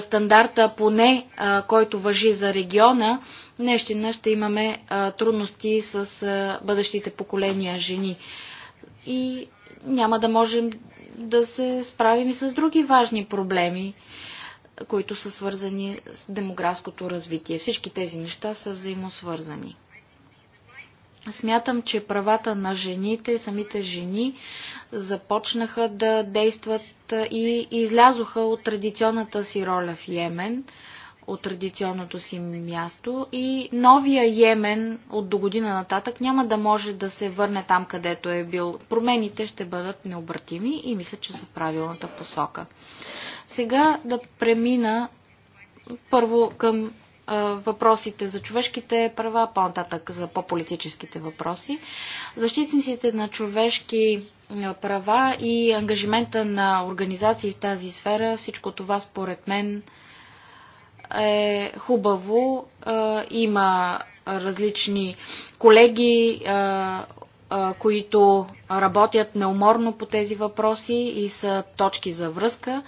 стандарта поне, който въжи за региона, нещина ще имаме трудности с бъдещите поколения жени. И няма да можем да се справим и с други важни проблеми, които са свързани с демографското развитие. Всички тези неща са взаимосвързани. Смятам, че правата на жените, самите жени започнаха да действат и излязоха от традиционната си роля в Йемен, от традиционното си място и новия Йемен от до година нататък няма да може да се върне там, където е бил. Промените ще бъдат необратими и мисля, че са правилната посока. Сега да премина първо към въпросите за човешките права, по-нататък за по-политическите въпроси. Защитниците на човешки права и ангажимента на организации в тази сфера, всичко това според мен е хубаво. Има различни колеги, които работят неуморно по тези въпроси и са точки за връзка.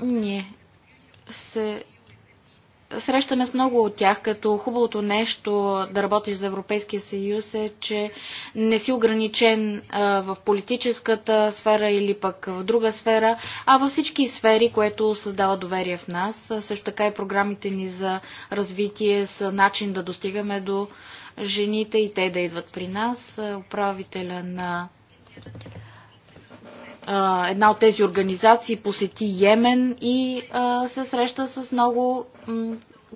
Ние се срещаме с много от тях, като хубавото нещо да работиш за Европейския съюз е, че не си ограничен в политическата сфера или пък в друга сфера, а във всички сфери, което създава доверие в нас. Също така и програмите ни за развитие са начин да достигаме до жените и те да идват при нас. Управителя на една от тези организации посети Йемен и се среща с много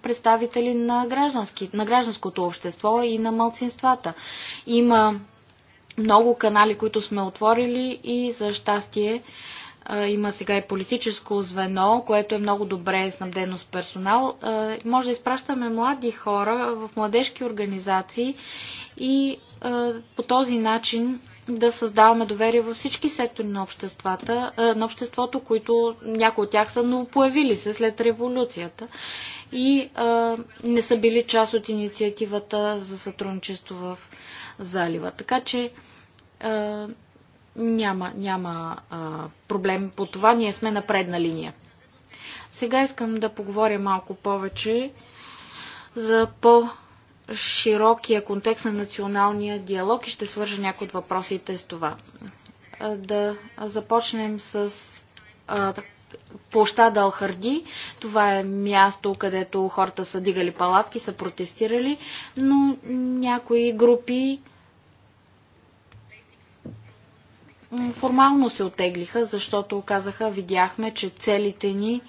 представители на, граждански, на гражданското общество и на малцинствата. Има много канали, които сме отворили и за щастие има сега и политическо звено, което е много добре снабдено с персонал. Може да изпращаме млади хора в младежки организации и по този начин да създаваме доверие във всички сектори на, обществата, е, на обществото, които някои от тях са новопоявили се след революцията и а, е, не са били част от инициативата за сътрудничество в залива. Така че а, е, няма, няма а, проблем по това. Ние сме на предна линия. Сега искам да поговоря малко повече за по- широкия контекст на националния диалог и ще свържа някои от въпросите с това. Да започнем с площада Алхарди. Това е място, където хората са дигали палатки, са протестирали, но някои групи формално се отеглиха, защото казаха, видяхме, че целите ни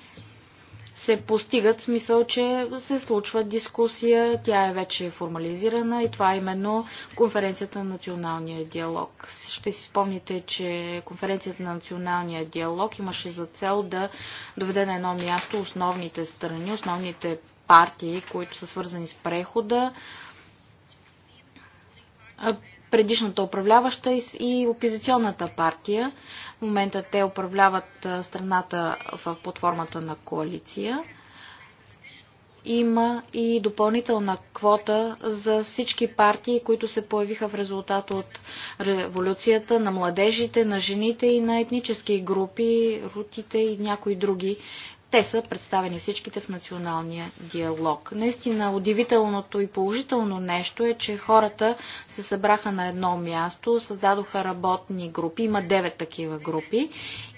се постигат, в смисъл, че се случва дискусия, тя е вече формализирана и това е именно конференцията на националния диалог. Ще си спомните, че конференцията на националния диалог имаше за цел да доведе на едно място основните страни, основните партии, които са свързани с прехода, предишната управляваща и опозиционната партия. В момента те управляват страната в платформата на коалиция. Има и допълнителна квота за всички партии, които се появиха в резултат от революцията на младежите, на жените и на етнически групи, рутите и някои други те са представени всичките в националния диалог. Наистина, удивителното и положително нещо е, че хората се събраха на едно място, създадоха работни групи, има 9 такива групи,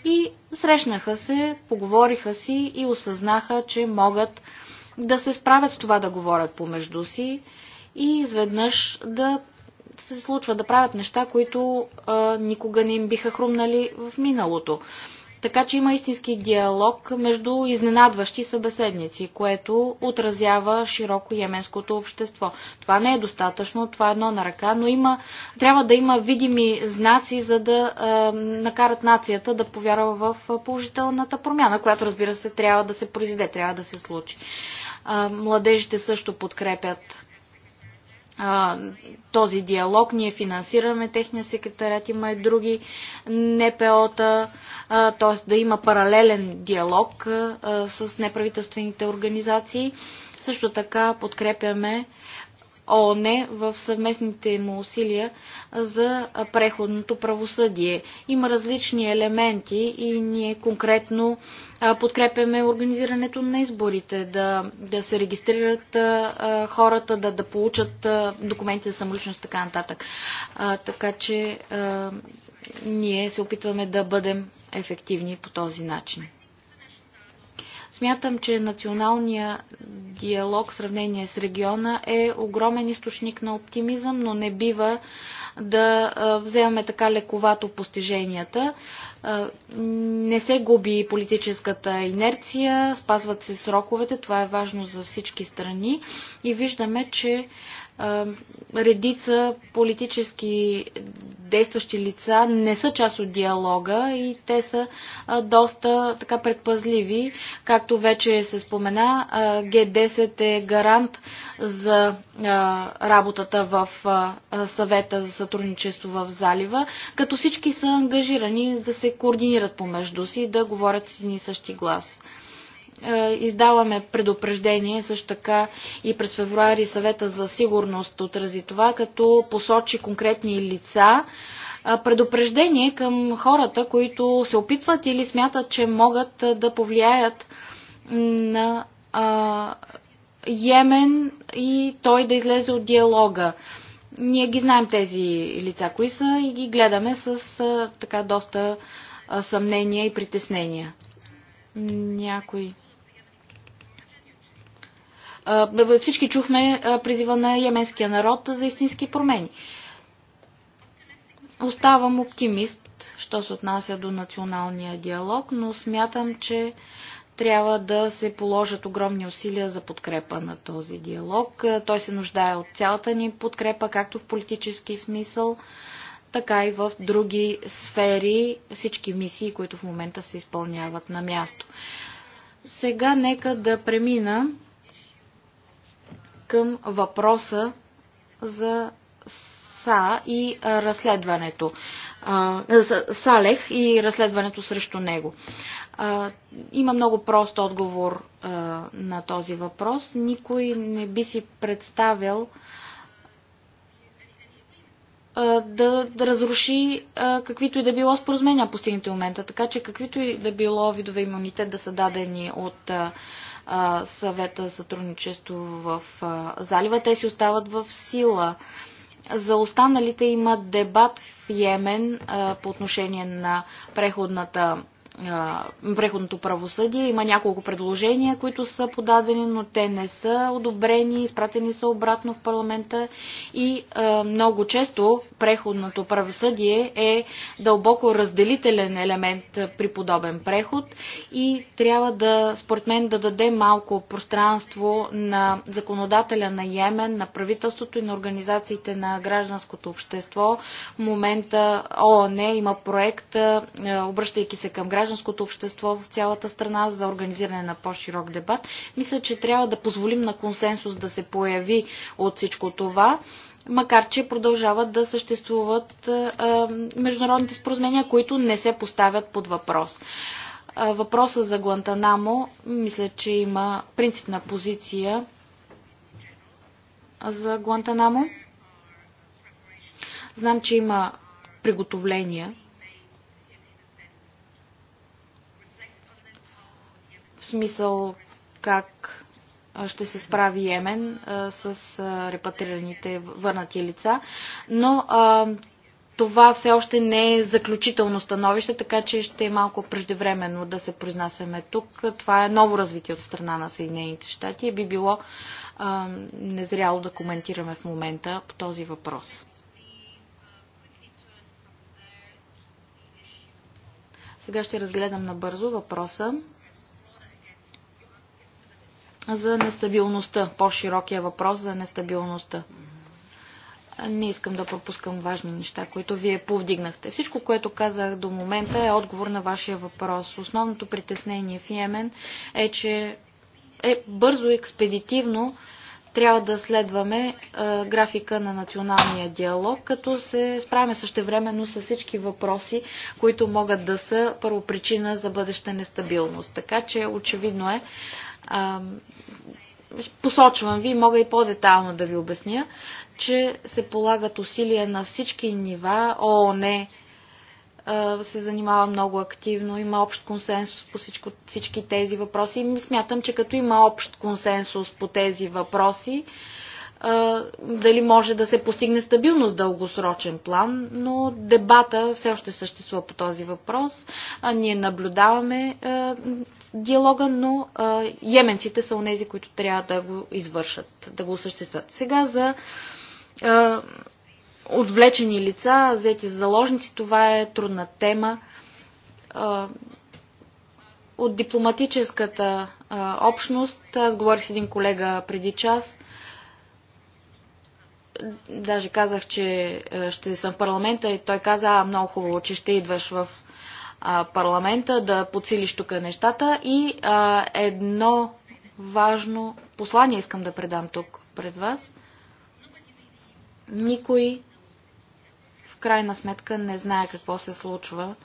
и срещнаха се, поговориха си и осъзнаха, че могат да се справят с това да говорят помежду си и изведнъж да се случва да правят неща, които а, никога не им биха хрумнали в миналото. Така че има истински диалог между изненадващи събеседници, което отразява широко йеменското общество. Това не е достатъчно, това е едно на ръка, но има, трябва да има видими знаци, за да е, накарат нацията да повярва в положителната промяна, която разбира се трябва да се произведе, трябва да се случи. младежите също подкрепят този диалог. Ние финансираме техния секретарят, има и други НПО-та, т.е. да има паралелен диалог с неправителствените организации. Също така подкрепяме ООН в съвместните му усилия за преходното правосъдие. Има различни елементи и ние конкретно подкрепяме организирането на изборите, да, да се регистрират хората, да, да получат документи за самоличност, и така нататък. така че ние се опитваме да бъдем ефективни по този начин. Смятам, че националния диалог, в сравнение с региона е огромен източник на оптимизъм, но не бива да вземаме така лековато постиженията. Не се губи политическата инерция, спазват се сроковете, това е важно за всички страни и виждаме, че редица политически действащи лица не са част от диалога и те са доста така предпазливи. Както вече се спомена, Г10 е гарант за работата в съвета за сътрудничество в залива, като всички са ангажирани да се координират помежду си и да говорят с един и същи глас. Е, издаваме предупреждение, също така и през февруари съвета за сигурност отрази това, като посочи конкретни лица, е, предупреждение към хората, които се опитват или смятат, че могат е, да повлияят на а, Йемен и той да излезе от диалога. Ние ги знаем тези лица, кои са и ги гледаме с а, така доста а, съмнения и притеснения. Някой всички чухме призива на яменския народ за истински промени. Оставам оптимист, що се отнася до националния диалог, но смятам, че трябва да се положат огромни усилия за подкрепа на този диалог. Той се нуждае от цялата ни подкрепа, както в политически смисъл, така и в други сфери, всички мисии, които в момента се изпълняват на място. Сега нека да премина към въпроса за СА и разследването. Салех и разследването срещу него. Има много прост отговор на този въпрос. Никой не би си представил да, да разруши а, каквито и да било споразумения постигнати в момента. Така че каквито и да било видове имунитет да са дадени от а, съвета за сътрудничество в залива. Те си остават в сила. За останалите има дебат в Йемен по отношение на преходната преходното правосъдие. Има няколко предложения, които са подадени, но те не са одобрени, изпратени са обратно в парламента и а, много често преходното правосъдие е дълбоко разделителен елемент при подобен преход и трябва да, според мен, да даде малко пространство на законодателя на Йемен, на правителството и на организациите на гражданското общество. В момента ООН има проект, обръщайки се към гражданството, гражданското общество в цялата страна за организиране на по-широк дебат. Мисля, че трябва да позволим на консенсус да се появи от всичко това макар че продължават да съществуват а, международните споразумения, които не се поставят под въпрос. А, въпроса за Гуантанамо, мисля, че има принципна позиция за Гуантанамо. Знам, че има приготовления в смисъл как ще се справи Йемен с репатрираните върнати лица, но това все още не е заключително становище, така че ще е малко преждевременно да се произнасяме тук. Това е ново развитие от страна на Съединените щати и би било а, незряло да коментираме в момента по този въпрос. Сега ще разгледам набързо въпроса за нестабилността, по-широкия въпрос за нестабилността. Не искам да пропускам важни неща, които вие повдигнахте. Всичко, което казах до момента е отговор на вашия въпрос. Основното притеснение в Йемен е, че е бързо и експедитивно трябва да следваме е, графика на националния диалог, като се справяме същевременно с всички въпроси, които могат да са първопричина за бъдеща нестабилност. Така че очевидно е, посочвам ви, мога и по-детално да ви обясня, че се полагат усилия на всички нива. ООН е, се занимава много активно, има общ консенсус по всичко, всички тези въпроси. И ами смятам, че като има общ консенсус по тези въпроси, дали може да се постигне стабилност дългосрочен план, но дебата все още съществува по този въпрос. А ние наблюдаваме а, диалога, но а, йеменците са онези, които трябва да го извършат, да го осъществят. Сега за а, отвлечени лица, взети за заложници, това е трудна тема. А, от дипломатическата а, общност, аз говорих с един колега преди час, Даже казах, че е, ще съм в парламента и той каза, а, много хубаво, че ще идваш в парламента да подсилиш тук нещата. И а, едно важно послание искам да предам тук пред вас. Никой в крайна сметка не знае какво се случва,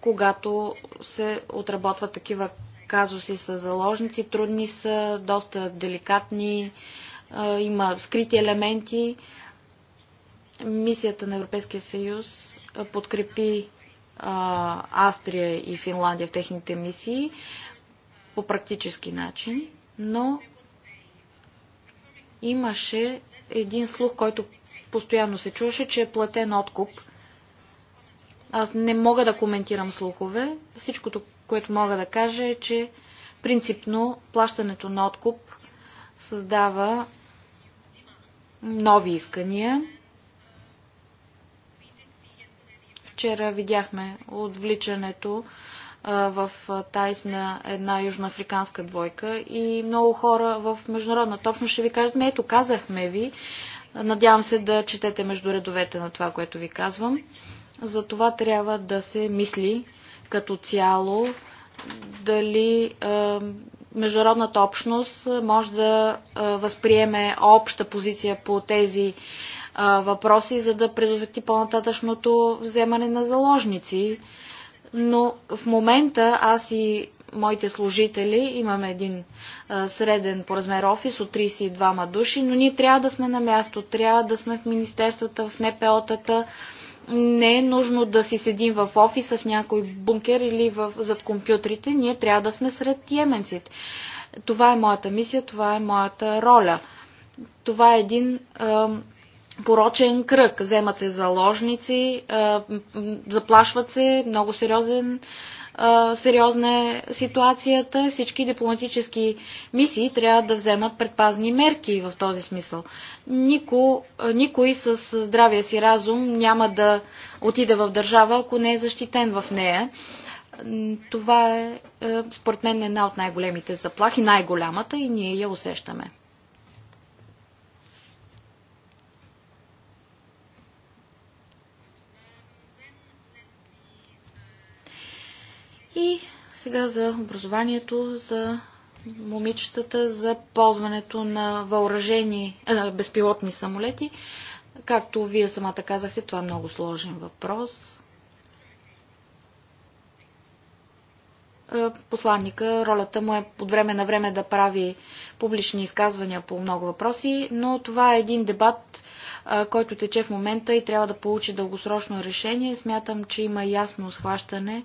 когато се отработват такива казуси с заложници. Трудни са, доста деликатни има скрити елементи. Мисията на Европейския съюз подкрепи Австрия и Финландия в техните мисии по практически начин, но имаше един слух, който постоянно се чуваше, че е платен откуп. Аз не мога да коментирам слухове. Всичкото, което мога да кажа е, че принципно плащането на откуп създава нови искания. Вчера видяхме отвличането в Тайс на една южноафриканска двойка и много хора в международна точно ще ви кажат, ме ето казахме ви, надявам се да четете между редовете на това, което ви казвам. За това трябва да се мисли като цяло дали международната общност може да възприеме обща позиция по тези въпроси, за да предотврати по-нататъчното вземане на заложници. Но в момента аз и моите служители имаме един среден по размер офис от 32 души, но ние трябва да сме на място, трябва да сме в министерствата, в НПО-тата, не е нужно да си седим в офиса, в някой бункер или в, зад компютрите. Ние трябва да сме сред йеменците. Това е моята мисия, това е моята роля. Това е един е, порочен кръг. Вземат се заложници, е, заплашват се, много сериозен сериозна е ситуацията. Всички дипломатически мисии трябва да вземат предпазни мерки в този смисъл. Нико, никой с здравия си разум няма да отиде в държава, ако не е защитен в нея. Това е, е, според мен, една от най-големите заплахи, най-голямата и ние я усещаме. И сега за образованието, за момичетата, за ползването на въоръжени, безпилотни самолети. Както вие самата казахте, това е много сложен въпрос. Е, посланника, ролята му е от време на време да прави публични изказвания по много въпроси, но това е един дебат, е, който тече в момента и трябва да получи дългосрочно решение. Смятам, че има ясно схващане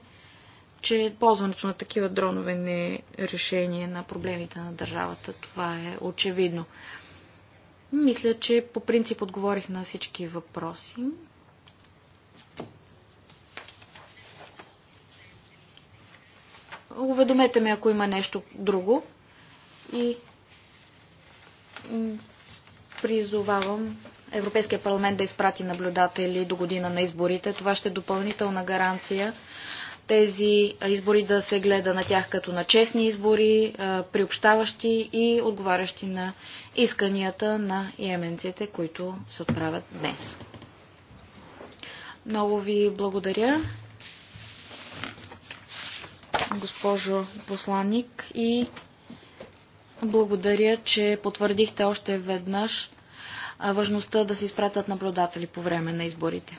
че ползването на такива дронове не е решение на проблемите на държавата. Това е очевидно. Мисля, че по принцип отговорих на всички въпроси. Уведомете ме, ако има нещо друго. И призовавам Европейския парламент да изпрати наблюдатели до година на изборите. Това ще е допълнителна гаранция тези избори да се гледа на тях като на честни избори, приобщаващи и отговарящи на исканията на йеменците, които се отправят днес. Много ви благодаря, госпожо посланник, и благодаря, че потвърдихте още веднъж важността да се изпратят наблюдатели по време на изборите.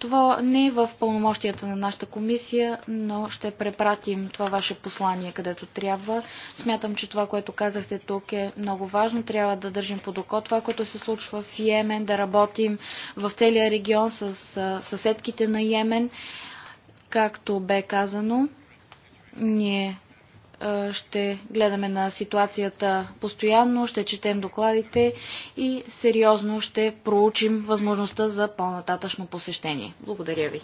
Това не е в пълномощията на нашата комисия, но ще препратим това ваше послание където трябва. Смятам, че това, което казахте тук е много важно. Трябва да държим под око това, което се случва в Йемен, да работим в целия регион с съседките на Йемен. Както бе казано, ние е, ще гледаме на ситуацията постоянно, ще четем докладите и сериозно ще проучим възможността за по-нататъчно посещение. Благодаря ви.